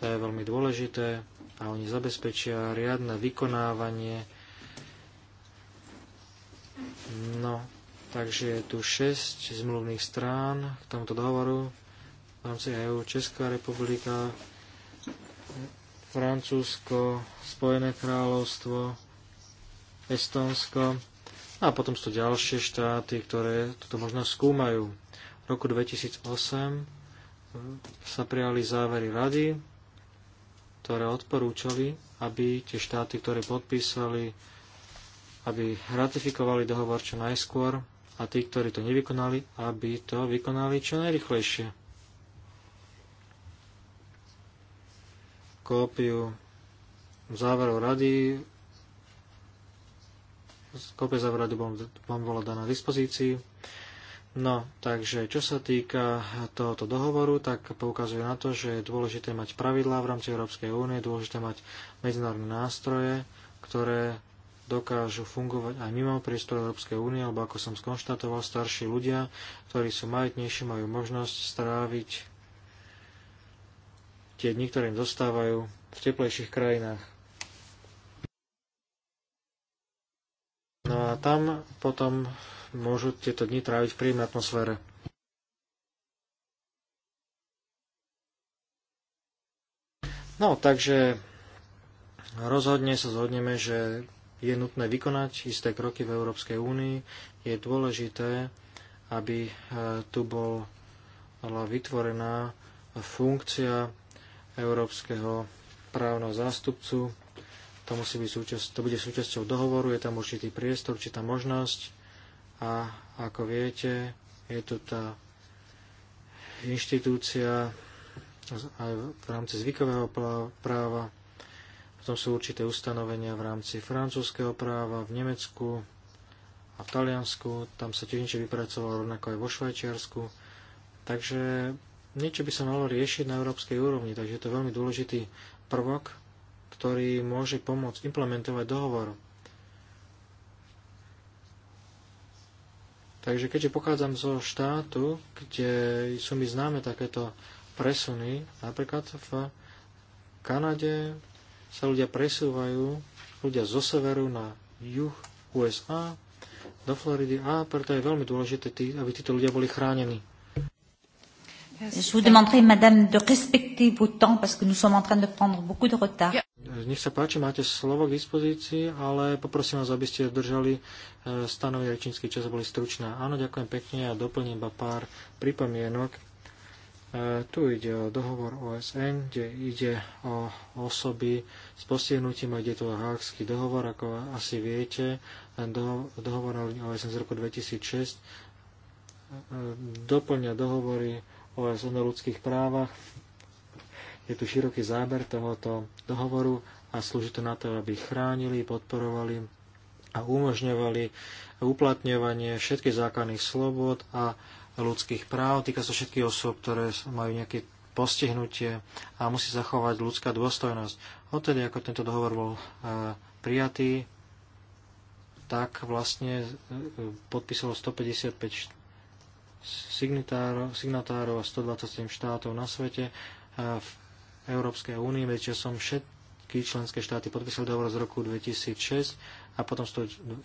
to je veľmi dôležité a oni zabezpečia riadne vykonávanie. No, takže je tu 6 zmluvných strán k tomuto dohovoru v rámci EU Česká republika, Francúzsko, Spojené kráľovstvo, Estónsko a potom sú to ďalšie štáty, ktoré toto možno skúmajú. V roku 2008 sa prijali závery rady ktoré odporúčali, aby tie štáty, ktoré podpísali, aby ratifikovali dohovor čo najskôr a tí, ktorí to nevykonali, aby to vykonali čo najrychlejšie. Kópiu záverov rady kópia záveru rady vám bola daná dispozícii. No, takže čo sa týka tohoto dohovoru, tak poukazuje na to, že je dôležité mať pravidlá v rámci Európskej únie, dôležité mať medzinárodné nástroje, ktoré dokážu fungovať aj mimo priestoru Európskej únie, alebo ako som skonštatoval, starší ľudia, ktorí sú majetnejší, majú možnosť stráviť tie dni, ktoré im dostávajú v teplejších krajinách. No a tam potom môžu tieto dni tráviť v príjemnej atmosfére. No, takže rozhodne sa zhodneme, že je nutné vykonať isté kroky v Európskej únii. Je dôležité, aby e, tu bola vytvorená funkcia európskeho právneho zástupcu. To, musí byť súčasť, to bude súčasťou dohovoru, je tam určitý priestor, určitá možnosť a ako viete, je tu tá inštitúcia aj v rámci zvykového práva, potom sú určité ustanovenia v rámci francúzského práva, v Nemecku a v Taliansku, tam sa tiež niečo vypracovalo rovnako aj vo Švajčiarsku. Takže niečo by sa malo riešiť na európskej úrovni, takže to je veľmi dôležitý prvok, ktorý môže pomôcť implementovať dohovor. Takže keďže pochádzam zo štátu, kde sú mi známe takéto presuny, napríklad v Kanade sa ľudia presúvajú, ľudia zo severu na juh USA, do Floridy a preto je veľmi dôležité, aby títo ľudia boli chránení. Je vous demanderai, madame, de respecter vos temps parce que nous sommes en train de prendre beaucoup de retard. Nech sa páči, máte slovo k dispozícii, ale poprosím vás, aby ste držali e, stanovy rečnícky čas a boli stručné. Áno, ďakujem pekne a ja doplním iba pár pripomienok. E, tu ide o dohovor OSN, kde ide o osoby s postihnutím a ide tu o hákský dohovor, ako asi viete, len dohovor OSN z roku 2006 e, doplňa dohovory OSN o ľudských právach je tu široký záber tohoto dohovoru a slúži to na to, aby chránili, podporovali a umožňovali uplatňovanie všetkých základných slobod a ľudských práv. Týka sa všetkých osôb, ktoré majú nejaké postihnutie a musí zachovať ľudská dôstojnosť. Odtedy, ako tento dohovor bol e, prijatý, tak vlastne e, podpísalo 155 signatárov a 127 štátov na svete. Európskej únie, veďže som všetky členské štáty podpísal dohovor z roku 2006 a potom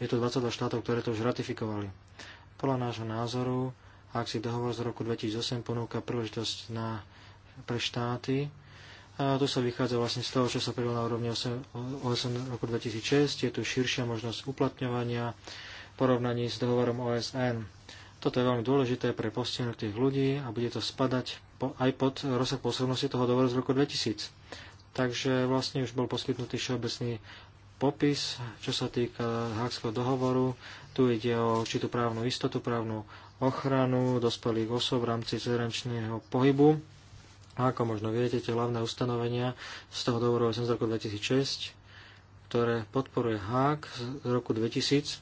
je to 22 štátov, ktoré to už ratifikovali. Podľa nášho názoru, ak si dohovor z roku 2008 ponúka príležitosť na, pre štáty, a tu sa vychádza vlastne z toho, čo sa prijalo na úrovni 8, 8 roku 2006. Je tu širšia možnosť uplatňovania v porovnaní s dohovorom OSN. Toto je veľmi dôležité pre postihnutých ľudí a bude to spadať aj pod rozsah pôsobnosti toho dohovoru z roku 2000. Takže vlastne už bol poskytnutý všeobecný popis, čo sa týka Hákského dohovoru. Tu ide o určitú právnu istotu, právnu ochranu dospelých osob v rámci cezhraničného pohybu. A ako možno viete, tie hlavné ustanovenia z toho dohovoru z roku 2006, ktoré podporuje Hák z roku 2000,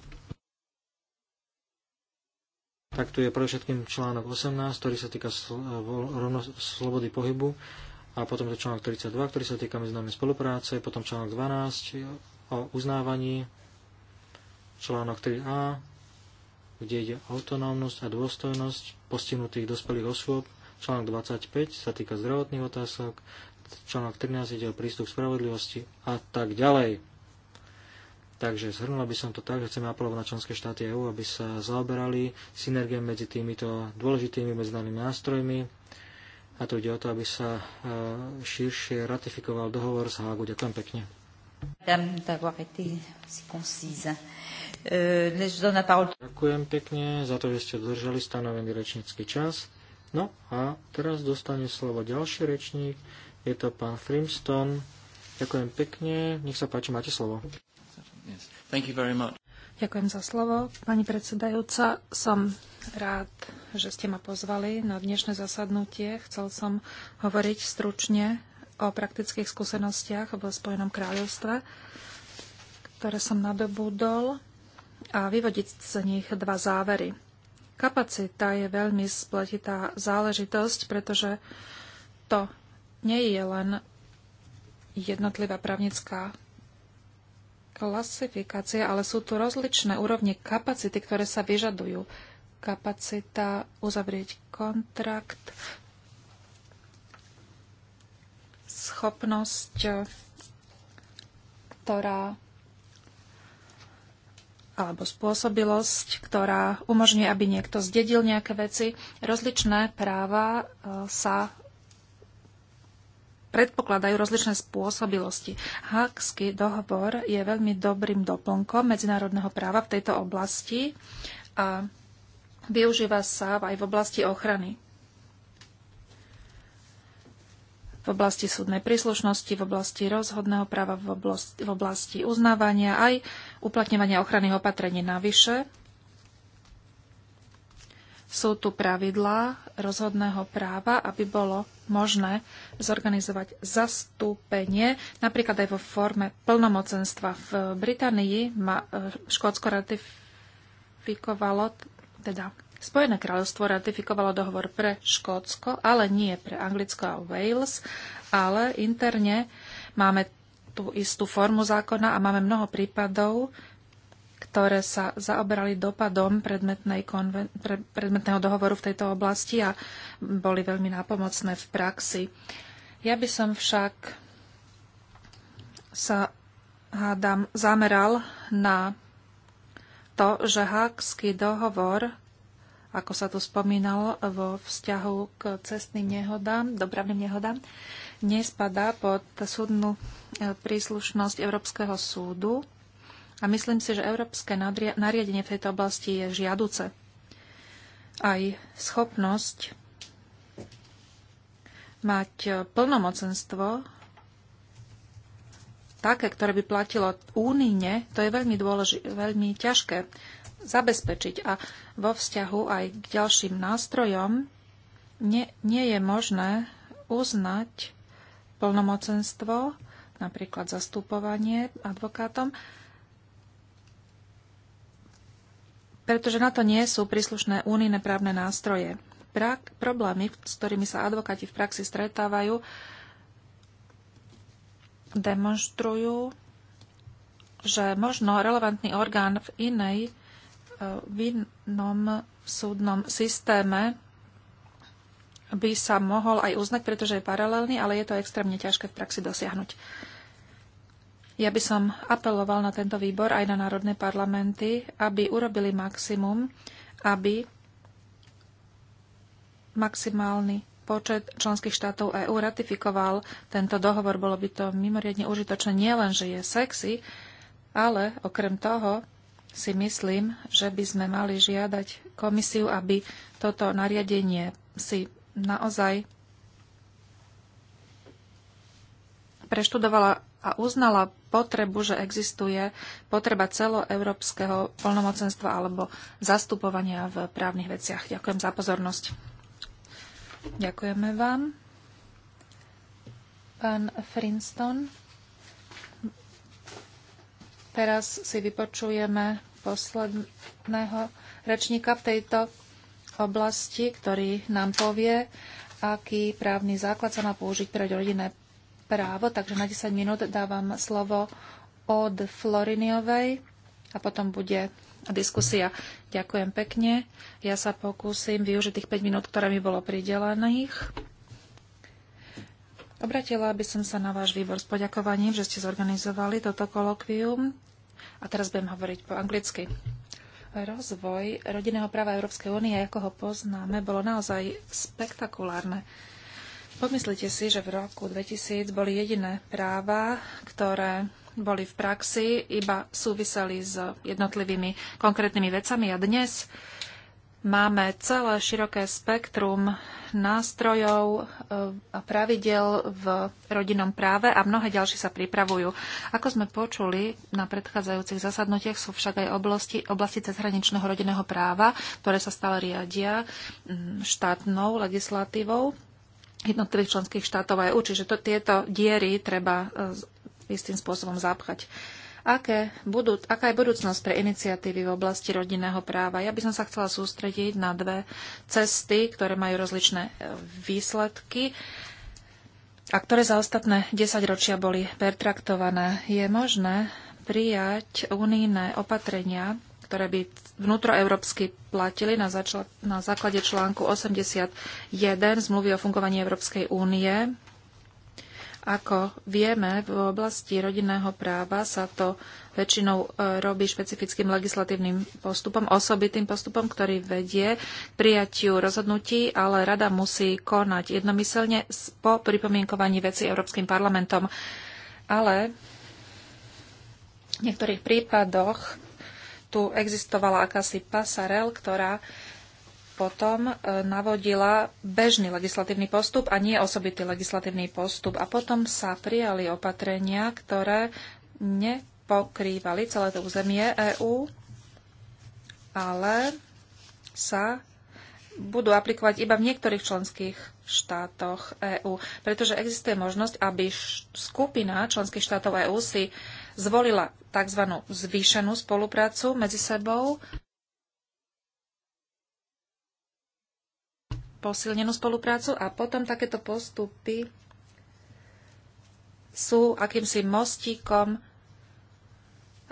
tak tu je všetkým článok 18, ktorý sa týka eh, slobody pohybu a potom je to článok 32, ktorý sa týka medzinárodnej spolupráce, potom článok 12 o uznávaní, článok 3a, kde ide autonómnosť a dôstojnosť postihnutých dospelých osôb, článok 25 sa týka zdravotných otázok, článok 13 ide o prístup spravodlivosti a tak ďalej. Takže zhrnula by som to tak, že chceme apelovať na členské štáty EÚ, aby sa zaoberali synergiem medzi týmito dôležitými medzinárodnými nástrojmi. A to ide o to, aby sa e, širšie ratifikoval dohovor z Hágu. Ďakujem pekne. Euh, Ďakujem pekne za to, že ste dodržali stanovený rečnícky čas. No a teraz dostane slovo ďalší rečník, je to pán Frimston. Ďakujem pekne, nech sa páči, máte slovo. Yes. Thank you very much. Ďakujem za slovo. Pani predsedajúca, som rád, že ste ma pozvali na dnešné zasadnutie. Chcel som hovoriť stručne o praktických skúsenostiach v Spojenom kráľovstve, ktoré som nadobudol a vyvodiť z nich dva závery. Kapacita je veľmi spletitá záležitosť, pretože to nie je len jednotlivá právnická klasifikácie, ale sú tu rozličné úrovne kapacity, ktoré sa vyžadujú. Kapacita uzavrieť kontrakt, schopnosť, ktorá alebo spôsobilosť, ktorá umožňuje, aby niekto zdedil nejaké veci. Rozličné práva eh, sa predpokladajú rozličné spôsobilosti. Hakský dohovor je veľmi dobrým doplnkom medzinárodného práva v tejto oblasti a využíva sa aj v oblasti ochrany. V oblasti súdnej príslušnosti, v oblasti rozhodného práva, v oblasti, v oblasti uznávania aj uplatňovania ochranných opatrení. Navyše, sú tu pravidlá rozhodného práva, aby bolo možné zorganizovať zastúpenie, napríklad aj vo forme plnomocenstva. V Británii ma e, Škótsko ratifikovalo, teda Spojené kráľovstvo ratifikovalo dohovor pre Škótsko, ale nie pre Anglicko a Wales, ale interne máme tú istú formu zákona a máme mnoho prípadov, ktoré sa zaoberali dopadom konven- pre- predmetného dohovoru v tejto oblasti a boli veľmi nápomocné v praxi. Ja by som však sa hádam, zameral na to, že Hákský dohovor, ako sa tu spomínalo, vo vzťahu k cestným nehodám, dopravným nehodám, nespadá pod súdnu e, príslušnosť Európskeho súdu, a myslím si, že európske nariadenie v tejto oblasti je žiaduce. Aj schopnosť mať plnomocenstvo, také, ktoré by platilo únine, to je veľmi, dôleži- veľmi ťažké zabezpečiť. A vo vzťahu aj k ďalším nástrojom nie, nie je možné uznať plnomocenstvo, napríklad zastupovanie advokátom, pretože na to nie sú príslušné únijné právne nástroje. Pra- problémy, s ktorými sa advokáti v praxi stretávajú, demonstrujú, že možno relevantný orgán v inej, e, v inom súdnom systéme by sa mohol aj uznať, pretože je paralelný, ale je to extrémne ťažké v praxi dosiahnuť. Ja by som apeloval na tento výbor aj na národné parlamenty, aby urobili maximum, aby maximálny počet členských štátov EÚ ratifikoval tento dohovor. Bolo by to mimoriadne užitočné nielen, že je sexy, ale okrem toho si myslím, že by sme mali žiadať komisiu, aby toto nariadenie si naozaj preštudovala a uznala potrebu, že existuje potreba celoeurópskeho plnomocenstva alebo zastupovania v právnych veciach. Ďakujem za pozornosť. Ďakujeme vám. Pán Frinston, teraz si vypočujeme posledného rečníka v tejto oblasti, ktorý nám povie, aký právny základ sa má použiť pre rodinné právo, takže na 10 minút dávam slovo od Floriniovej a potom bude diskusia. Ďakujem pekne. Ja sa pokúsim využiť tých 5 minút, ktoré mi bolo pridelených. Obratila by som sa na váš výbor s poďakovaním, že ste zorganizovali toto kolokvium. A teraz budem hovoriť po anglicky. Rozvoj rodinného práva Európskej únie, ako ho poznáme, bolo naozaj spektakulárne. Pomyslite si, že v roku 2000 boli jediné práva, ktoré boli v praxi, iba súviseli s jednotlivými konkrétnymi vecami a dnes máme celé široké spektrum nástrojov e, a pravidel v rodinnom práve a mnohé ďalšie sa pripravujú. Ako sme počuli na predchádzajúcich zasadnutiach, sú však aj oblasti, oblasti cezhraničného rodinného práva, ktoré sa stále riadia štátnou legislatívou jednotlivých členských štátov aj e určite že to, tieto diery treba e, istým spôsobom zapchať. Aké budú, aká je budúcnosť pre iniciatívy v oblasti rodinného práva? Ja by som sa chcela sústrediť na dve cesty, ktoré majú rozličné e, výsledky a ktoré za ostatné 10 ročia boli pertraktované. Je možné prijať unijné opatrenia ktoré by vnútroeurópsky platili na, začl- na základe článku 81 zmluvy o fungovaní Európskej únie. Ako vieme, v oblasti rodinného práva sa to väčšinou e, robí špecifickým legislatívnym postupom, osobitým postupom, ktorý vedie k prijatiu rozhodnutí, ale rada musí konať jednomyselne po pripomienkovaní veci Európskym parlamentom. Ale v niektorých prípadoch tu existovala akási pasarel, ktorá potom e, navodila bežný legislatívny postup a nie osobitý legislatívny postup. A potom sa prijali opatrenia, ktoré nepokrývali celé to územie EÚ, ale sa budú aplikovať iba v niektorých členských štátoch EÚ, pretože existuje možnosť, aby skupina členských štátov EÚ si zvolila tzv. zvýšenú spoluprácu medzi sebou, posilnenú spoluprácu a potom takéto postupy sú akýmsi mostíkom,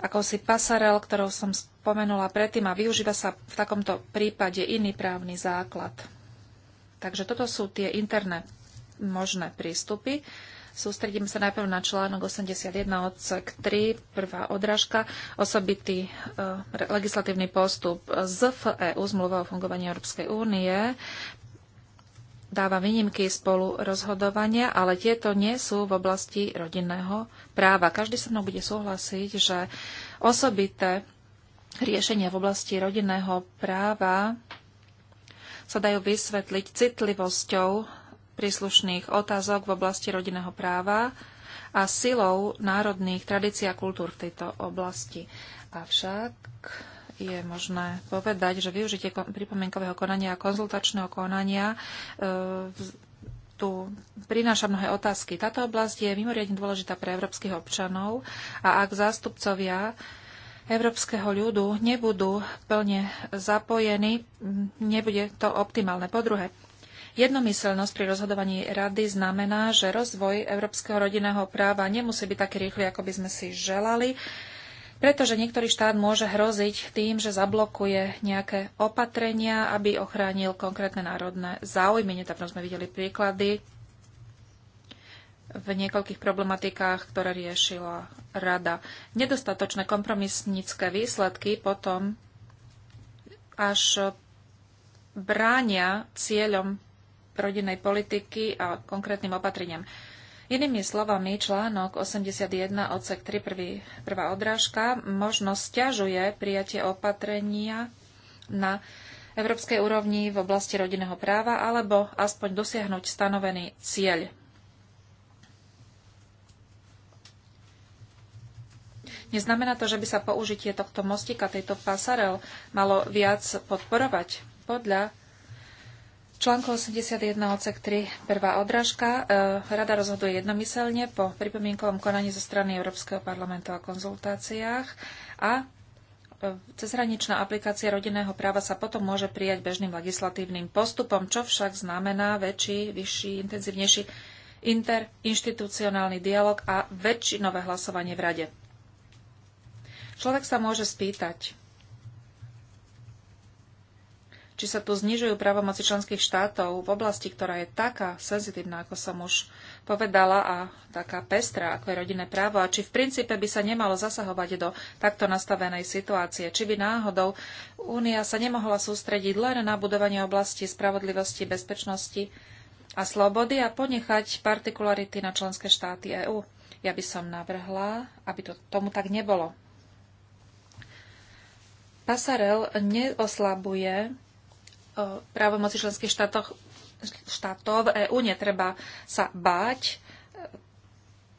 akousi pasarel, ktorou som spomenula predtým a využíva sa v takomto prípade iný právny základ. Takže toto sú tie interné možné prístupy. Sústredím sa najprv na článok 81 odsek 3, prvá odrážka, osobitý e, legislatívny postup z EU, zmluva o fungovaní Európskej únie, dáva výnimky spolu rozhodovania, ale tieto nie sú v oblasti rodinného práva. Každý sa mnou bude súhlasiť, že osobité riešenia v oblasti rodinného práva sa dajú vysvetliť citlivosťou príslušných otázok v oblasti rodinného práva a silou národných tradícií a kultúr v tejto oblasti. Avšak je možné povedať, že využitie pripomienkového konania a konzultačného konania e, tu prináša mnohé otázky. Táto oblasť je mimoriadne dôležitá pre európskych občanov a ak zástupcovia európskeho ľudu nebudú plne zapojení, nebude to optimálne. Po druhé, Jednomyselnosť pri rozhodovaní rady znamená, že rozvoj európskeho rodinného práva nemusí byť taký rýchly, ako by sme si želali, pretože niektorý štát môže hroziť tým, že zablokuje nejaké opatrenia, aby ochránil konkrétne národné záujmy. Netávno sme videli príklady v niekoľkých problematikách, ktoré riešila rada. Nedostatočné kompromisnícke výsledky potom až bránia cieľom rodinnej politiky a konkrétnym opatreniam. Inými slovami, článok 81 odsek 3 prvý, prvá odrážka možno stiažuje prijatie opatrenia na európskej úrovni v oblasti rodinného práva alebo aspoň dosiahnuť stanovený cieľ. Neznamená to, že by sa použitie tohto mostika, tejto pasarel, malo viac podporovať. Podľa článku 81 odsek 3, prvá odrážka. E, Rada rozhoduje jednomyselne po pripomienkovom konaní zo strany Európskeho parlamentu a konzultáciách a e, cezhraničná aplikácia rodinného práva sa potom môže prijať bežným legislatívnym postupom, čo však znamená väčší, vyšší, intenzívnejší interinštitucionálny dialog a väčšinové hlasovanie v Rade. Človek sa môže spýtať, či sa tu znižujú právomoci členských štátov v oblasti, ktorá je taká senzitívna, ako som už povedala, a taká pestrá, ako je rodinné právo, a či v princípe by sa nemalo zasahovať do takto nastavenej situácie, či by náhodou Únia sa nemohla sústrediť len na budovanie oblasti spravodlivosti, bezpečnosti a slobody a ponechať partikularity na členské štáty EÚ. Ja by som navrhla, aby to tomu tak nebolo. Pasarel neoslabuje právomoci členských štátov štátov e EÚ. Netreba sa báť e,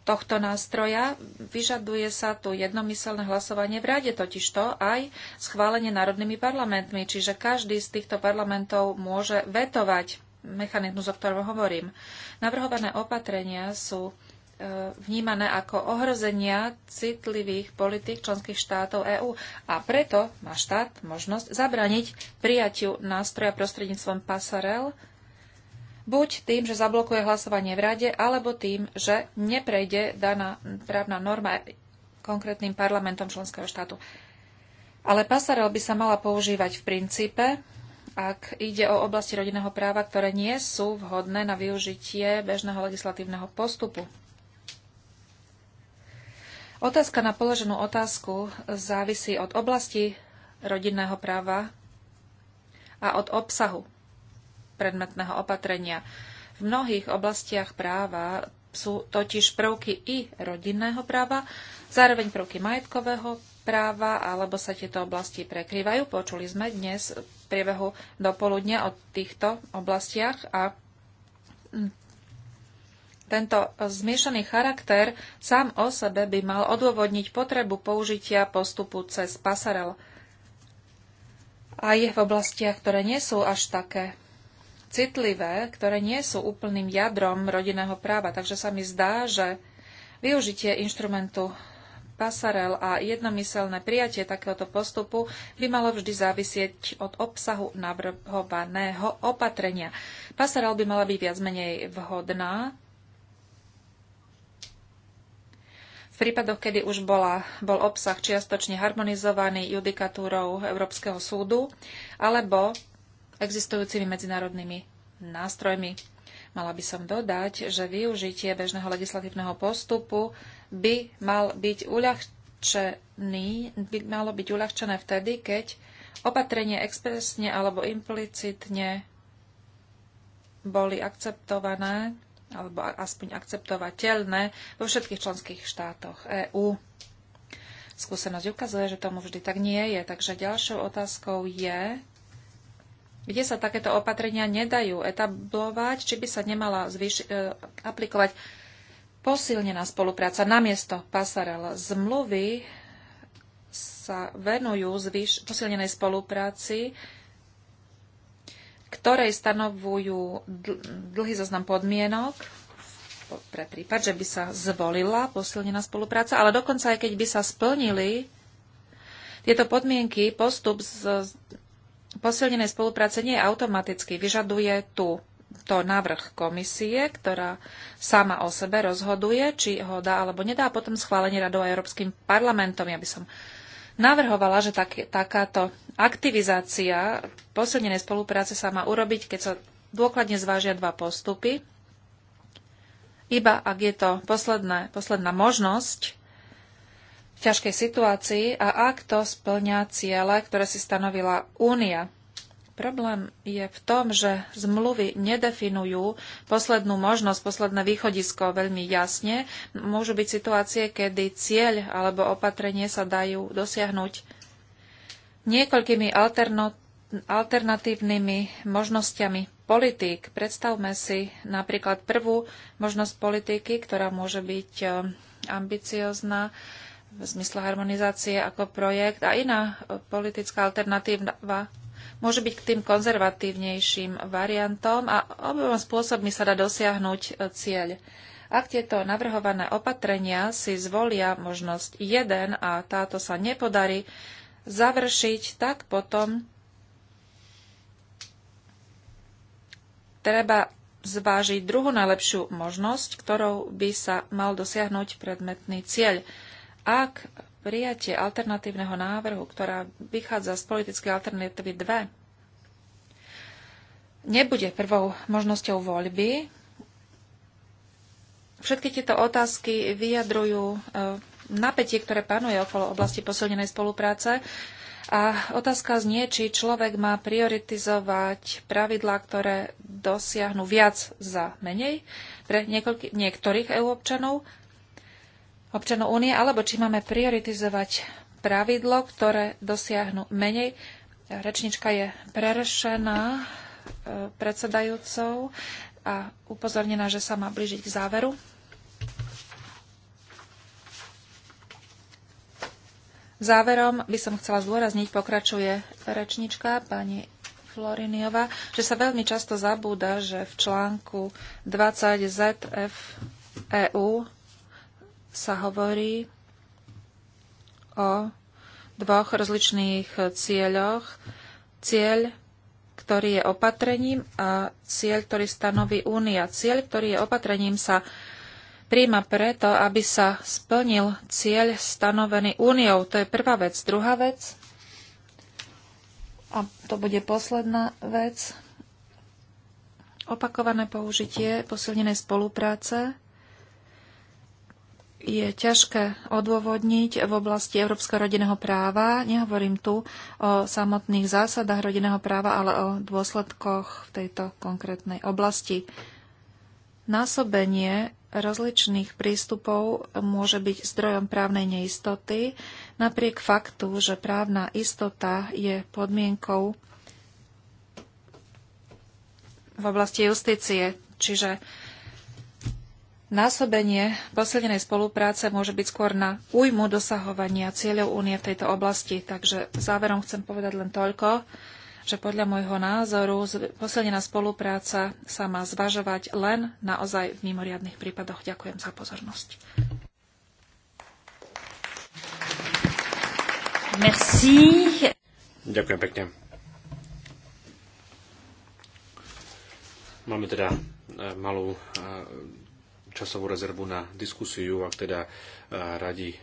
tohto nástroja. Vyžaduje sa tu jednomyselné hlasovanie v rade totižto aj schválenie národnými parlamentmi, čiže každý z týchto parlamentov môže vetovať mechanizmus, o ktorom hovorím. Navrhované opatrenia sú vnímané ako ohrozenia citlivých politík členských štátov EÚ a preto má štát možnosť zabraniť prijatiu nástroja prostredníctvom pasarel, buď tým, že zablokuje hlasovanie v rade, alebo tým, že neprejde daná právna norma konkrétnym parlamentom členského štátu. Ale pasarel by sa mala používať v princípe, ak ide o oblasti rodinného práva, ktoré nie sú vhodné na využitie bežného legislatívneho postupu. Otázka na položenú otázku závisí od oblasti rodinného práva a od obsahu predmetného opatrenia. V mnohých oblastiach práva sú totiž prvky i rodinného práva, zároveň prvky majetkového práva, alebo sa tieto oblasti prekrývajú. Počuli sme dnes v priebehu dopoludnia o týchto oblastiach a tento zmiešaný charakter sám o sebe by mal odôvodniť potrebu použitia postupu cez pasarel aj v oblastiach, ktoré nie sú až také citlivé, ktoré nie sú úplným jadrom rodinného práva. Takže sa mi zdá, že využitie inštrumentu pasarel a jednomyselné prijatie takéhoto postupu by malo vždy závisieť od obsahu navrhovaného opatrenia. Pasarel by mala byť viac menej vhodná prípadoch, kedy už bola, bol obsah čiastočne harmonizovaný judikatúrou Európskeho súdu alebo existujúcimi medzinárodnými nástrojmi. Mala by som dodať, že využitie bežného legislatívneho postupu by mal byť uľahčený, by malo byť uľahčené vtedy, keď opatrenie expresne alebo implicitne boli akceptované alebo aspoň akceptovateľné vo všetkých členských štátoch EÚ. Skúsenosť ukazuje, že tomu vždy tak nie je. Takže ďalšou otázkou je, kde sa takéto opatrenia nedajú etablovať, či by sa nemala zvýš- e, aplikovať posilnená spolupráca namiesto pasarel. Zmluvy sa venujú zvýš- posilnenej spolupráci ktorej stanovujú dlhý zoznam podmienok pre prípad, že by sa zvolila posilnená spolupráca, ale dokonca aj keď by sa splnili tieto podmienky, postup z posilnenej spolupráce nie je automatický. Vyžaduje tu to návrh komisie, ktorá sama o sebe rozhoduje, či ho dá alebo nedá, potom schválenie radou a Európskym parlamentom. Ja by som navrhovala, že tak, takáto aktivizácia posilnenej spolupráce sa má urobiť, keď sa dôkladne zvážia dva postupy. Iba ak je to posledné, posledná možnosť v ťažkej situácii a ak to splňa ciele, ktoré si stanovila Únia. Problém je v tom, že zmluvy nedefinujú poslednú možnosť, posledné východisko veľmi jasne. Môžu byť situácie, kedy cieľ alebo opatrenie sa dajú dosiahnuť niekoľkými alterno, alternatívnymi možnosťami politík. Predstavme si napríklad prvú možnosť politiky, ktorá môže byť e, ambiciozná v zmysle harmonizácie ako projekt a iná e, politická alternatíva môže byť k tým konzervatívnejším variantom a obom spôsobmi sa dá dosiahnuť e, cieľ. Ak tieto navrhované opatrenia si zvolia možnosť 1 a táto sa nepodarí završiť, tak potom treba zvážiť druhú najlepšiu možnosť, ktorou by sa mal dosiahnuť predmetný cieľ. Ak prijatie alternatívneho návrhu, ktorá vychádza z politickej alternatívy 2, nebude prvou možnosťou voľby. Všetky tieto otázky vyjadrujú e, napätie, ktoré panuje okolo oblasti posilnenej spolupráce. A otázka znie, či človek má prioritizovať pravidlá, ktoré dosiahnu viac za menej pre niektorých EU občanov občanov únie, alebo či máme prioritizovať pravidlo, ktoré dosiahnu menej. Rečnička je prerešená e, predsedajúcou a upozornená, že sa má blížiť k záveru. Záverom by som chcela zdôrazniť, pokračuje rečnička pani Floriniova, že sa veľmi často zabúda, že v článku 20 ZF EU sa hovorí o dvoch rozličných cieľoch. Cieľ, ktorý je opatrením a cieľ, ktorý stanoví únia. Cieľ, ktorý je opatrením, sa príjma preto, aby sa splnil cieľ stanovený úniou. To je prvá vec. Druhá vec, a to bude posledná vec, opakované použitie posilnenej spolupráce je ťažké odôvodniť v oblasti európskeho rodinného práva. Nehovorím tu o samotných zásadách rodinného práva, ale o dôsledkoch v tejto konkrétnej oblasti. Násobenie rozličných prístupov môže byť zdrojom právnej neistoty, napriek faktu, že právna istota je podmienkou v oblasti justície. Čiže Násobenie posilnenej spolupráce môže byť skôr na újmu dosahovania cieľov únie v tejto oblasti. Takže záverom chcem povedať len toľko, že podľa môjho názoru posilnená spolupráca sa má zvažovať len naozaj v mimoriadných prípadoch. Ďakujem za pozornosť. Merci. Ďakujem pekne. Máme teda eh, malú eh, časovú rezervu na diskusiu. Ak teda e, radi e,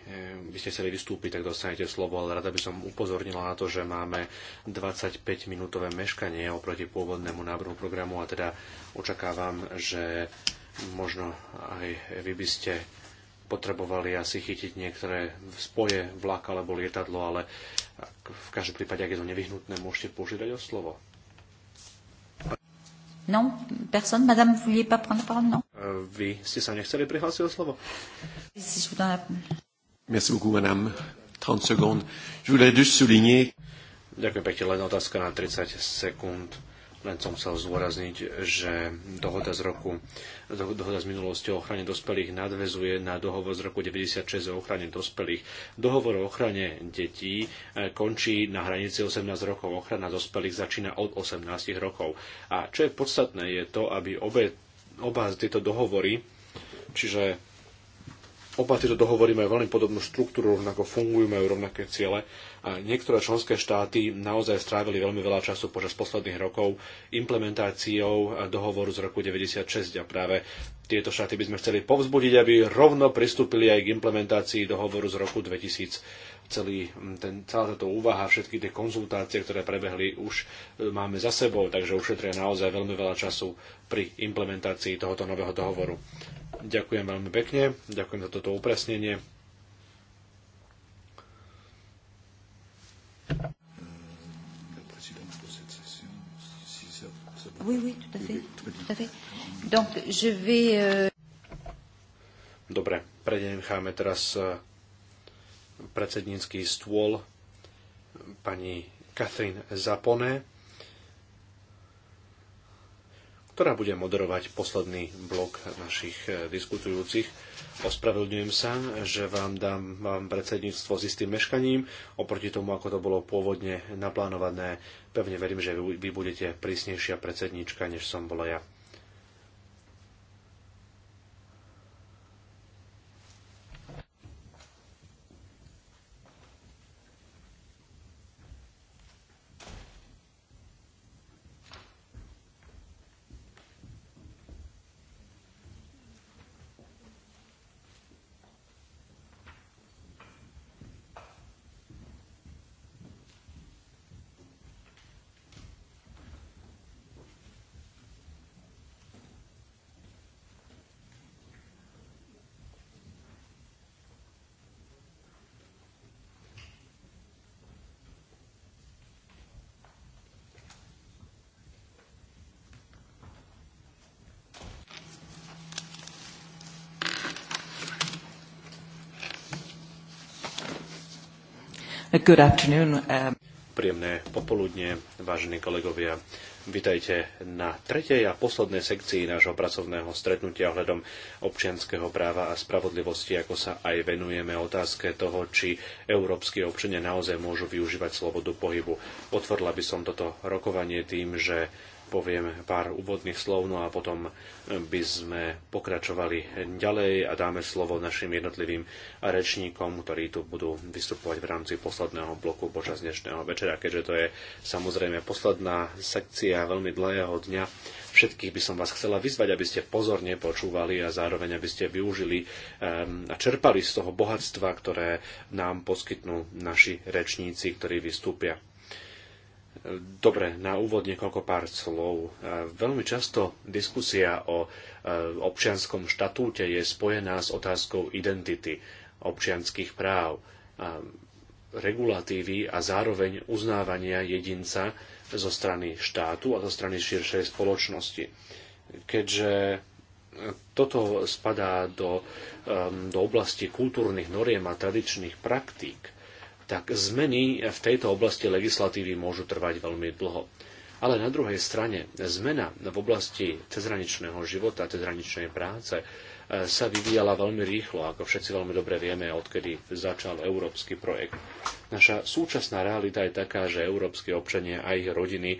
by ste chceli vystúpiť, tak dostanete slovo, ale rada by som upozornila na to, že máme 25-minútové meškanie oproti pôvodnému návrhu programu a teda očakávam, že možno aj vy by ste potrebovali asi chytiť niektoré spoje, vlak alebo lietadlo, ale v každom prípade, ak je to nevyhnutné, môžete požiadať o slovo. Non, personne, madame, vous vouliez pas prendre parole, non vy ste sa nechceli prihlásiť o slovo? Merci beaucoup, madame. 30 Je voulais juste souligner... Ďakujem pekne, len otázka na 30 sekúnd. Len som chcel zdôrazniť, že dohoda z roku, dohoda z minulosti o ochrane dospelých nadvezuje na dohovor z roku 96 o ochrane dospelých. Dohovor o ochrane detí eh, končí na hranici 18 rokov, ochrana dospelých začína od 18 rokov. A čo je podstatné, je to, aby obe oba tieto dohovory, čiže oba tieto dohovory majú veľmi podobnú štruktúru, rovnako fungujú, majú rovnaké ciele a niektoré členské štáty naozaj strávili veľmi veľa času počas posledných rokov implementáciou dohovoru z roku 96 a práve tieto štáty by sme chceli povzbudiť, aby rovno pristúpili aj k implementácii dohovoru z roku 2000 celý ten, celá táto úvaha, všetky tie konzultácie, ktoré prebehli, už e, máme za sebou, takže ušetria naozaj veľmi veľa času pri implementácii tohoto nového dohovoru. Ďakujem veľmi pekne, ďakujem za toto upresnenie. Euh, Dobre, prenecháme teraz e, predsednícky stôl pani Katrin Zapone, ktorá bude moderovať posledný blok našich eh, diskutujúcich. Ospravedlňujem sa, že vám dám vám predsedníctvo s istým meškaním, oproti tomu, ako to bolo pôvodne naplánované. Pevne verím, že vy, vy budete prísnejšia predsedníčka, než som bola ja. Good afternoon. Um, Príjemné popoludne, vážení kolegovia. Vitajte na tretej a poslednej sekcii nášho pracovného stretnutia ohľadom občianského práva a spravodlivosti, ako sa aj venujeme otázke toho, či európsky občania naozaj môžu využívať slobodu pohybu. Otvorila by som toto rokovanie tým, že poviem pár úvodných slov, no a potom by sme pokračovali ďalej a dáme slovo našim jednotlivým rečníkom, ktorí tu budú vystupovať v rámci posledného bloku počas dnešného večera, keďže to je samozrejme posledná sekcia veľmi dlhého dňa. Všetkých by som vás chcela vyzvať, aby ste pozorne počúvali a zároveň aby ste využili ehm, a čerpali z toho bohatstva, ktoré nám poskytnú naši rečníci, ktorí vystúpia. Dobre, na úvod niekoľko pár slov. E, veľmi často diskusia o e, občianskom štatúte je spojená s otázkou identity občianských práv, e, regulatívy a zároveň uznávania jedinca zo strany štátu a zo strany širšej spoločnosti. Keďže toto spadá do, do oblasti kultúrnych noriem a tradičných praktík, tak zmeny v tejto oblasti legislatívy môžu trvať veľmi dlho. Ale na druhej strane zmena v oblasti cezhraničného života, cezhraničnej práce e, sa vyvíjala veľmi rýchlo, ako všetci veľmi dobre vieme, odkedy začal európsky projekt. Naša súčasná realita je taká, že európske občania a ich rodiny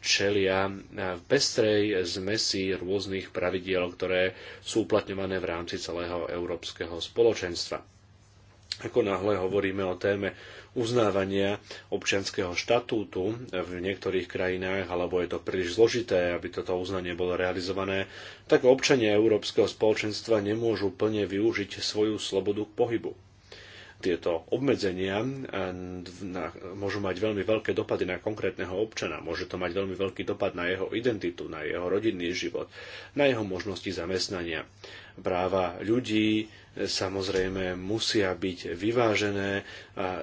čelia e, v pestrej zmesi rôznych pravidiel, ktoré sú uplatňované v rámci celého európskeho spoločenstva. Ako náhle hovoríme o téme uznávania občianského štatútu v niektorých krajinách, alebo je to príliš zložité, aby toto uznanie bolo realizované, tak občania Európskeho spoločenstva nemôžu plne využiť svoju slobodu k pohybu. Tieto obmedzenia eh, môžu mať veľmi veľké dopady na konkrétneho občana. Môže to mať veľmi veľký dopad na jeho identitu, na jeho rodinný život, na jeho možnosti zamestnania. Práva ľudí, samozrejme musia byť vyvážené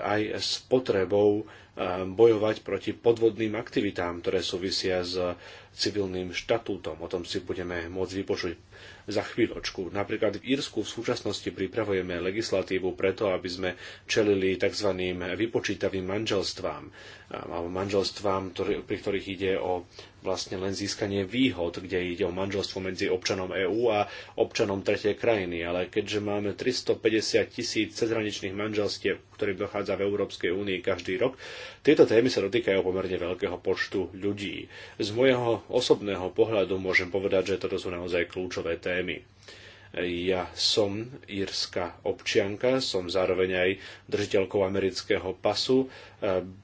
aj s potrebou bojovať proti podvodným aktivitám, ktoré súvisia s civilným štatútom. O tom si budeme môcť vypočuť za chvíľočku. Napríklad v Írsku v súčasnosti pripravujeme legislatívu preto, aby sme čelili tzv. vypočítavým manželstvám alebo manželstvám, pri ktorých ide o vlastne len získanie výhod, kde ide o manželstvo medzi občanom EÚ a občanom tretej krajiny. Ale keďže máme 350 tisíc cezhraničných manželstiev, ktorým dochádza v Európskej únii každý rok, tieto témy sa dotýkajú pomerne veľkého počtu ľudí. Z môjho osobného pohľadu môžem povedať, že toto sú naozaj kľúčové témy. Ja som írska občianka, som zároveň aj držiteľkou amerického pasu,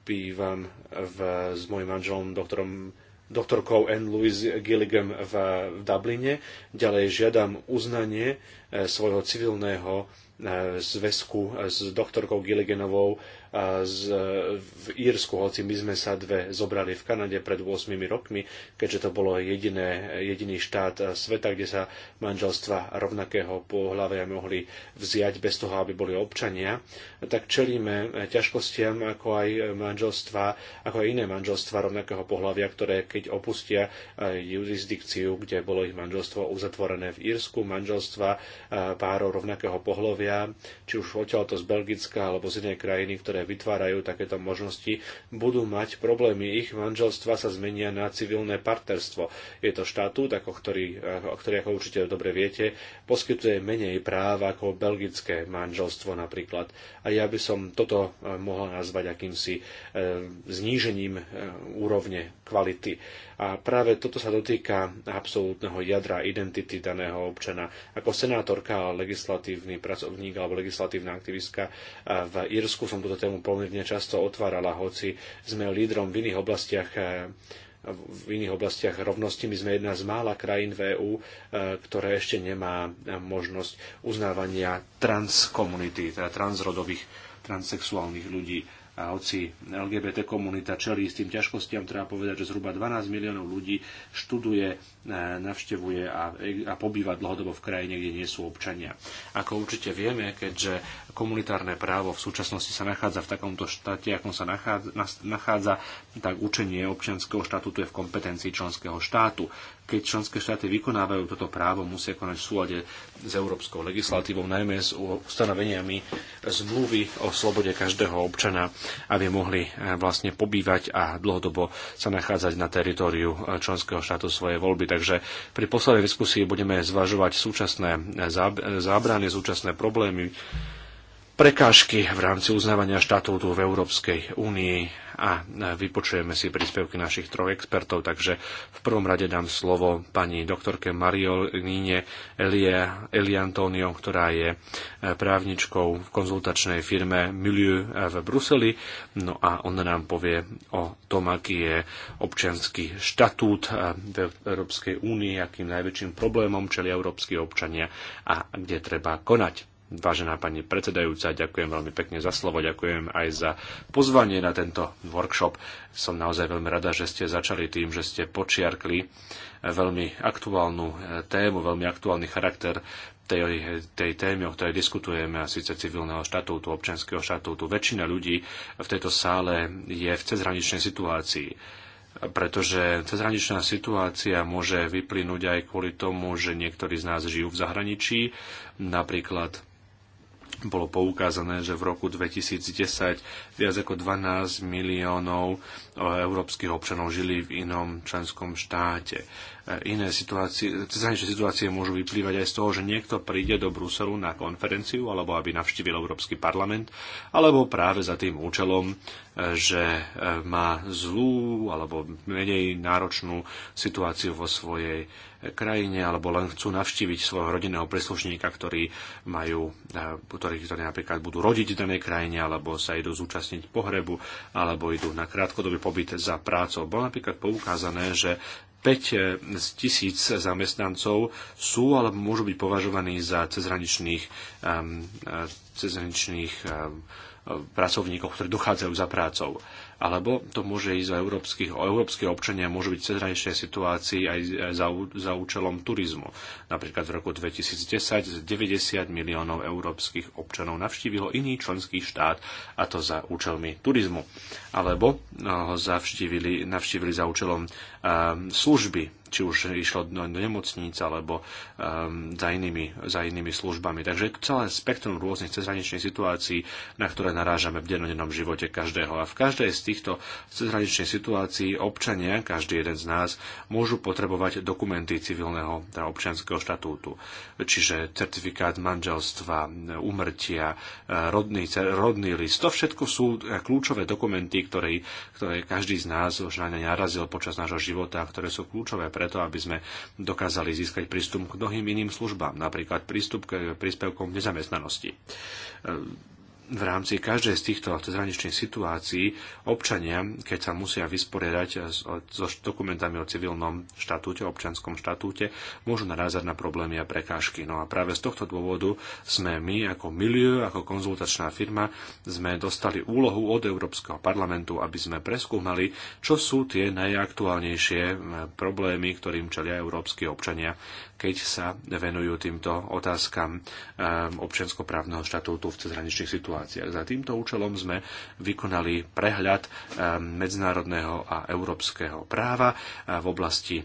bývam v, s mojim manželom doktorom doktorkou Anne Louise Gilligan v, v Dubline. Ďalej žiadam uznanie eh, svojho civilného eh, zväzku eh, s doktorkou Gilliganovou z, v Írsku, hoci my sme sa dve zobrali v Kanade pred 8 rokmi, keďže to bolo jediné, jediný štát e, sveta, kde sa manželstva rovnakého pohľavia mohli vziať bez toho, aby boli občania, tak čelíme ťažkostiam ako aj manželstva, ako aj iné manželstva rovnakého pohľavia, ktoré keď opustia e, jurisdikciu, kde bolo ich manželstvo uzatvorené v Írsku, manželstva e, párov rovnakého pohľavia, či už odtiaľto z Belgicka alebo z inej krajiny, ktoré ktoré vytvárajú takéto možnosti, budú mať problémy. Ich manželstva sa zmenia na civilné partnerstvo. Je to štatút, ako ktorý, ktorý ako určite dobre viete, poskytuje menej práv ako belgické manželstvo napríklad. A ja by som toto eh, mohla nazvať akýmsi eh, znížením eh, úrovne kvality. A práve toto sa dotýka absolútneho jadra identity daného občana. Ako senátorka, legislatívny pracovník alebo legislatívna aktivistka v Írsku som túto tému pomerne často otvárala, hoci sme lídrom v iných oblastiach v iných oblastiach rovnosti. My sme jedna z mála krajín v EÚ, ktoré ešte nemá možnosť uznávania transkomunity, teda transrodových, transsexuálnych ľudí. A hoci LGBT komunita čelí s tým ťažkostiam, treba povedať, že zhruba 12 miliónov ľudí študuje, e, navštevuje a, a pobýva dlhodobo v krajine, kde nie sú občania. Ako určite vieme, keďže komunitárne právo v súčasnosti sa nachádza v takomto štáte, akom sa nachádza, nachádza tak učenie občianského tu je v kompetencii členského štátu keď členské štáty vykonávajú toto právo, musia konať v súlade s európskou legislatívou, najmä s ustanoveniami zmluvy o slobode každého občana, aby mohli eh, vlastne pobývať a dlhodobo sa nachádzať na teritoriu eh, členského štátu svojej voľby. Takže pri poslednej diskusii budeme zvažovať súčasné eh, zábrany, súčasné problémy, prekážky v rámci uznávania štatútu v Európskej únii a vypočujeme si príspevky našich troch expertov. Takže v prvom rade dám slovo pani doktorke Marioline Elie, Elie Antonio, ktorá je e, právničkou v konzultačnej firme Milieu v Bruseli. No a ona nám povie o tom, aký je občianský štatút e, v Európskej únii, akým najväčším problémom čelia európsky občania a kde treba konať. Vážená pani predsedajúca, ďakujem veľmi pekne za slovo, ďakujem aj za pozvanie na tento workshop. Som naozaj veľmi rada, že ste začali tým, že ste počiarkli veľmi aktuálnu e, tému, veľmi aktuálny charakter tej, tej témy, o ktorej diskutujeme, a síce civilného štatútu, občanského štatútu. Väčšina ľudí v tejto sále je v cezhraničnej situácii pretože cezhraničná situácia môže vyplynúť aj kvôli tomu, že niektorí z nás žijú v zahraničí, napríklad bolo poukázané, že v roku 2010 viac ako 12 miliónov eh, európskych občanov žili v inom členskom štáte. Eh, iné situácie, situácie môžu vyplývať aj z toho, že niekto príde do Bruselu na konferenciu alebo aby navštívil Európsky parlament, alebo práve za tým účelom, eh, že má zlú alebo menej náročnú situáciu vo svojej krajine alebo len chcú navštíviť svojho rodinného príslušníka, ktorí majú, eh, ktorí, ktorí napríklad budú rodiť v danej krajine alebo sa idú zúčastniť pohrebu alebo idú na krátkodobý pobyt za prácou. Bolo napríklad poukázané, že 5 eh, tisíc zamestnancov sú alebo môžu byť považovaní za cezhraničných, ehm, eh, cezhraničných ehm, pracovníkov, ktorí dochádzajú za prácou alebo to môže ísť za európskych, o európske občania môžu byť v cezhraničnej situácii aj za, za účelom turizmu. Napríklad v roku 2010 90 miliónov európskych občanov navštívilo iný členský štát a to za účelmi turizmu. Alebo no, ho navštívili za účelom služby či už išlo do nemocníc alebo um, za, inými, za inými službami. Takže celé spektrum rôznych cezhraničných situácií, na ktoré narážame v dennodennom živote každého. A v každej z týchto cezhraničných situácií občania, každý jeden z nás, môžu potrebovať dokumenty civilného teda občianského štatútu. Čiže certifikát manželstva, umrtia, eh, rodný, rodný list. To všetko sú eh, kľúčové dokumenty, ktoré, ktoré každý z nás už na ne narazil počas nášho života, ktoré sú kľúčové pre preto, aby sme dokázali získať prístup k mnohým iným službám, napríklad prístup k príspevkom nezamestnanosti v rámci každej z týchto cezhraničných situácií občania, keď sa musia vysporiadať so dokumentami o civilnom štatúte, občanskom štatúte, môžu narázať na problémy a prekážky. No a práve z tohto dôvodu sme my ako milieu, ako konzultačná firma, sme dostali úlohu od Európskeho parlamentu, aby sme preskúmali, čo sú tie najaktuálnejšie problémy, ktorým čelia európsky občania keď sa venujú týmto otázkam ehm, občianskoprávneho štatútu v cezhraničných situáciách. Za týmto účelom sme vykonali prehľad ehm, medzinárodného a európskeho práva e, v oblasti e,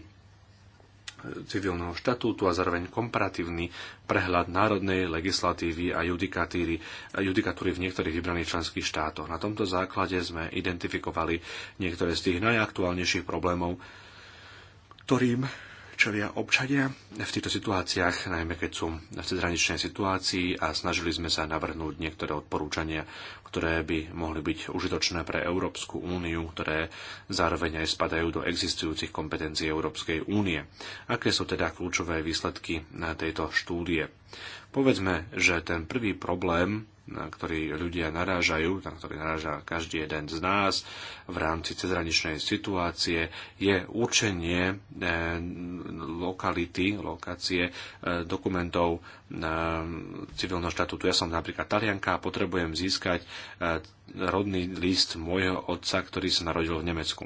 civilného štatútu a zároveň komparatívny prehľad národnej legislatívy a judikatúry, e, judikatúry v niektorých vybraných členských štátoch. Na tomto základe sme identifikovali niektoré z tých najaktuálnejších problémov, ktorým čelia občania v týchto situáciách, najmä keď sú v cezhraničnej situácii a snažili sme sa navrhnúť niektoré odporúčania, ktoré by mohli byť užitočné pre Európsku úniu, ktoré zároveň aj spadajú do existujúcich kompetencií Európskej únie. Aké sú teda kľúčové výsledky na tejto štúdie? Povedzme, že ten prvý problém, na ktorý ľudia narážajú, na ktorý naráža každý jeden z nás v rámci cezhraničnej situácie, je určenie eh, lokality, lokácie eh, dokumentov eh, civilného štatútu. Ja som napríklad Talianka a potrebujem získať rodný list môjho otca, ktorý sa narodil v Nemecku.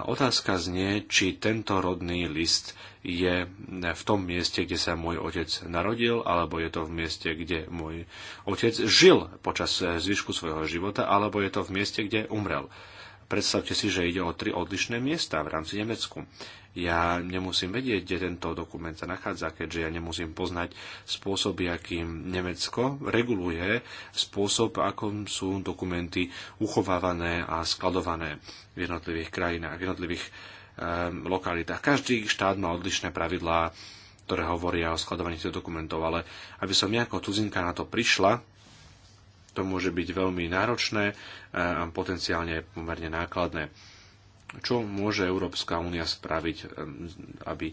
Otázka znie, či tento rodný list je v tom mieste, kde sa môj otec narodil, alebo je to v mieste, kde môj otec žil počas zvyšku svojho života, alebo je to v mieste, kde umrel. Predstavte si, že ide o tri odlišné miesta v rámci Nemecku. Ja nemusím vedieť, kde tento dokument sa nachádza, keďže ja nemusím poznať spôsob, akým Nemecko reguluje spôsob, akom sú dokumenty uchovávané a skladované v jednotlivých krajinách, v jednotlivých um, lokalitách. Každý štát má odlišné pravidlá, ktoré hovoria o skladovaní týchto dokumentov, ale aby som nejako cudzinka na to prišla, to môže byť veľmi náročné eh, a potenciálne pomerne nákladné. Čo môže Európska únia spraviť, eh, aby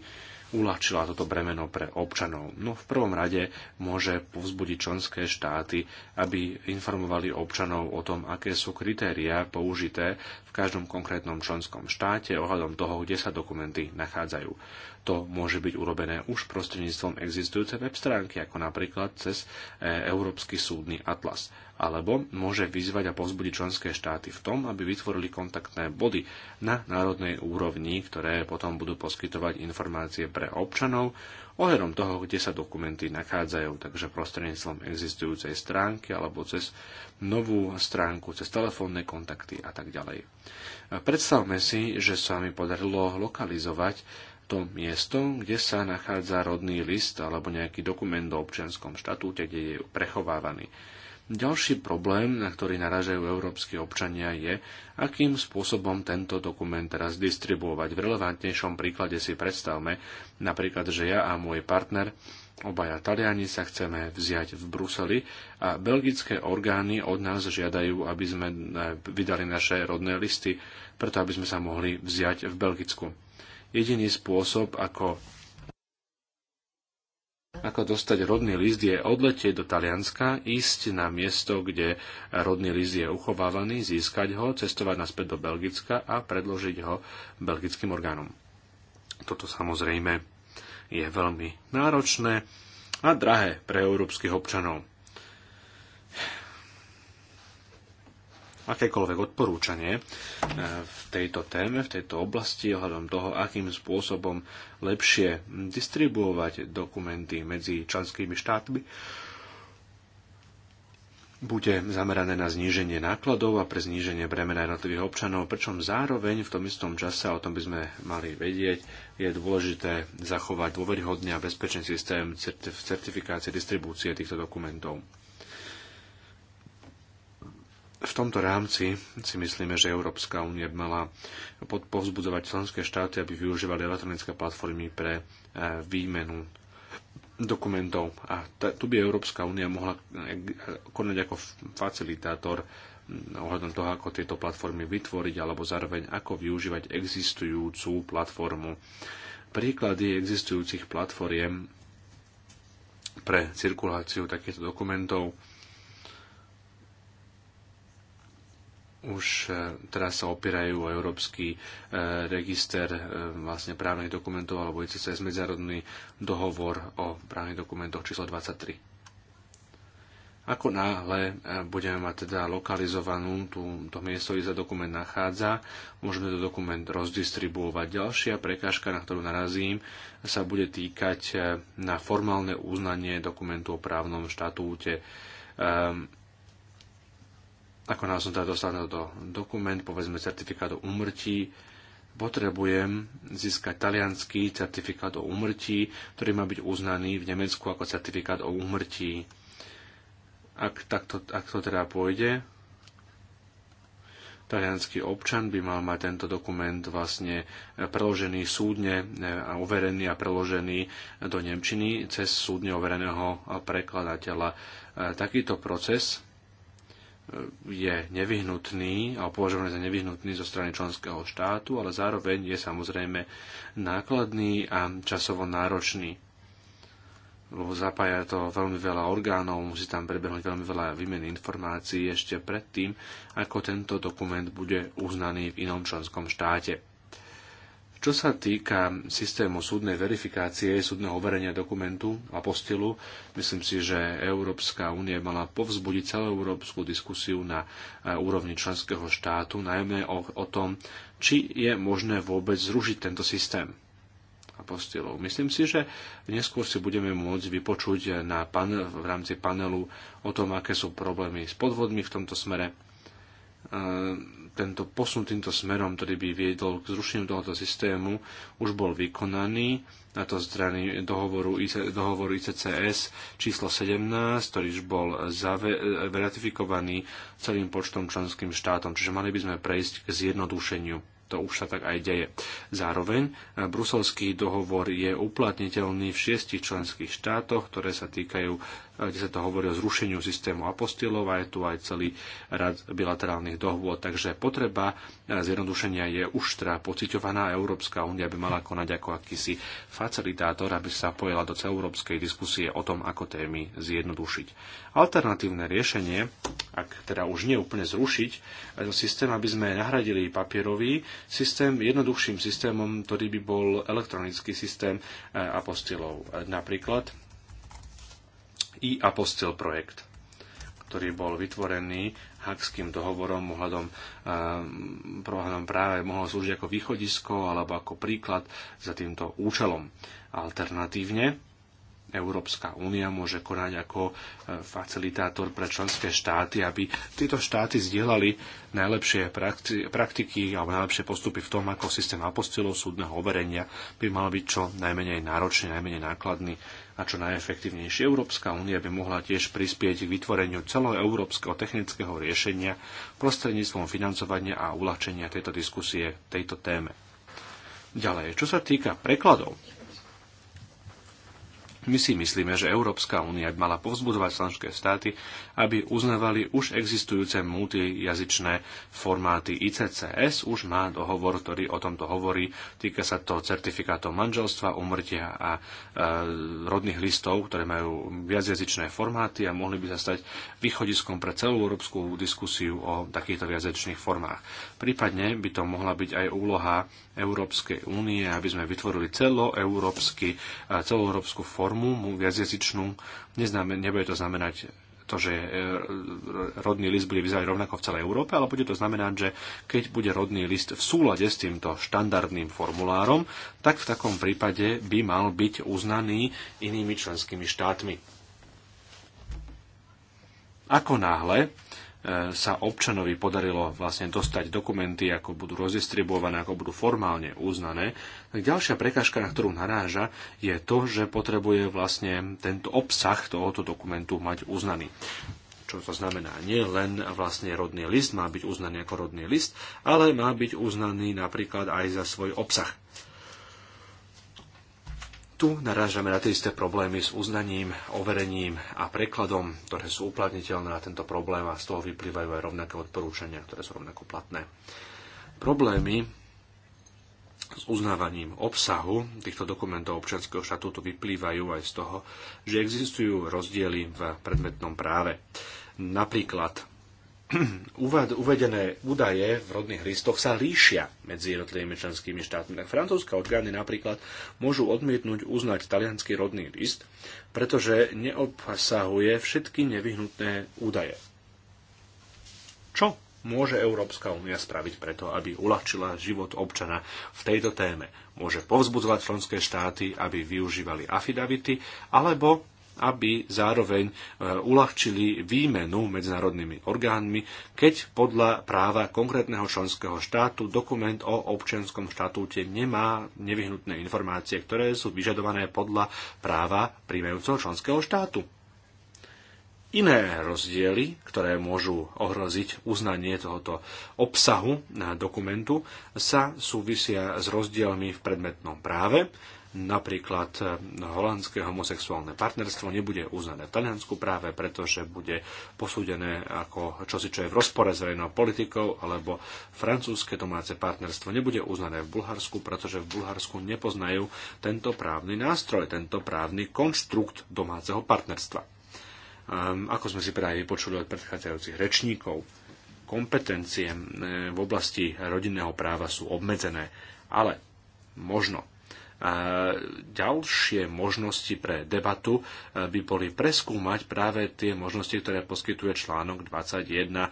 uľahčila toto bremeno pre občanov? No v prvom rade môže povzbudiť členské štáty, aby informovali občanov o tom, aké sú kritériá použité v každom konkrétnom členskom štáte ohľadom toho, kde sa dokumenty nachádzajú. To môže byť urobené už prostredníctvom existujúcej web stránky, ako napríklad cez e, Európsky súdny atlas alebo môže vyzvať a povzbudiť členské štáty v tom, aby vytvorili kontaktné body na národnej úrovni, ktoré potom budú poskytovať informácie pre občanov ohľadom toho, kde sa dokumenty nachádzajú, takže prostredníctvom existujúcej stránky alebo cez novú stránku, cez telefónne kontakty a tak ďalej. E, predstavme si, že sa mi podarilo lokalizovať to miesto, kde sa nachádza rodný list alebo nejaký dokument o občianskom štatúte, kde je prechovávaný. Ďalší problém, na ktorý naražajú európsky občania, je, akým spôsobom tento dokument teraz distribuovať. V relevantnejšom príklade si predstavme, napríklad, že ja a môj partner, obaja Taliani, sa chceme vziať v Bruseli a belgické orgány od nás žiadajú, aby sme eh, vydali naše rodné listy, preto aby sme sa mohli vziať v Belgicku. Jediný spôsob, ako ako dostať rodný list je odletieť do Talianska, ísť na miesto, kde rodný list je uchovávaný, získať ho, cestovať naspäť do Belgicka a predložiť ho belgickým orgánom. Toto samozrejme je veľmi náročné a drahé pre európskych občanov. akékoľvek odporúčanie eh, v tejto téme, v tejto oblasti ohľadom toho, akým spôsobom lepšie distribuovať dokumenty medzi členskými štátmi bude zamerané na zníženie nákladov a pre zníženie bremena jednotlivých občanov, pričom zároveň v tom istom čase, o tom by sme mali vedieť, je dôležité zachovať dôveryhodný a bezpečný systém certifikácie distribúcie týchto dokumentov v tomto rámci si myslíme, že Európska únia by mala povzbudzovať členské štáty, aby využívali elektronické platformy pre e, výmenu dokumentov. A tu by Európska únia mohla e, e, konať ako facilitátor ohľadom toho, ako tieto platformy vytvoriť, alebo zároveň ako využívať existujúcu platformu. Príklady existujúcich platformiem pre cirkuláciu takýchto dokumentov už e, teraz sa opierajú o Európsky e, register e, vlastne právnych dokumentov alebo je cez medzinárodný dohovor o právnych dokumentoch číslo 23. Ako náhle budeme mať teda lokalizovanú tú, to miesto, kde sa dokument nachádza, môžeme to dokument rozdistribuovať. Ďalšia prekážka, na ktorú narazím, sa bude týkať na formálne uznanie dokumentu o právnom štatúte. Um, ako nás som teda dostal do dokument, povedzme certifikát o umrtí, potrebujem získať talianský certifikát o umrtí, ktorý má byť uznaný v Nemecku ako certifikát o umrtí. Ak, takto, ak to teda pôjde, talianský občan by mal mať tento dokument vlastne preložený súdne e, a overený a preložený do Nemčiny cez súdne overeného prekladateľa. E, takýto proces je nevyhnutný a považovaný za nevyhnutný zo strany členského štátu, ale zároveň je samozrejme nákladný a časovo náročný lebo zapája to veľmi veľa orgánov, musí tam prebehnúť veľmi veľa výmeny informácií ešte predtým, ako tento dokument bude uznaný v inom členskom štáte. Čo sa týka systému súdnej verifikácie, súdneho overenia dokumentu a postilu, myslím si, že Európska únia mala povzbudiť celú európsku diskusiu na e, úrovni členského štátu, najmä o, o tom, či je možné vôbec zrušiť tento systém postilov. Myslím si, že neskôr si budeme môcť vypočuť na panel, v rámci panelu o tom, aké sú problémy s podvodmi v tomto smere. Ehm tento posun týmto smerom, ktorý by viedol k zrušeniu tohoto systému, už bol vykonaný na to strany dohovoru, dohovoru ICCS číslo 17, ktorý už bol zave, ratifikovaný celým počtom členským štátom. Čiže mali by sme prejsť k zjednodušeniu. To už sa tak aj deje. Zároveň eh, bruselský dohovor je uplatniteľný v šiestich členských štátoch, ktoré sa týkajú kde sa to hovorí o zrušeniu systému apostilov a je tu aj celý rad bilaterálnych dohôd. Takže potreba zjednodušenia je už teda pociťovaná. Európska únia by mala konať ako akýsi facilitátor, aby sa pojela do európskej diskusie o tom, ako témy zjednodušiť. Alternatívne riešenie, ak teda už nie úplne zrušiť systém, aby sme nahradili papierový systém jednoduchším systémom, ktorý by bol elektronický systém e, apostilov. Napríklad i apostel projekt, ktorý bol vytvorený Hakským dohovorom ohľadom um, práve mohol slúžiť ako východisko alebo ako príklad za týmto účelom. Alternatívne Európska únia môže konať ako e, facilitátor pre členské štáty, aby títo štáty zdieľali najlepšie praktiky alebo najlepšie postupy v tom, ako systém apostilov súdneho overenia by mal byť čo najmenej náročný, najmenej nákladný a čo najefektívnejšie. Európska únia by mohla tiež prispieť k vytvoreniu celoeurópskeho technického riešenia prostredníctvom financovania a uľahčenia tejto diskusie tejto téme. Ďalej, čo sa týka prekladov, my si myslíme, že Európska únia by mala povzbudovať členské štáty, aby uznávali už existujúce multijazyčné formáty. ICCS už má dohovor, ktorý o tomto hovorí. Týka sa to certifikátov manželstva, umrtia a e, rodných listov, ktoré majú viacjazyčné formáty a mohli by sa stať východiskom pre celú európsku diskusiu o takýchto viazečných formách. Prípadne by to mohla byť aj úloha Európskej únie, aby sme vytvorili celoeurópsky, celoeurópsku formu viacjazyčnú. nebude to znamenať to, že e, rodný list bude vyzerať rovnako v celej Európe, ale bude to znamenáť, že keď bude rodný list v súlade s týmto štandardným formulárom, tak v takom prípade by mal byť uznaný inými členskými štátmi. Ako náhle e, sa občanovi podarilo vlastne dostať dokumenty, ako budú rozdistribuované, ako budú formálne uznané, tak ďalšia prekažka, na ktorú naráža, je to, že potrebuje vlastne tento obsah tohoto dokumentu mať uznaný čo to znamená nie len vlastne rodný list má byť uznaný ako rodný list, ale má byť uznaný napríklad aj za svoj obsah. Tu narážame na tie isté problémy s uznaním, overením a prekladom, ktoré sú uplatniteľné na tento problém a z toho vyplývajú aj rovnaké odporúčania, ktoré sú rovnako platné. Problémy s uznávaním obsahu týchto dokumentov občianskeho štatútu vyplývajú aj z toho, že existujú rozdiely v predmetnom práve. Napríklad uvedené údaje v rodných listoch sa líšia medzi jednotlivými členskými štátmi. Tak francúzske orgány napríklad môžu odmietnúť uznať talianský rodný list, pretože neobsahuje všetky nevyhnutné údaje. Čo môže Európska únia spraviť preto, aby uľahčila život občana v tejto téme? Môže povzbudzovať členské štáty, aby využívali afidavity, alebo aby zároveň e, uľahčili výmenu medzinárodnými orgánmi, keď podľa práva konkrétneho členského štátu dokument o občianskom štatúte nemá nevyhnutné informácie, ktoré sú vyžadované podľa práva príjmajúceho členského štátu. Iné rozdiely, ktoré môžu ohroziť uznanie tohoto obsahu dokumentu, sa súvisia s rozdielmi v predmetnom práve, Napríklad eh, holandské homosexuálne partnerstvo nebude uznané v Taliansku práve preto, že bude posúdené ako čosi, čo je v rozpore s verejnou politikou, alebo francúzske domáce partnerstvo nebude uznané v Bulharsku, pretože v Bulharsku nepoznajú tento právny nástroj, tento právny konštrukt domáceho partnerstva. Ehm, ako sme si práve vypočuli od predchádzajúcich rečníkov, kompetencie eh, v oblasti rodinného práva sú obmedzené, ale možno ďalšie možnosti pre debatu eh, by boli preskúmať práve tie možnosti, ktoré poskytuje článok 21 eh,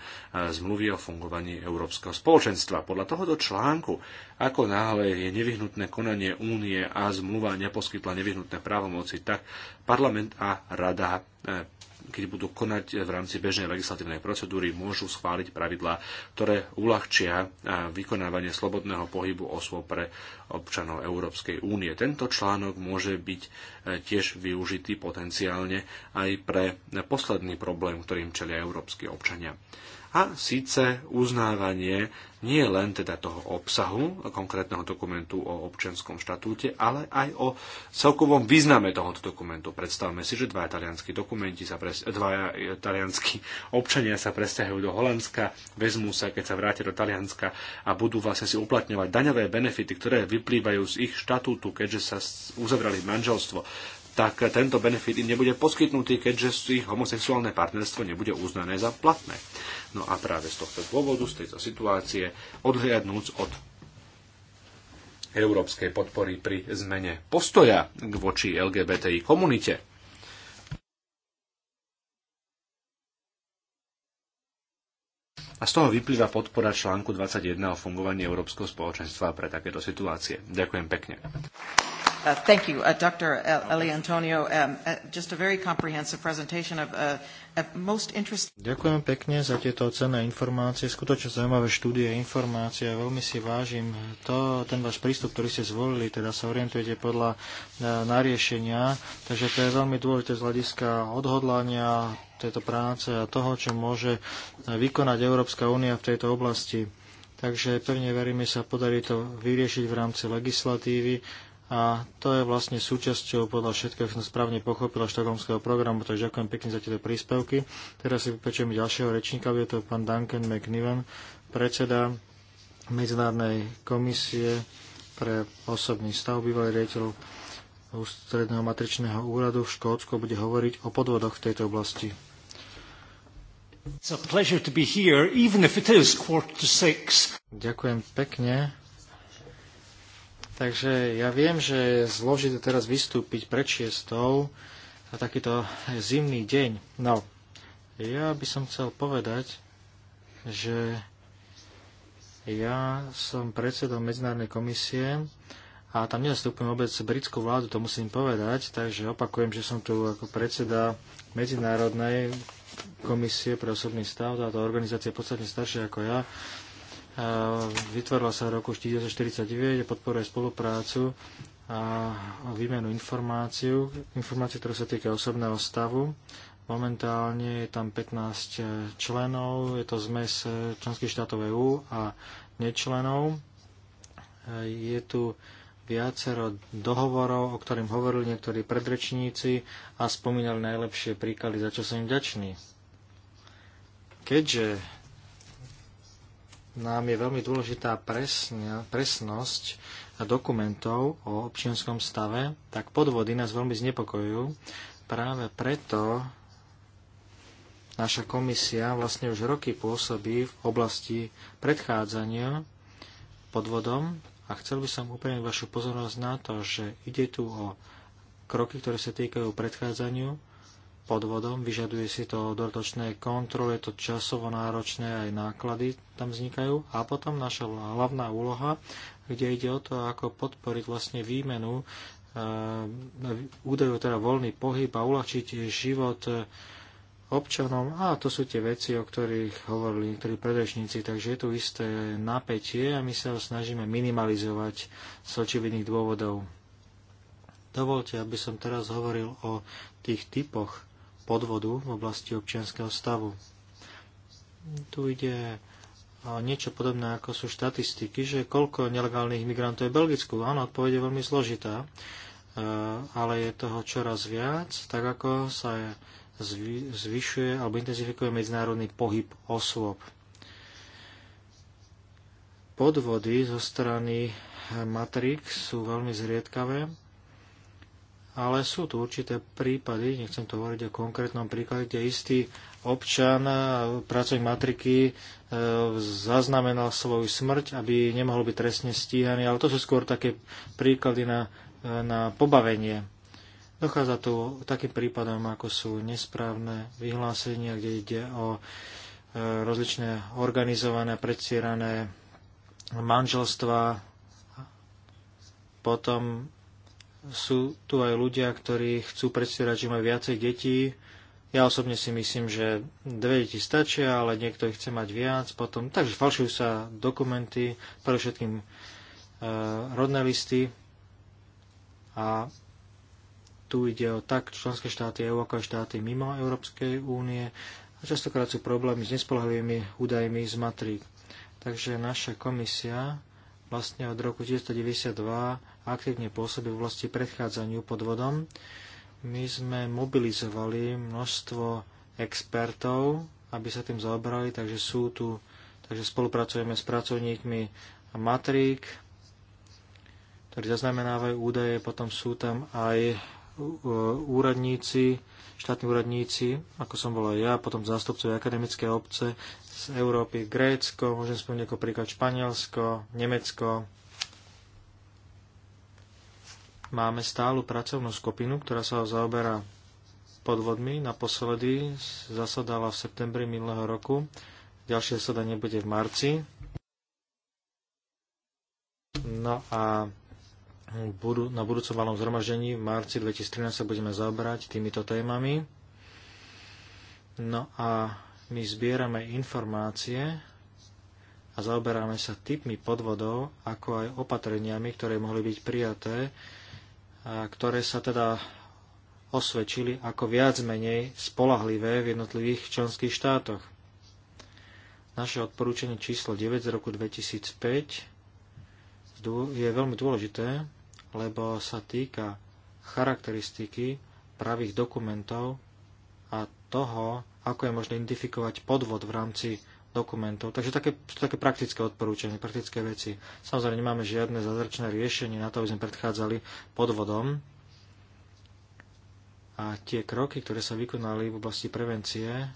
zmluvy o fungovaní Európskeho spoločenstva. Podľa tohoto článku, ako náhle je nevyhnutné konanie únie a zmluva neposkytla nevyhnutné právomoci, tak parlament a rada eh, keď budú konať v rámci bežnej legislatívnej procedúry, môžu schváliť pravidlá, ktoré uľahčia vykonávanie slobodného pohybu osôb pre občanov Európskej únie. Tento článok môže byť e, tiež využitý potenciálne aj pre posledný problém, ktorým čelia európsky občania a síce uznávanie nie len teda toho obsahu konkrétneho dokumentu o občianskom štatúte, ale aj o celkovom význame tohoto dokumentu. Predstavme si, že dva talianskí dokumenti sa pres... dva občania sa presťahujú do Holandska, vezmú sa, keď sa vrátia do Talianska a budú vlastne si uplatňovať daňové benefity, ktoré vyplývajú z ich štatútu, keďže sa uzavrali manželstvo tak tento benefit im nebude poskytnutý, keďže ich homosexuálne partnerstvo nebude uznané za platné. No a práve z tohto dôvodu, z tejto situácie, odhliadnúc od európskej podpory pri zmene postoja k voči LGBTI komunite, a z toho vyplýva podpora článku 21 o fungovaní Európskeho spoločenstva pre takéto situácie. Ďakujem pekne. Uh, thank you, uh, Dr. E-, Eli Antonio. Um, uh, just a very comprehensive presentation of uh, a most interesting... Ďakujem pekne za tieto cenné informácie. Skutočne zaujímavé štúdie a informácie. Veľmi si vážim to, ten váš prístup, ktorý ste zvolili, teda sa orientujete podľa e, nariešenia. Takže to je veľmi dôležité z hľadiska odhodlania tejto práce a toho, čo môže e, vykonať Európska únia v tejto oblasti. Takže pevne veríme sa podarí to vyriešiť v rámci legislatívy a to je vlastne súčasťou podľa všetkého, ak som správne pochopila, štokholmského programu, takže ďakujem pekne za tieto príspevky. Teraz si vypečujem ďalšieho rečníka, je to pán Duncan McNiven, predseda Medzinárodnej komisie pre osobný stav, bývalý riaditeľ ústredného matričného úradu v Škótsku, bude hovoriť o podvodoch v tejto oblasti. Ďakujem pekne. Takže ja viem, že je zložité teraz vystúpiť pred šiestou na takýto zimný deň. No, ja by som chcel povedať, že ja som predsedom Medzinárodnej komisie a tam nezastupujem vôbec britskú vládu, to musím povedať, takže opakujem, že som tu ako predseda Medzinárodnej komisie pre osobný stav, táto organizácia je podstatne staršia ako ja vytvorila sa v roku 1949 a podporuje spoluprácu a výmenu informáciu, informáciu, ktoré sa týka osobného stavu. Momentálne je tam 15 členov, je to zmes členských štátov EÚ a nečlenov. Je tu viacero dohovorov, o ktorým hovorili niektorí predrečníci a spomínali najlepšie príklady, za čo som im ďačný. Keďže nám je veľmi dôležitá presňa, presnosť dokumentov o občianskom stave, tak podvody nás veľmi znepokojujú. Práve preto naša komisia vlastne už roky pôsobí v oblasti predchádzania podvodom a chcel by som upriamiť vašu pozornosť na to, že ide tu o kroky, ktoré sa týkajú predchádzaniu podvodom, vyžaduje si to dodatočné kontroly, je to časovo náročné, aj náklady tam vznikajú. A potom naša hlavná úloha, kde ide o to, ako podporiť vlastne výmenu e, údajov, teda voľný pohyb a uľahčiť život e, občanom a to sú tie veci, o ktorých hovorili niektorí predrečníci, takže je tu isté napätie a my sa ho snažíme minimalizovať z očividných dôvodov. Dovolte, aby som teraz hovoril o tých typoch podvodu v oblasti občianského stavu. Tu ide niečo podobné, ako sú štatistiky, že koľko nelegálnych migrantov je v Belgicku. Áno, odpoveď je veľmi zložitá, e, ale je toho čoraz viac, tak ako sa zvyšuje alebo intenzifikuje medzinárodný pohyb osôb. Podvody zo strany Matrix sú veľmi zriedkavé ale sú tu určité prípady, nechcem to hovoriť o konkrétnom príklade, kde istý občan pracovník matriky e, zaznamenal svoju smrť, aby nemohol byť trestne stíhaný, ale to sú skôr také príklady na, e, na pobavenie. Dochádza tu takým prípadom, ako sú nesprávne vyhlásenia, kde ide o e, rozličné organizované, predsierané manželstva, potom sú tu aj ľudia, ktorí chcú predstierať, že majú viacej detí. Ja osobne si myslím, že dve deti stačia, ale niekto ich chce mať viac. Potom, takže falšujú sa dokumenty, pre všetkým uh, rodné listy. A tu ide o tak členské štáty EU, ako aj štáty mimo Európskej únie. A častokrát sú problémy s nespolahlivými údajmi z matrík. Takže naša komisia vlastne od roku 1992 aktívne pôsobil v oblasti predchádzaniu podvodom. My sme mobilizovali množstvo expertov, aby sa tým zaoberali, takže sú tu, takže spolupracujeme s pracovníkmi Matrík, ktorí zaznamenávajú údaje, potom sú tam aj úradníci, štátni úradníci, ako som bol aj ja, potom zástupcovia akademické obce, z Európy, Grécko, môžem spomenúť ako príklad Španielsko, Nemecko. Máme stálu pracovnú skupinu, ktorá sa zaoberá podvodmi. Naposledy zasadala v septembri minulého roku. Ďalšie zasadanie bude v marci. No a na budúcom valnom zhromaždení v marci 2013 sa budeme zaoberať týmito témami. No a my zbierame informácie a zaoberáme sa typmi podvodov, ako aj opatreniami, ktoré mohli byť prijaté, a ktoré sa teda osvedčili ako viac menej spolahlivé v jednotlivých členských štátoch. Naše odporúčanie číslo 9 z roku 2005 je veľmi dôležité, lebo sa týka charakteristiky pravých dokumentov a toho, ako je možné identifikovať podvod v rámci dokumentov. Takže také, sú také praktické odporúčania, praktické veci. Samozrejme, nemáme žiadne zázračné riešenie na to, aby sme predchádzali podvodom. A tie kroky, ktoré sa vykonali v oblasti prevencie, e,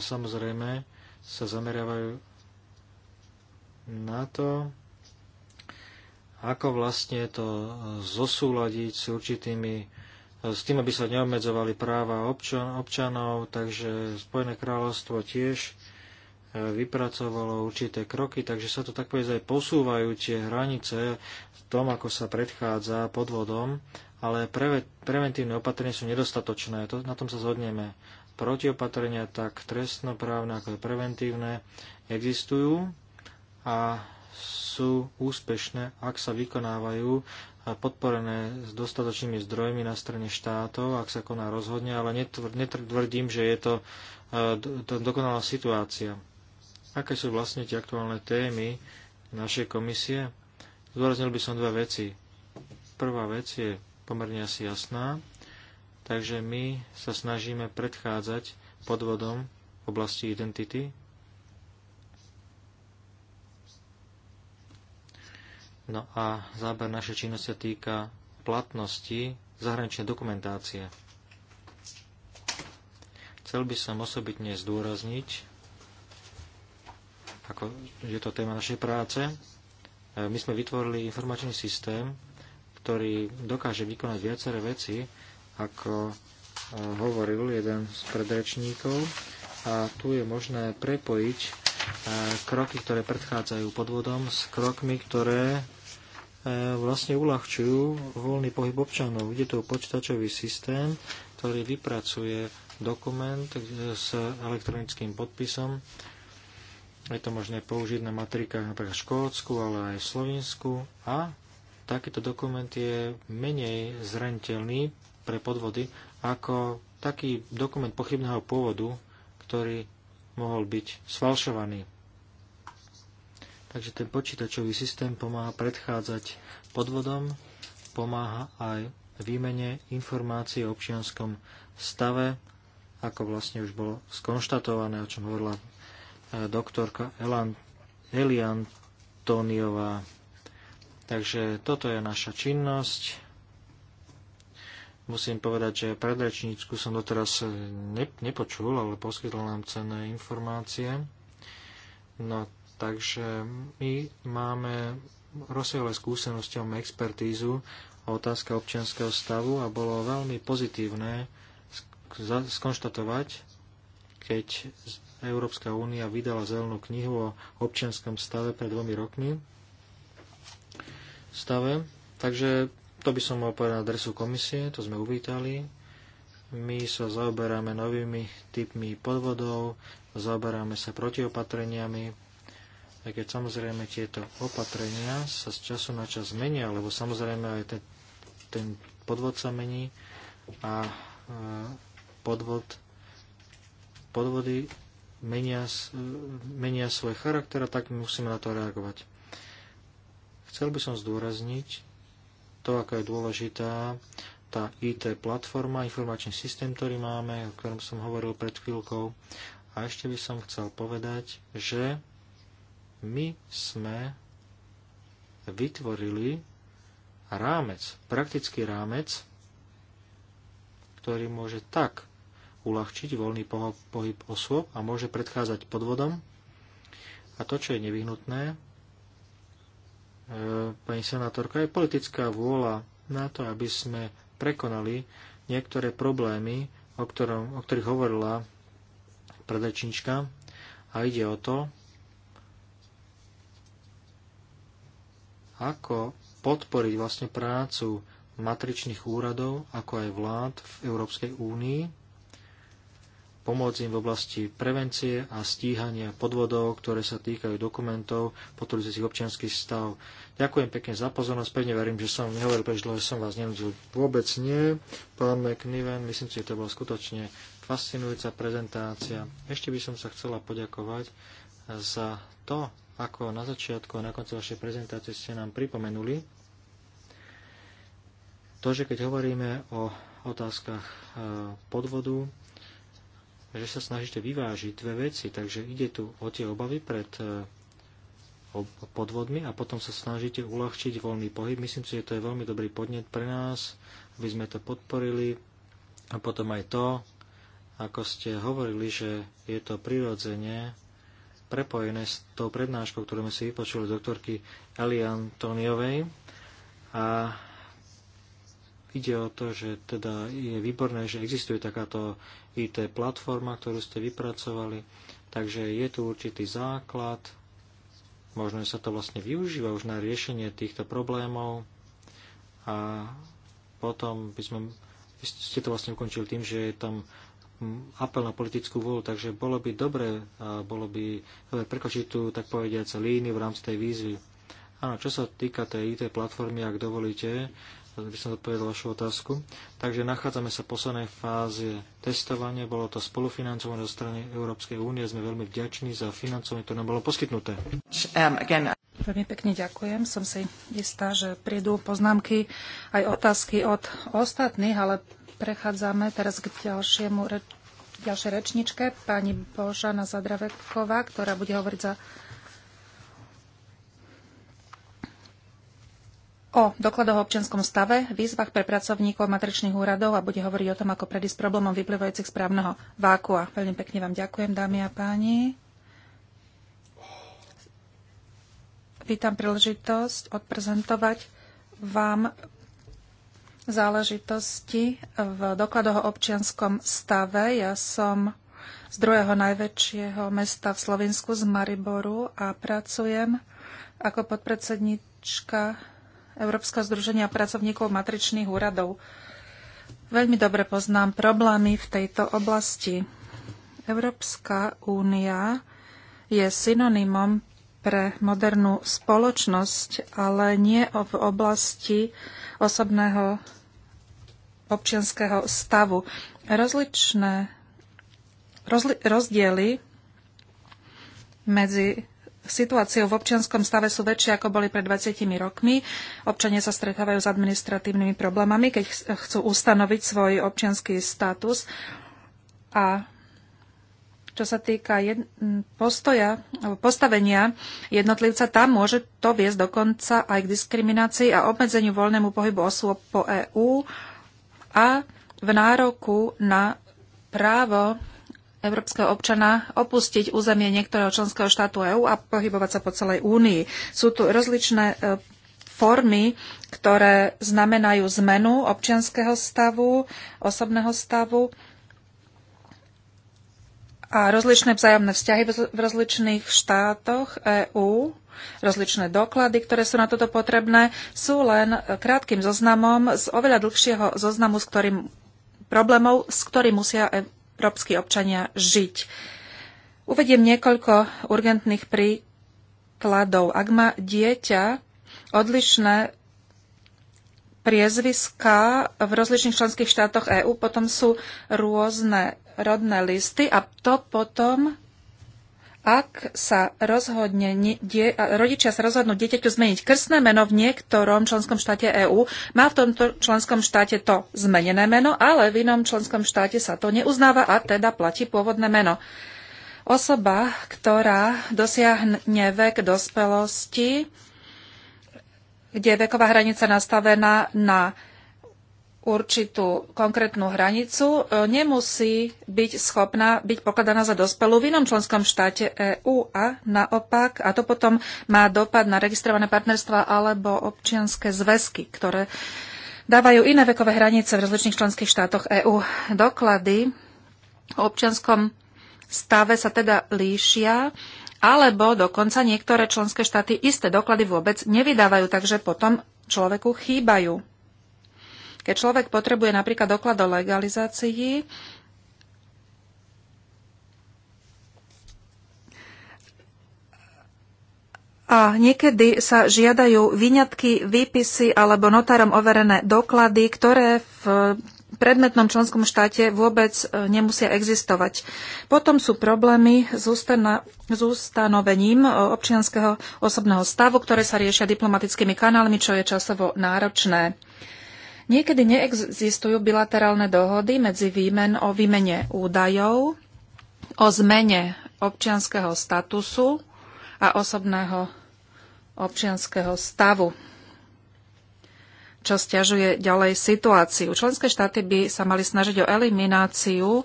samozrejme sa zameriavajú na to, ako vlastne to zosúľadiť s určitými s tým, aby sa neobmedzovali práva občan, občanov, takže Spojené kráľovstvo tiež e, vypracovalo určité kroky, takže sa to tak povedať aj posúvajú tie hranice v tom, ako sa predchádza podvodom, ale preve, preventívne opatrenia sú nedostatočné, to, na tom sa zhodneme. Protiopatrenia tak trestnoprávne ako aj preventívne existujú a sú úspešné, ak sa vykonávajú podporené s dostatočnými zdrojmi na strane štátov, ak sa koná rozhodne, ale netvrdím, že je e, to dokonalá situácia. Aké sú vlastne tie aktuálne témy našej komisie? Zdôraznil by som dve veci. Prvá vec je pomerne asi jasná, takže my sa snažíme predchádzať podvodom v oblasti identity, No a záber našej činnosti sa týka platnosti zahraničnej dokumentácie. Chcel by som osobitne zdôrazniť, ako je to téma našej práce, e, my sme vytvorili informačný systém, ktorý dokáže vykonať viaceré veci, ako e, hovoril jeden z predrečníkov. A tu je možné prepojiť E, kroky, ktoré predchádzajú podvodom, s krokmi, ktoré e, vlastne uľahčujú voľný pohyb občanov. Ide to počítačový systém, ktorý vypracuje dokument s elektronickým podpisom. Je to možné použiť na matrikách napríklad v Škótsku, ale aj v Slovensku. A takýto dokument je menej zraniteľný pre podvody ako taký dokument pochybného pôvodu, ktorý mohol byť sfalšovaný. Takže ten počítačový systém pomáha predchádzať podvodom, pomáha aj výmene informácií o občianskom stave, ako vlastne už bolo skonštatované, o čom hovorila e, doktorka Elan, Eliantoniová. Takže toto je naša činnosť. Musím povedať, že predrečníčku som doteraz eh, nepočul, ale poskytol nám cenné informácie. No takže my máme rozsiahle skúsenosti, máme expertízu a otázka občianského stavu a bolo veľmi pozitívne skonštatovať, keď Európska únia vydala zelenú knihu o občianskom stave pred dvomi rokmi. Stave. Takže to by som mal povedať adresu komisie, to sme uvítali. My sa zaoberáme novými typmi podvodov, zaoberáme sa protiopatreniami, aj keď samozrejme tieto opatrenia sa z času na čas menia, lebo samozrejme aj ten, ten podvod sa mení a e, podvod, podvody menia, e, menia svoj charakter a tak musíme na to reagovať. Chcel by som zdôrazniť, to, aká je dôležitá tá IT platforma, informačný systém, ktorý máme, o ktorom som hovoril pred chvíľkou. A ešte by som chcel povedať, že my sme vytvorili rámec, praktický rámec, ktorý môže tak uľahčiť voľný pohyb osôb a môže predchádzať podvodom. A to, čo je nevyhnutné, E, pani senátorka, je politická vôľa na to, aby sme prekonali niektoré problémy, o, ktorom, o ktorých hovorila predrečnička. A ide o to, ako podporiť vlastne prácu matričných úradov, ako aj vlád v Európskej únii, pomôcť im v oblasti prevencie a stíhania podvodov, ktoré sa týkajú dokumentov potvrdzujúcich občianský stav. Ďakujem pekne za pozornosť, pevne verím, že som nehovoril prečo, že som vás nenudil. Vôbec nie. Pán McNiven, myslím si, že to bola skutočne fascinujúca prezentácia. Ešte by som sa chcela poďakovať za to, ako na začiatku a na konci vašej prezentácie ste nám pripomenuli, to, že keď hovoríme o otázkach eh, podvodu, že sa snažíte vyvážiť dve veci, takže ide tu o tie obavy pred e, podvodmi a potom sa snažíte uľahčiť voľný pohyb. Myslím si, že to je veľmi dobrý podnet pre nás, aby sme to podporili. A potom aj to, ako ste hovorili, že je to prirodzene prepojené s tou prednáškou, ktorú sme si vypočuli doktorky Eli Antoniovej. A ide o to, že teda je výborné, že existuje takáto IT platforma, ktorú ste vypracovali. Takže je tu určitý základ, možno sa to vlastne využíva už na riešenie týchto problémov a potom by sme, by ste to vlastne ukončili tým, že je tam apel na politickú vôľu, takže bolo by dobre, bolo by dobre prekočiť tú, tak povediať, líniu v rámci tej výzvy. Áno, čo sa týka tej IT platformy, ak dovolíte, by som odpovedal vašu otázku. Takže nachádzame sa v poslednej fáze testovania. Bolo to spolufinancované zo strany Európskej únie. Sme veľmi vďační za financovanie, ktoré nám bolo poskytnuté. Um, veľmi pekne ďakujem. Som si istá, že prídu poznámky aj otázky od ostatných, ale prechádzame teraz k ďalšiemu reč- ďalšej rečničke, pani Božana Zadraveková, ktorá bude hovoriť za o dokladoch o občianskom stave, výzvach pre pracovníkov matričných úradov a bude hovoriť o tom, ako predísť problémom vyplývajúcich z právneho vákua. Veľmi pekne vám ďakujem, dámy a páni. Vítam príležitosť odprezentovať vám záležitosti v dokladoch o občianskom stave. Ja som z druhého najväčšieho mesta v Slovensku, z Mariboru a pracujem ako podpredsednička Európskeho združenia pracovníkov matričných úradov. Veľmi dobre poznám problémy v tejto oblasti. Európska únia je synonymom pre modernú spoločnosť, ale nie v oblasti osobného občianského stavu. Rozličné rozli- rozdiely medzi situáciou v občianskom stave sú väčšie, ako boli pred 20 rokmi. Občania sa stretávajú s administratívnymi problémami, keď chcú ustanoviť svoj občianský status. A čo sa týka jed- postoja, postavenia jednotlivca, tam môže to viesť dokonca aj k diskriminácii a obmedzeniu voľnému pohybu osôb po EÚ a v nároku na právo európskeho občana opustiť územie niektorého členského štátu EÚ a pohybovať sa po celej únii. Sú tu rozličné e, formy, ktoré znamenajú zmenu občianského stavu, osobného stavu a rozličné vzájomné vzťahy v rozličných štátoch EÚ, rozličné doklady, ktoré sú na toto potrebné, sú len e, krátkým zoznamom z oveľa dlhšieho zoznamu, s ktorým problémov, s ktorým musia e, európsky občania žiť. Uvediem niekoľko urgentných príkladov. Ak má dieťa odlišné priezviská v rozličných členských štátoch EÚ, potom sú rôzne rodné listy a to potom ak sa rozhodne, die, rodičia sa rozhodnú dieťaťu zmeniť krstné meno v niektorom členskom štáte EÚ, má v tomto členskom štáte to zmenené meno, ale v inom členskom štáte sa to neuznáva a teda platí pôvodné meno. Osoba, ktorá dosiahne vek dospelosti, kde je veková hranica nastavená na určitú konkrétnu hranicu, e, nemusí byť schopná byť pokladaná za dospelú v inom členskom štáte EÚ a naopak, a to potom má dopad na registrované partnerstva alebo občianské zväzky, ktoré dávajú iné vekové hranice v rozličných členských štátoch EÚ. Doklady o občianskom stave sa teda líšia alebo dokonca niektoré členské štáty isté doklady vôbec nevydávajú, takže potom človeku chýbajú. Keď človek potrebuje napríklad doklad o legalizácii, A niekedy sa žiadajú výňatky, výpisy alebo notárom overené doklady, ktoré v predmetnom členskom štáte vôbec e, nemusia existovať. Potom sú problémy s, ustana- s ustanovením e, občianského osobného stavu, ktoré sa riešia diplomatickými kanálmi, čo je časovo náročné. Niekedy neexistujú bilaterálne dohody medzi výmen o výmene údajov, o zmene občianského statusu a osobného občianského stavu, čo stiažuje ďalej situáciu. Členské štáty by sa mali snažiť o elimináciu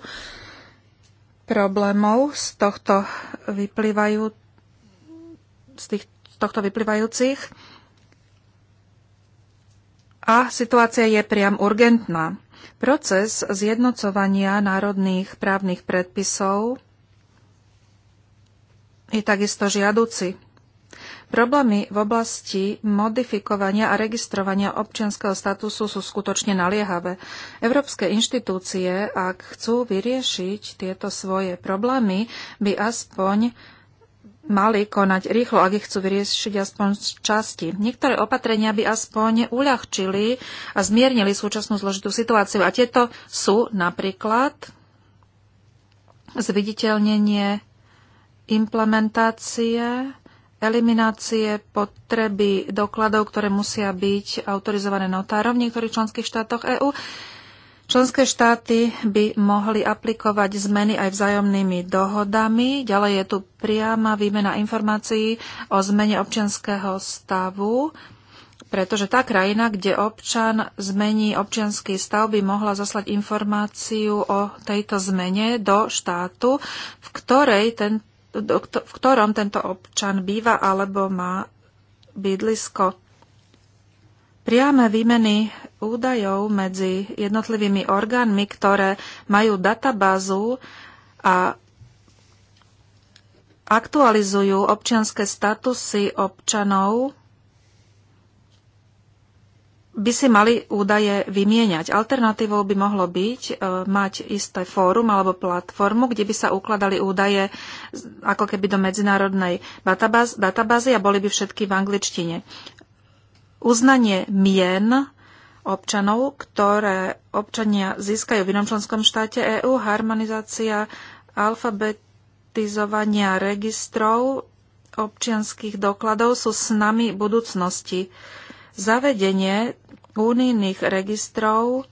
problémov z tohto vyplývajú z tých, tohto vyplývajúcich a situácia je priam urgentná. Proces zjednocovania národných právnych predpisov je takisto žiaduci. Problémy v oblasti modifikovania a registrovania občianského statusu sú skutočne naliehavé. Európske inštitúcie, ak chcú vyriešiť tieto svoje problémy, by aspoň mali konať rýchlo, ak ich chcú vyriešiť aspoň z časti. Niektoré opatrenia by aspoň uľahčili a zmiernili súčasnú zložitú situáciu. A tieto sú napríklad zviditeľnenie implementácie, eliminácie potreby dokladov, ktoré musia byť autorizované notárom v niektorých členských štátoch EÚ. Členské štáty by mohli aplikovať zmeny aj vzájomnými dohodami. Ďalej je tu priama výmena informácií o zmene občianského stavu, pretože tá krajina, kde občan zmení občianský stav, by mohla zaslať informáciu o tejto zmene do štátu, v, ktorej ten, v ktorom tento občan býva alebo má bydlisko priame výmeny údajov medzi jednotlivými orgánmi, ktoré majú databázu a aktualizujú občianské statusy občanov, by si mali údaje vymieňať. Alternatívou by mohlo byť e, mať isté fórum alebo platformu, kde by sa ukladali údaje ako keby do medzinárodnej databázy a boli by všetky v angličtine uznanie mien občanov, ktoré občania získajú v inom členskom štáte EÚ, harmonizácia alfabetizovania registrov občianských dokladov sú s nami budúcnosti. Zavedenie únijných registrov,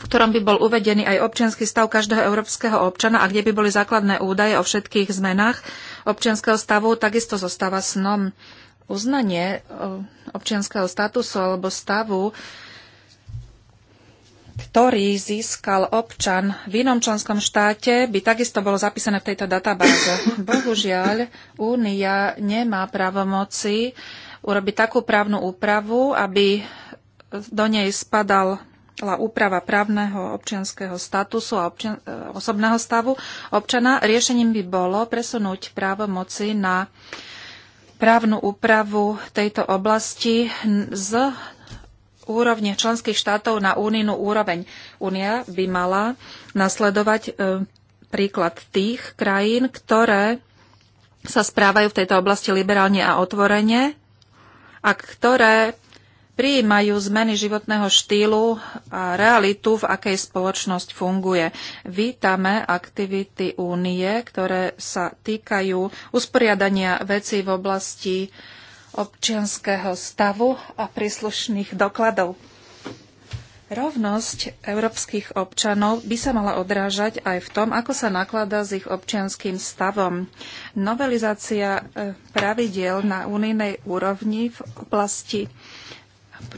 v ktorom by bol uvedený aj občianský stav každého európskeho občana a kde by boli základné údaje o všetkých zmenách občianského stavu, takisto zostáva snom uznanie e, občianského statusu alebo stavu, ktorý získal občan v inom členskom štáte, by takisto bolo zapísané v tejto databáze. Bohužiaľ, Únia nemá právomoci urobiť takú právnu úpravu, aby do nej spadal úprava právneho občianského statusu a občian, e, osobného stavu občana, riešením by bolo presunúť právomoci na právnu úpravu tejto oblasti z úrovne členských štátov na únijnú úroveň. Únia by mala nasledovať e, príklad tých krajín, ktoré sa správajú v tejto oblasti liberálne a otvorene a ktoré prijímajú zmeny životného štýlu a realitu, v akej spoločnosť funguje. Vítame aktivity únie, ktoré sa týkajú usporiadania vecí v oblasti občianského stavu a príslušných dokladov. Rovnosť európskych občanov by sa mala odrážať aj v tom, ako sa naklada s ich občianským stavom. Novelizácia e, pravidiel na unijnej úrovni v oblasti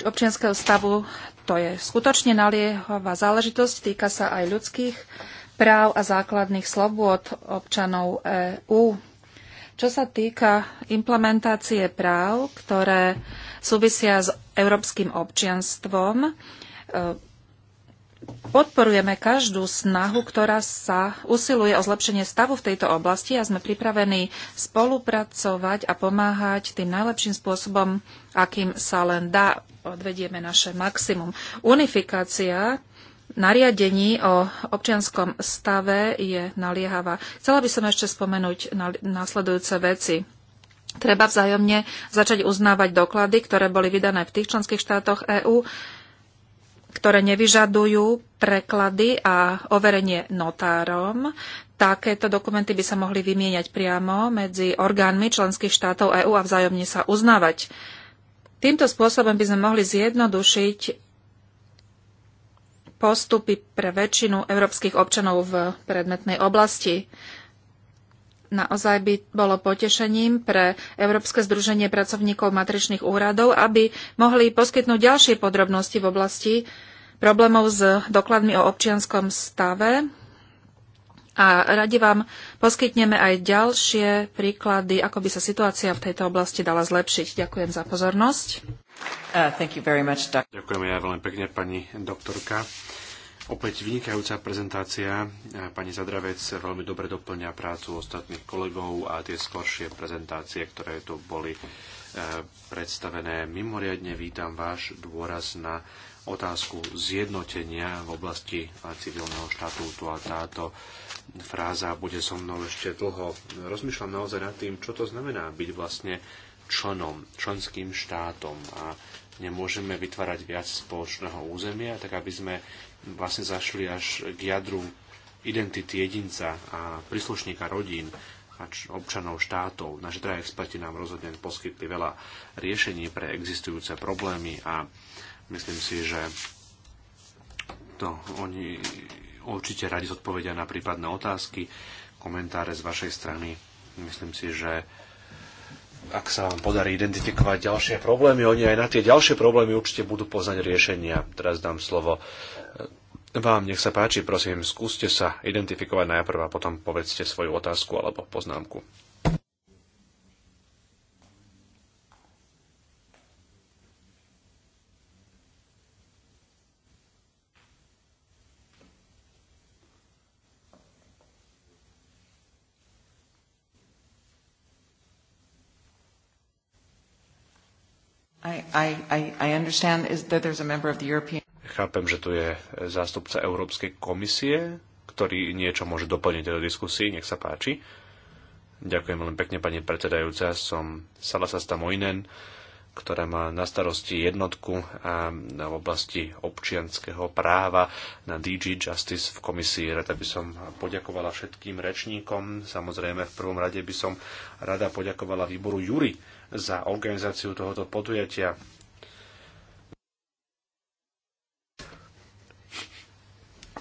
občianského stavu. To je skutočne naliehavá záležitosť, týka sa aj ľudských práv a základných slobôd občanov EÚ. Čo sa týka implementácie práv, ktoré súvisia s európskym občianstvom, Podporujeme každú snahu, ktorá sa usiluje o zlepšenie stavu v tejto oblasti a sme pripravení spolupracovať a pomáhať tým najlepším spôsobom, akým sa len dá. Odvedieme naše maximum. Unifikácia nariadení o občianskom stave je naliehavá. Chcela by som ešte spomenúť následujúce veci. Treba vzájomne začať uznávať doklady, ktoré boli vydané v tých členských štátoch EÚ, ktoré nevyžadujú preklady a overenie notárom. Takéto dokumenty by sa mohli vymieňať priamo medzi orgánmi členských štátov EÚ a vzájomne sa uznávať. Týmto spôsobom by sme mohli zjednodušiť postupy pre väčšinu európskych občanov v predmetnej oblasti naozaj by bolo potešením pre Európske združenie pracovníkov matričných úradov, aby mohli poskytnúť ďalšie podrobnosti v oblasti problémov s dokladmi o občianskom stave. A radi vám poskytneme aj ďalšie príklady, ako by sa situácia v tejto oblasti dala zlepšiť. Ďakujem za pozornosť. Uh, much, Ďakujem ja veľmi pekne, pani doktorka. Opäť vynikajúca prezentácia. Pani Zadravec veľmi dobre doplňa prácu ostatných kolegov a tie skoršie prezentácie, ktoré tu boli eh, predstavené. Mimoriadne vítam váš dôraz na otázku zjednotenia v oblasti civilného štatútu a táto fráza bude so mnou ešte dlho. Rozmýšľam naozaj nad tým, čo to znamená byť vlastne členom, členským štátom a nemôžeme vytvárať viac spoločného územia, tak aby sme vlastne zašli až k jadru identity jedinca a príslušníka rodín a občanov štátov. Naši traja experti nám rozhodne poskytli veľa riešení pre existujúce problémy a myslím si, že to oni určite radi zodpovedia na prípadné otázky, komentáre z vašej strany. Myslím si, že ak sa vám podarí identifikovať ďalšie problémy, oni aj na tie ďalšie problémy určite budú poznať riešenia. Teraz dám slovo vám. Nech sa páči, prosím, skúste sa identifikovať najprv a potom povedzte svoju otázku alebo poznámku. I, I, I there's a of the European... Chápem, že tu je e, zástupca Európskej komisie, ktorý niečo môže doplniť do diskusii. Nech sa páči. Ďakujem veľmi pekne, pani predsedajúca. Som Salasa Stamoinen, ktorá má na starosti jednotku a na oblasti občianského práva na DG Justice v komisii. Rada by som poďakovala všetkým rečníkom. Samozrejme, v prvom rade by som rada poďakovala výboru Jury, za organizáciu tohoto podujatia.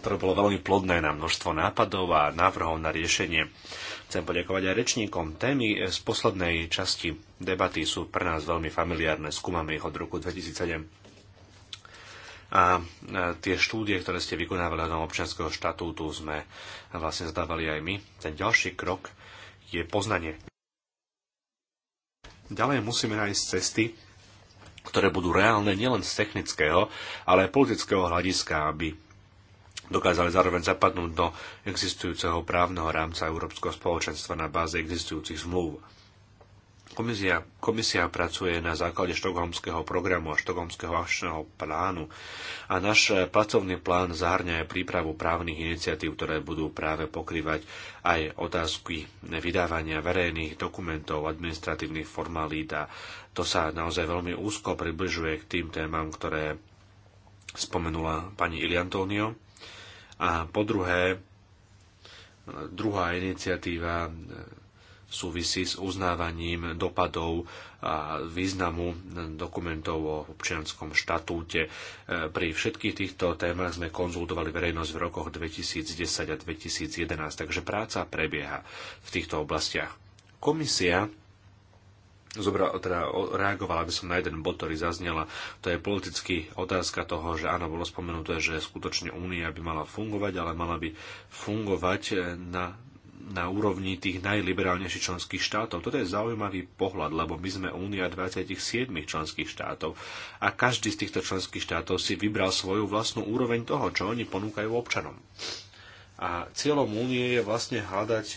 ktoré bolo veľmi plodné na množstvo nápadov a návrhov na riešenie. Chcem poďakovať aj rečníkom. Témy z poslednej časti debaty sú pre nás veľmi familiárne. Skúmame ich od roku 2007 a tie štúdie, ktoré ste vykonávali na občianského štatútu, sme vlastne zdávali aj my. Ten ďalší krok je poznanie Ďalej musíme nájsť cesty, ktoré budú reálne nielen z technického, ale aj politického hľadiska, aby dokázali zároveň zapadnúť do existujúceho právneho rámca Európskeho spoločenstva na báze existujúcich zmluv. Komisia, komisia pracuje na základe štokholmského programu a štokholmského akčného plánu a náš pracovný plán zahrňa aj prípravu právnych iniciatív, ktoré budú práve pokrývať aj otázky vydávania verejných dokumentov, administratívnych formalít a to sa naozaj veľmi úzko približuje k tým témam, ktoré spomenula pani Ili Antonio. A po druhé, druhá iniciatíva súvisí s uznávaním dopadov a významu dokumentov o občianskom štatúte. E, pri všetkých týchto témach sme konzultovali verejnosť v rokoch 2010 a 2011, takže práca prebieha v týchto oblastiach. Komisia Zobra, teda reagovala by som na jeden bod, ktorý zaznela. To je politicky otázka toho, že áno, bolo spomenuté, že skutočne Únia by mala fungovať, ale mala by fungovať e, na na úrovni tých najliberálnejších členských štátov. Toto je zaujímavý pohľad, lebo my sme únia 27 členských štátov a každý z týchto členských štátov si vybral svoju vlastnú úroveň toho, čo oni ponúkajú občanom. A cieľom únie je vlastne hľadať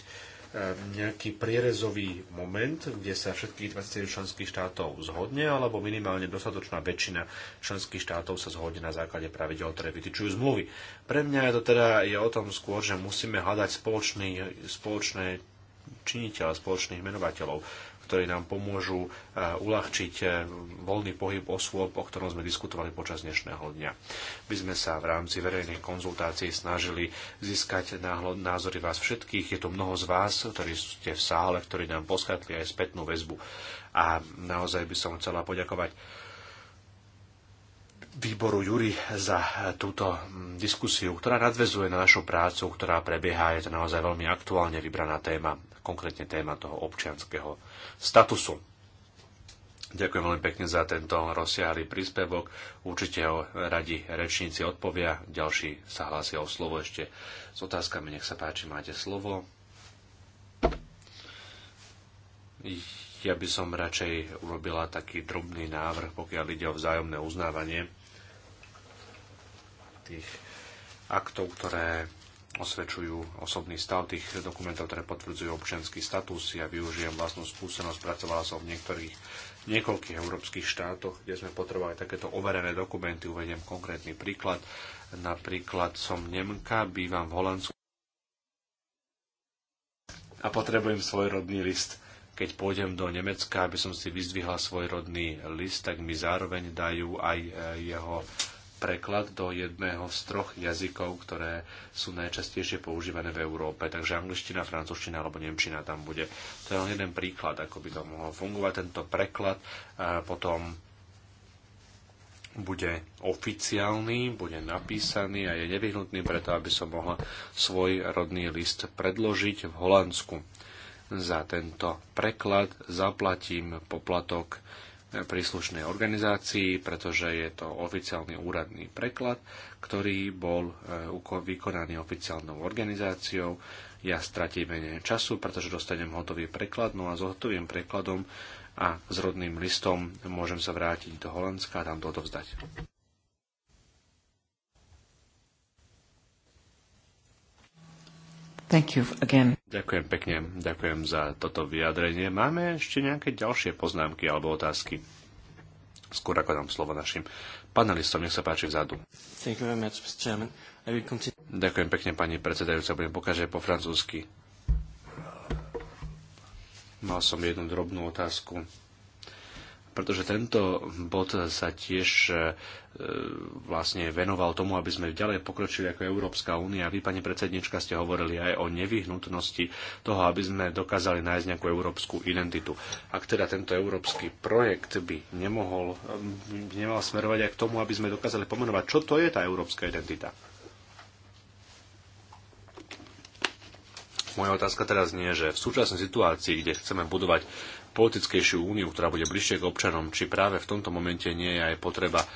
Ehm, nejaký prierezový moment, kde sa všetkých 27 členských štátov zhodne, alebo minimálne dostatočná väčšina členských štátov sa zhodne na základe pravidel, ktoré vytýčujú zmluvy. Pre mňa je to teda je o tom skôr, že musíme hľadať spoločný, spoločné činiteľa, spoločných menovateľov ktorí nám pomôžu e, uľahčiť e, voľný pohyb osôb, o ktorom sme diskutovali počas dnešného dňa. By sme sa v rámci verejnej konzultácie snažili získať názory vás všetkých. Je to mnoho z vás, ktorí ste v sále, ktorí nám poskytli aj spätnú väzbu. A naozaj by som chcela poďakovať výboru Juri za e, túto diskusiu, ktorá nadvezuje na našu prácu, ktorá prebieha. Je to naozaj veľmi aktuálne vybraná téma, konkrétne téma toho občianskeho statusu. Ďakujem veľmi pekne za tento rozsiahly príspevok. Určite ho radi rečníci odpovia. Ďalší sa hlásia o slovo ešte s otázkami. Nech sa páči, máte slovo. Ja by som radšej urobila taký drobný návrh, pokiaľ ide o vzájomné uznávanie tých aktov, ktoré osvedčujú osobný stav tých dokumentov, ktoré potvrdzujú občianský status. Ja využijem vlastnú skúsenosť, pracovala som v niektorých, niekoľkých európskych štátoch, kde sme potrebovali takéto overené dokumenty. Uvediem konkrétny príklad. Napríklad som Nemka, bývam v Holandsku a potrebujem svoj rodný list. Keď pôjdem do Nemecka, aby som si vyzdvihla svoj rodný list, tak mi zároveň dajú aj eh, jeho preklad do jedného z troch jazykov, ktoré sú najčastejšie používané v Európe. Takže angličtina, francúzština alebo nemčina tam bude. To je len jeden príklad, ako by to mohol fungovať. Tento preklad potom bude oficiálny, bude napísaný a je nevyhnutný preto, aby som mohla svoj rodný list predložiť v Holandsku. Za tento preklad zaplatím poplatok príslušnej organizácii, pretože je to oficiálny úradný preklad, ktorý bol e, vykonaný oficiálnou organizáciou. Ja stratím menej času, pretože dostanem hotový preklad, no a s hotovým prekladom a s rodným listom môžem sa vrátiť do Holandska a tam to odovzdať. Thank you again. Ďakujem pekne, ďakujem za toto vyjadrenie. Máme ešte nejaké ďalšie poznámky alebo otázky? Skôr ako dám slovo našim panelistom, nech sa páči vzadu. Thank you very much, Mr. Chairman. I will continue. Ďakujem pekne, pani predsedajúca, budem pokaže po francúzsky. Mal som jednu drobnú otázku pretože tento bod sa tiež e, vlastne venoval tomu, aby sme ďalej pokročili ako Európska únia. Vy, pani predsednička, ste hovorili aj o nevyhnutnosti toho, aby sme dokázali nájsť nejakú európsku identitu. Ak teda tento európsky projekt by nemohol, by e, nemal smerovať aj k tomu, aby sme dokázali pomenovať, čo to je tá európska identita. Moja otázka teraz nie, že v súčasnej situácii, kde chceme budovať politickejšiu úniu, ktorá bude bližšie k občanom, či práve v tomto momente nie je aj potreba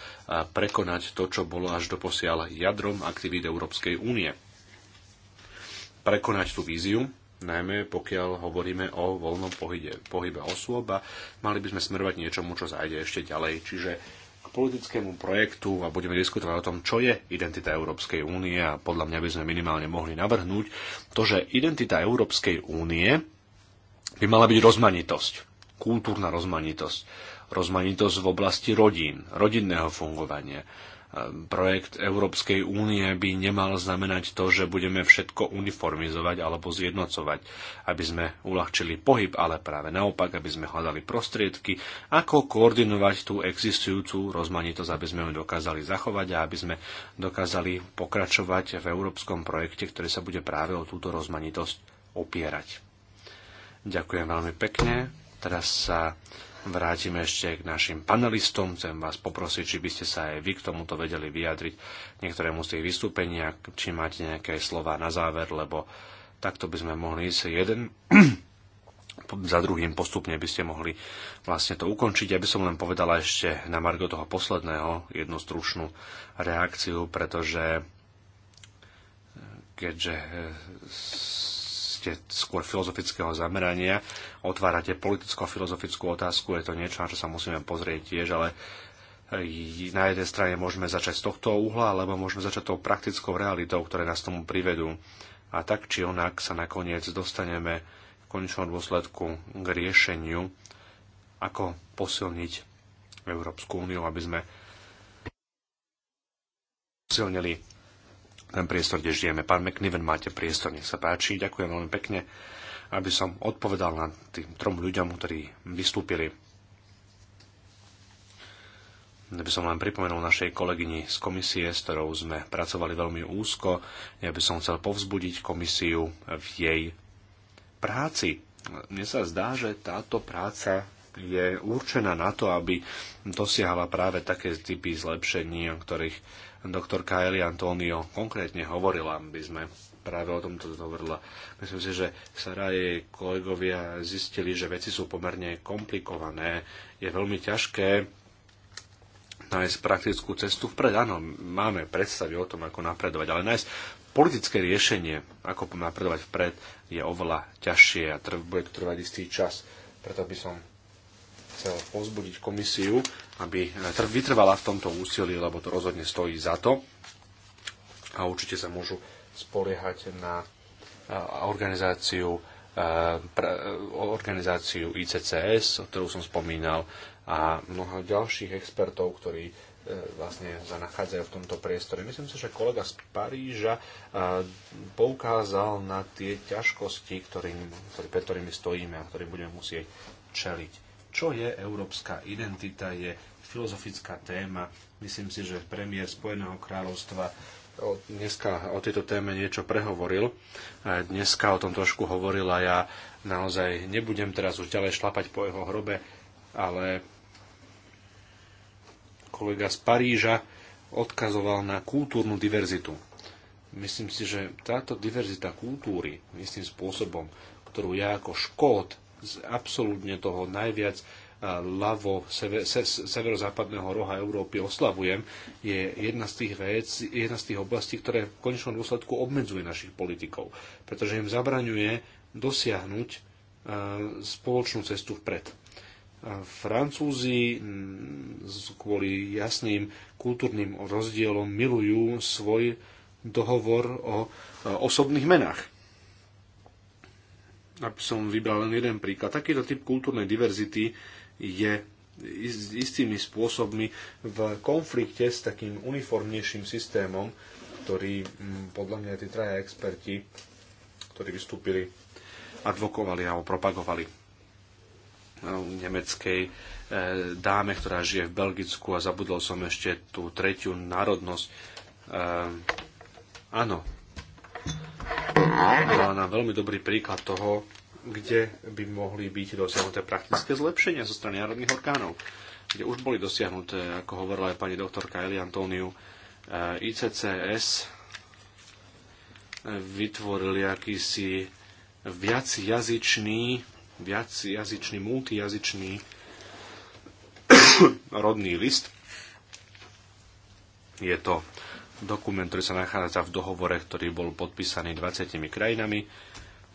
prekonať to, čo bolo až doposiaľ jadrom aktivít Európskej únie. Prekonať tú víziu, najmä pokiaľ hovoríme o voľnom pohybe, pohybe osôb a mali by sme smerovať niečomu, čo zajde ešte ďalej, čiže k politickému projektu a budeme diskutovať o tom, čo je identita Európskej únie a podľa mňa by sme minimálne mohli navrhnúť to, že identita Európskej únie by mala byť rozmanitosť kultúrna rozmanitosť, rozmanitosť v oblasti rodín, rodinného fungovania. Ehm, projekt Európskej únie by nemal znamenať to, že budeme všetko uniformizovať alebo zjednocovať, aby sme uľahčili pohyb, ale práve naopak, aby sme hľadali prostriedky, ako koordinovať tú existujúcu rozmanitosť, aby sme ju dokázali zachovať a aby sme dokázali pokračovať v európskom projekte, ktorý sa bude práve o túto rozmanitosť opierať. Ďakujem veľmi pekne. Teraz sa vrátime ešte k našim panelistom. Chcem vás poprosiť, či by ste sa aj vy k tomuto vedeli vyjadriť niektorému z tých vystúpení, či máte nejaké slova na záver, lebo takto by sme mohli ísť jeden za druhým postupne by ste mohli vlastne to ukončiť. Ja by som len povedala ešte na Margo toho posledného jednu stručnú reakciu, pretože keďže eh, ste skôr filozofického zamerania, otvárate politicko-filozofickú otázku, je to niečo, na čo sa musíme pozrieť tiež, ale e, na jednej strane môžeme začať z tohto uhla, alebo môžeme začať tou praktickou realitou, ktoré nás tomu privedú. A tak či onak sa nakoniec dostaneme v konečnom dôsledku k riešeniu, ako posilniť Európsku úniu, aby sme posilnili ten priestor, kde žijeme. Pán McNiven, máte priestor, nech sa páči. Ďakujem veľmi pekne, aby som odpovedal na tým trom ľuďom, ktorí vystúpili. Ja by som len pripomenul našej kolegyni z komisie, s ktorou sme pracovali veľmi úzko. Ja by som chcel povzbudiť komisiu v jej práci. Mne sa zdá, že táto práca je určená na to, aby dosiahala práve také typy zlepšení, o ktorých doktorka Eli Antonio konkrétne hovorila, aby sme práve o tomto hovorila. Myslím si, že Sara jej kolegovia zistili, že veci sú pomerne komplikované. Je veľmi ťažké nájsť praktickú cestu vpred. Áno, máme predstavy o tom, ako napredovať, ale nájsť politické riešenie, ako napredovať vpred, je oveľa ťažšie a bude to trvať istý čas. Preto by som chcel pozbudiť komisiu, aby e, vytrvala v tomto úsilí, lebo to rozhodne stojí za to a určite sa môžu spoliehať na e, organizáciu e, organizáciu ICCS, o ktorú som spomínal, a mnoho ďalších expertov, ktorí vlastne sa nachádzajú v tomto priestore. Myslím si, že kolega z Paríža poukázal na tie ťažkosti, ktorým, ktorý, pred ktorými stojíme a ktorým budeme musieť čeliť čo je európska identita, je filozofická téma. Myslím si, že premiér Spojeného kráľovstva dneska o tejto téme niečo prehovoril. Dneska o tom trošku hovoril a ja naozaj nebudem teraz už ďalej šlapať po jeho hrobe, ale kolega z Paríža odkazoval na kultúrnu diverzitu. Myslím si, že táto diverzita kultúry istým spôsobom, ktorú ja ako škód absolútne toho najviac ľavo e, sever, se, severozápadného roha Európy oslavujem, je jedna z, tých vec, jedna z tých oblastí, ktoré v konečnom dôsledku obmedzuje našich politikov, pretože im zabraňuje dosiahnuť e, spoločnú cestu vpred. E, Francúzi mm, kvôli jasným kultúrnym rozdielom milujú svoj dohovor o osobných menách aby som vybral len jeden príklad. Takýto typ kultúrnej diverzity je istými spôsobmi v konflikte s takým uniformnejším systémom, ktorý mm, podľa mňa tí traja experti, ktorí vystúpili, advokovali alebo propagovali no, nemeckej e, dáme, ktorá žije v Belgicku a zabudol som ešte tú tretiu národnosť. E, áno, dala nám veľmi dobrý príklad toho, kde by mohli byť dosiahnuté praktické zlepšenia zo strany národných orgánov, kde už boli dosiahnuté, ako hovorila aj pani doktorka Eli Antóniu, e, ICCS vytvorili akýsi viacjazyčný, viacjazyčný, multijazyčný rodný list. Je to dokument, ktorý sa nachádza v dohovore, ktorý bol podpísaný 20 krajinami.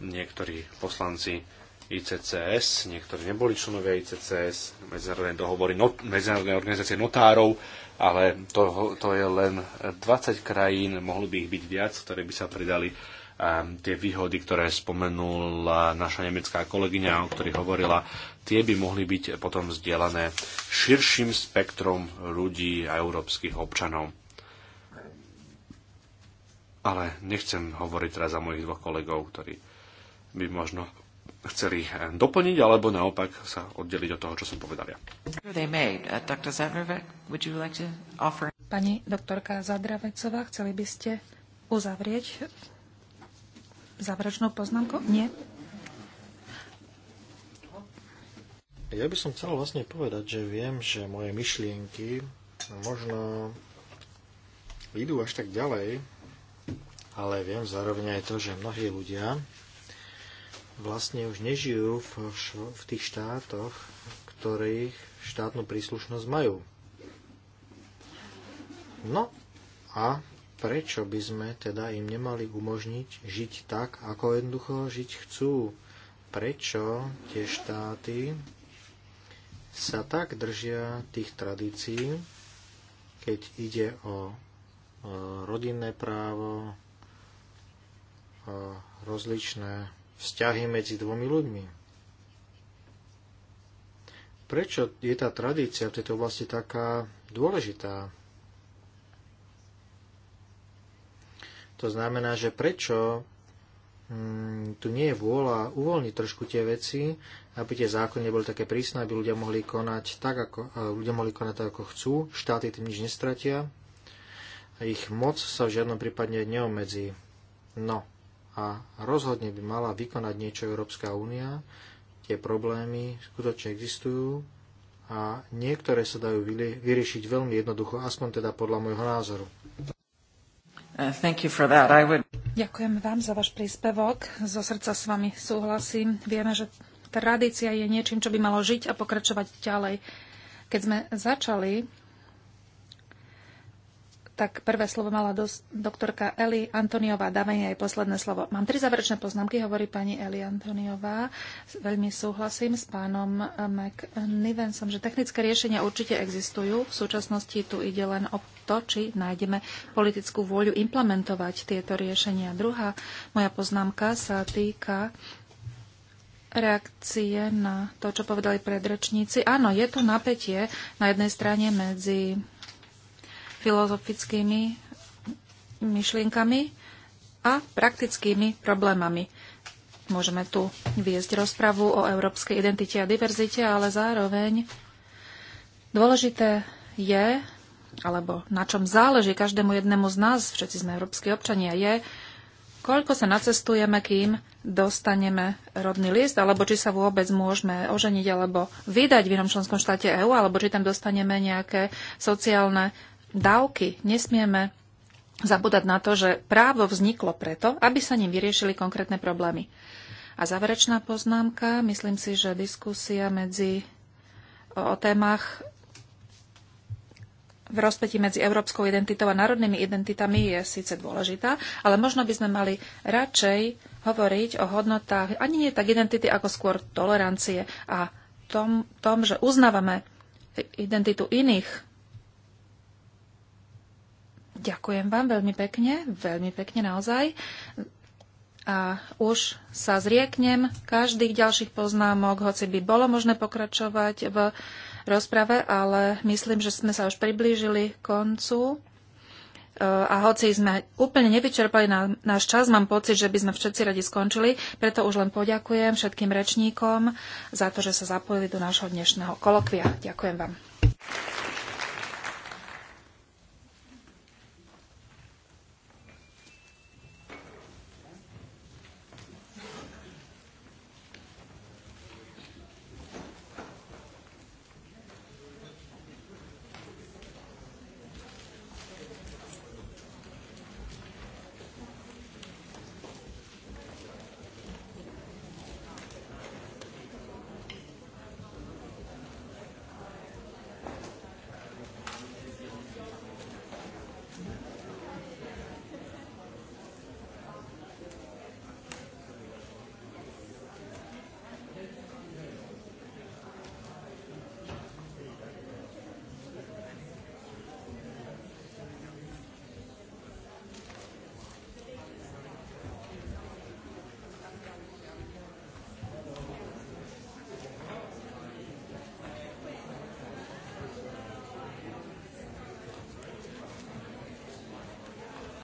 Niektorí poslanci ICCS, niektorí neboli členovia ICCS, medzinárodné dohovory, not, medzinárodné organizácie notárov, ale to, to je len 20 krajín, mohlo by ich byť viac, ktoré by sa pridali um, tie výhody, ktoré spomenula naša nemecká kolegyňa, o ktorých hovorila, tie by mohli byť potom vzdielané širším spektrom ľudí a európskych občanov ale nechcem hovoriť teraz za mojich dvoch kolegov, ktorí by možno chceli doplniť, alebo naopak sa oddeliť od toho, čo som povedal ja. Uh, Pani doktorka Zadravecová, chceli by ste uzavrieť záverečnou poznámkou? Nie? Ja by som chcel vlastne povedať, že viem, že moje myšlienky možno idú až tak ďalej, ale viem zároveň aj to, že mnohí ľudia vlastne už nežijú v, v tých štátoch, ktorých štátnu príslušnosť majú. No a prečo by sme teda im nemali umožniť žiť tak, ako jednoducho žiť chcú? Prečo tie štáty sa tak držia tých tradícií, keď ide o rodinné právo, rozličné vzťahy medzi dvomi ľuďmi. Prečo je tá tradícia v tejto oblasti taká dôležitá? To znamená, že prečo hm, tu nie je vôľa uvoľniť trošku tie veci, aby tie zákony neboli také prísne, aby ľudia mohli konať tak, ako, ľudia mohli konať tak, ako chcú, štáty tým nič nestratia a ich moc sa v žiadnom prípade neomedzí. No, a rozhodne by mala vykonať niečo Európska únia. Tie problémy skutočne existujú a niektoré sa dajú vyriešiť veľmi jednoducho, aspoň teda podľa môjho názoru. Uh, would... Ďakujem vám za váš príspevok. Zo srdca s vami súhlasím. Vieme, že tradícia je niečím, čo by malo žiť a pokračovať ďalej. Keď sme začali tak prvé slovo mala dos- doktorka Eli Antoniová. Dáme jej posledné slovo. Mám tri záverečné poznámky, hovorí pani Eli Antoniová. Veľmi súhlasím s pánom eh, McNivensom, že technické riešenia určite existujú. V súčasnosti tu ide len o to, či nájdeme politickú vôľu implementovať tieto riešenia. Druhá moja poznámka sa týka reakcie na to, čo povedali predrečníci. Áno, je tu napätie na jednej strane medzi filozofickými myšlienkami a praktickými problémami. Môžeme tu viesť rozpravu o európskej identite a diverzite, ale zároveň dôležité je, alebo na čom záleží každému jednému z nás, všetci sme európsky občania, je, koľko sa nacestujeme, kým dostaneme rodný list, alebo či sa vôbec môžeme oženiť alebo vydať v inom členskom štáte EÚ, alebo či tam dostaneme nejaké sociálne dávky. Nesmieme zabúdať na to, že právo vzniklo preto, aby sa ním vyriešili konkrétne problémy. A záverečná poznámka. Myslím si, že diskusia medzi o, témach v rozpeti medzi európskou identitou a národnými identitami je síce dôležitá, ale možno by sme mali radšej hovoriť o hodnotách ani nie tak identity, ako skôr tolerancie a tom, tom že uznávame identitu iných Ďakujem vám veľmi pekne, veľmi pekne naozaj. A už sa zrieknem každých ďalších poznámok, hoci by bolo možné pokračovať v rozprave, ale myslím, že sme sa už priblížili k koncu. E, a hoci sme úplne nevyčerpali na, náš čas, mám pocit, že by sme všetci radi skončili, preto už len poďakujem všetkým rečníkom za to, že sa zapojili do nášho dnešného kolokvia. Ďakujem vám.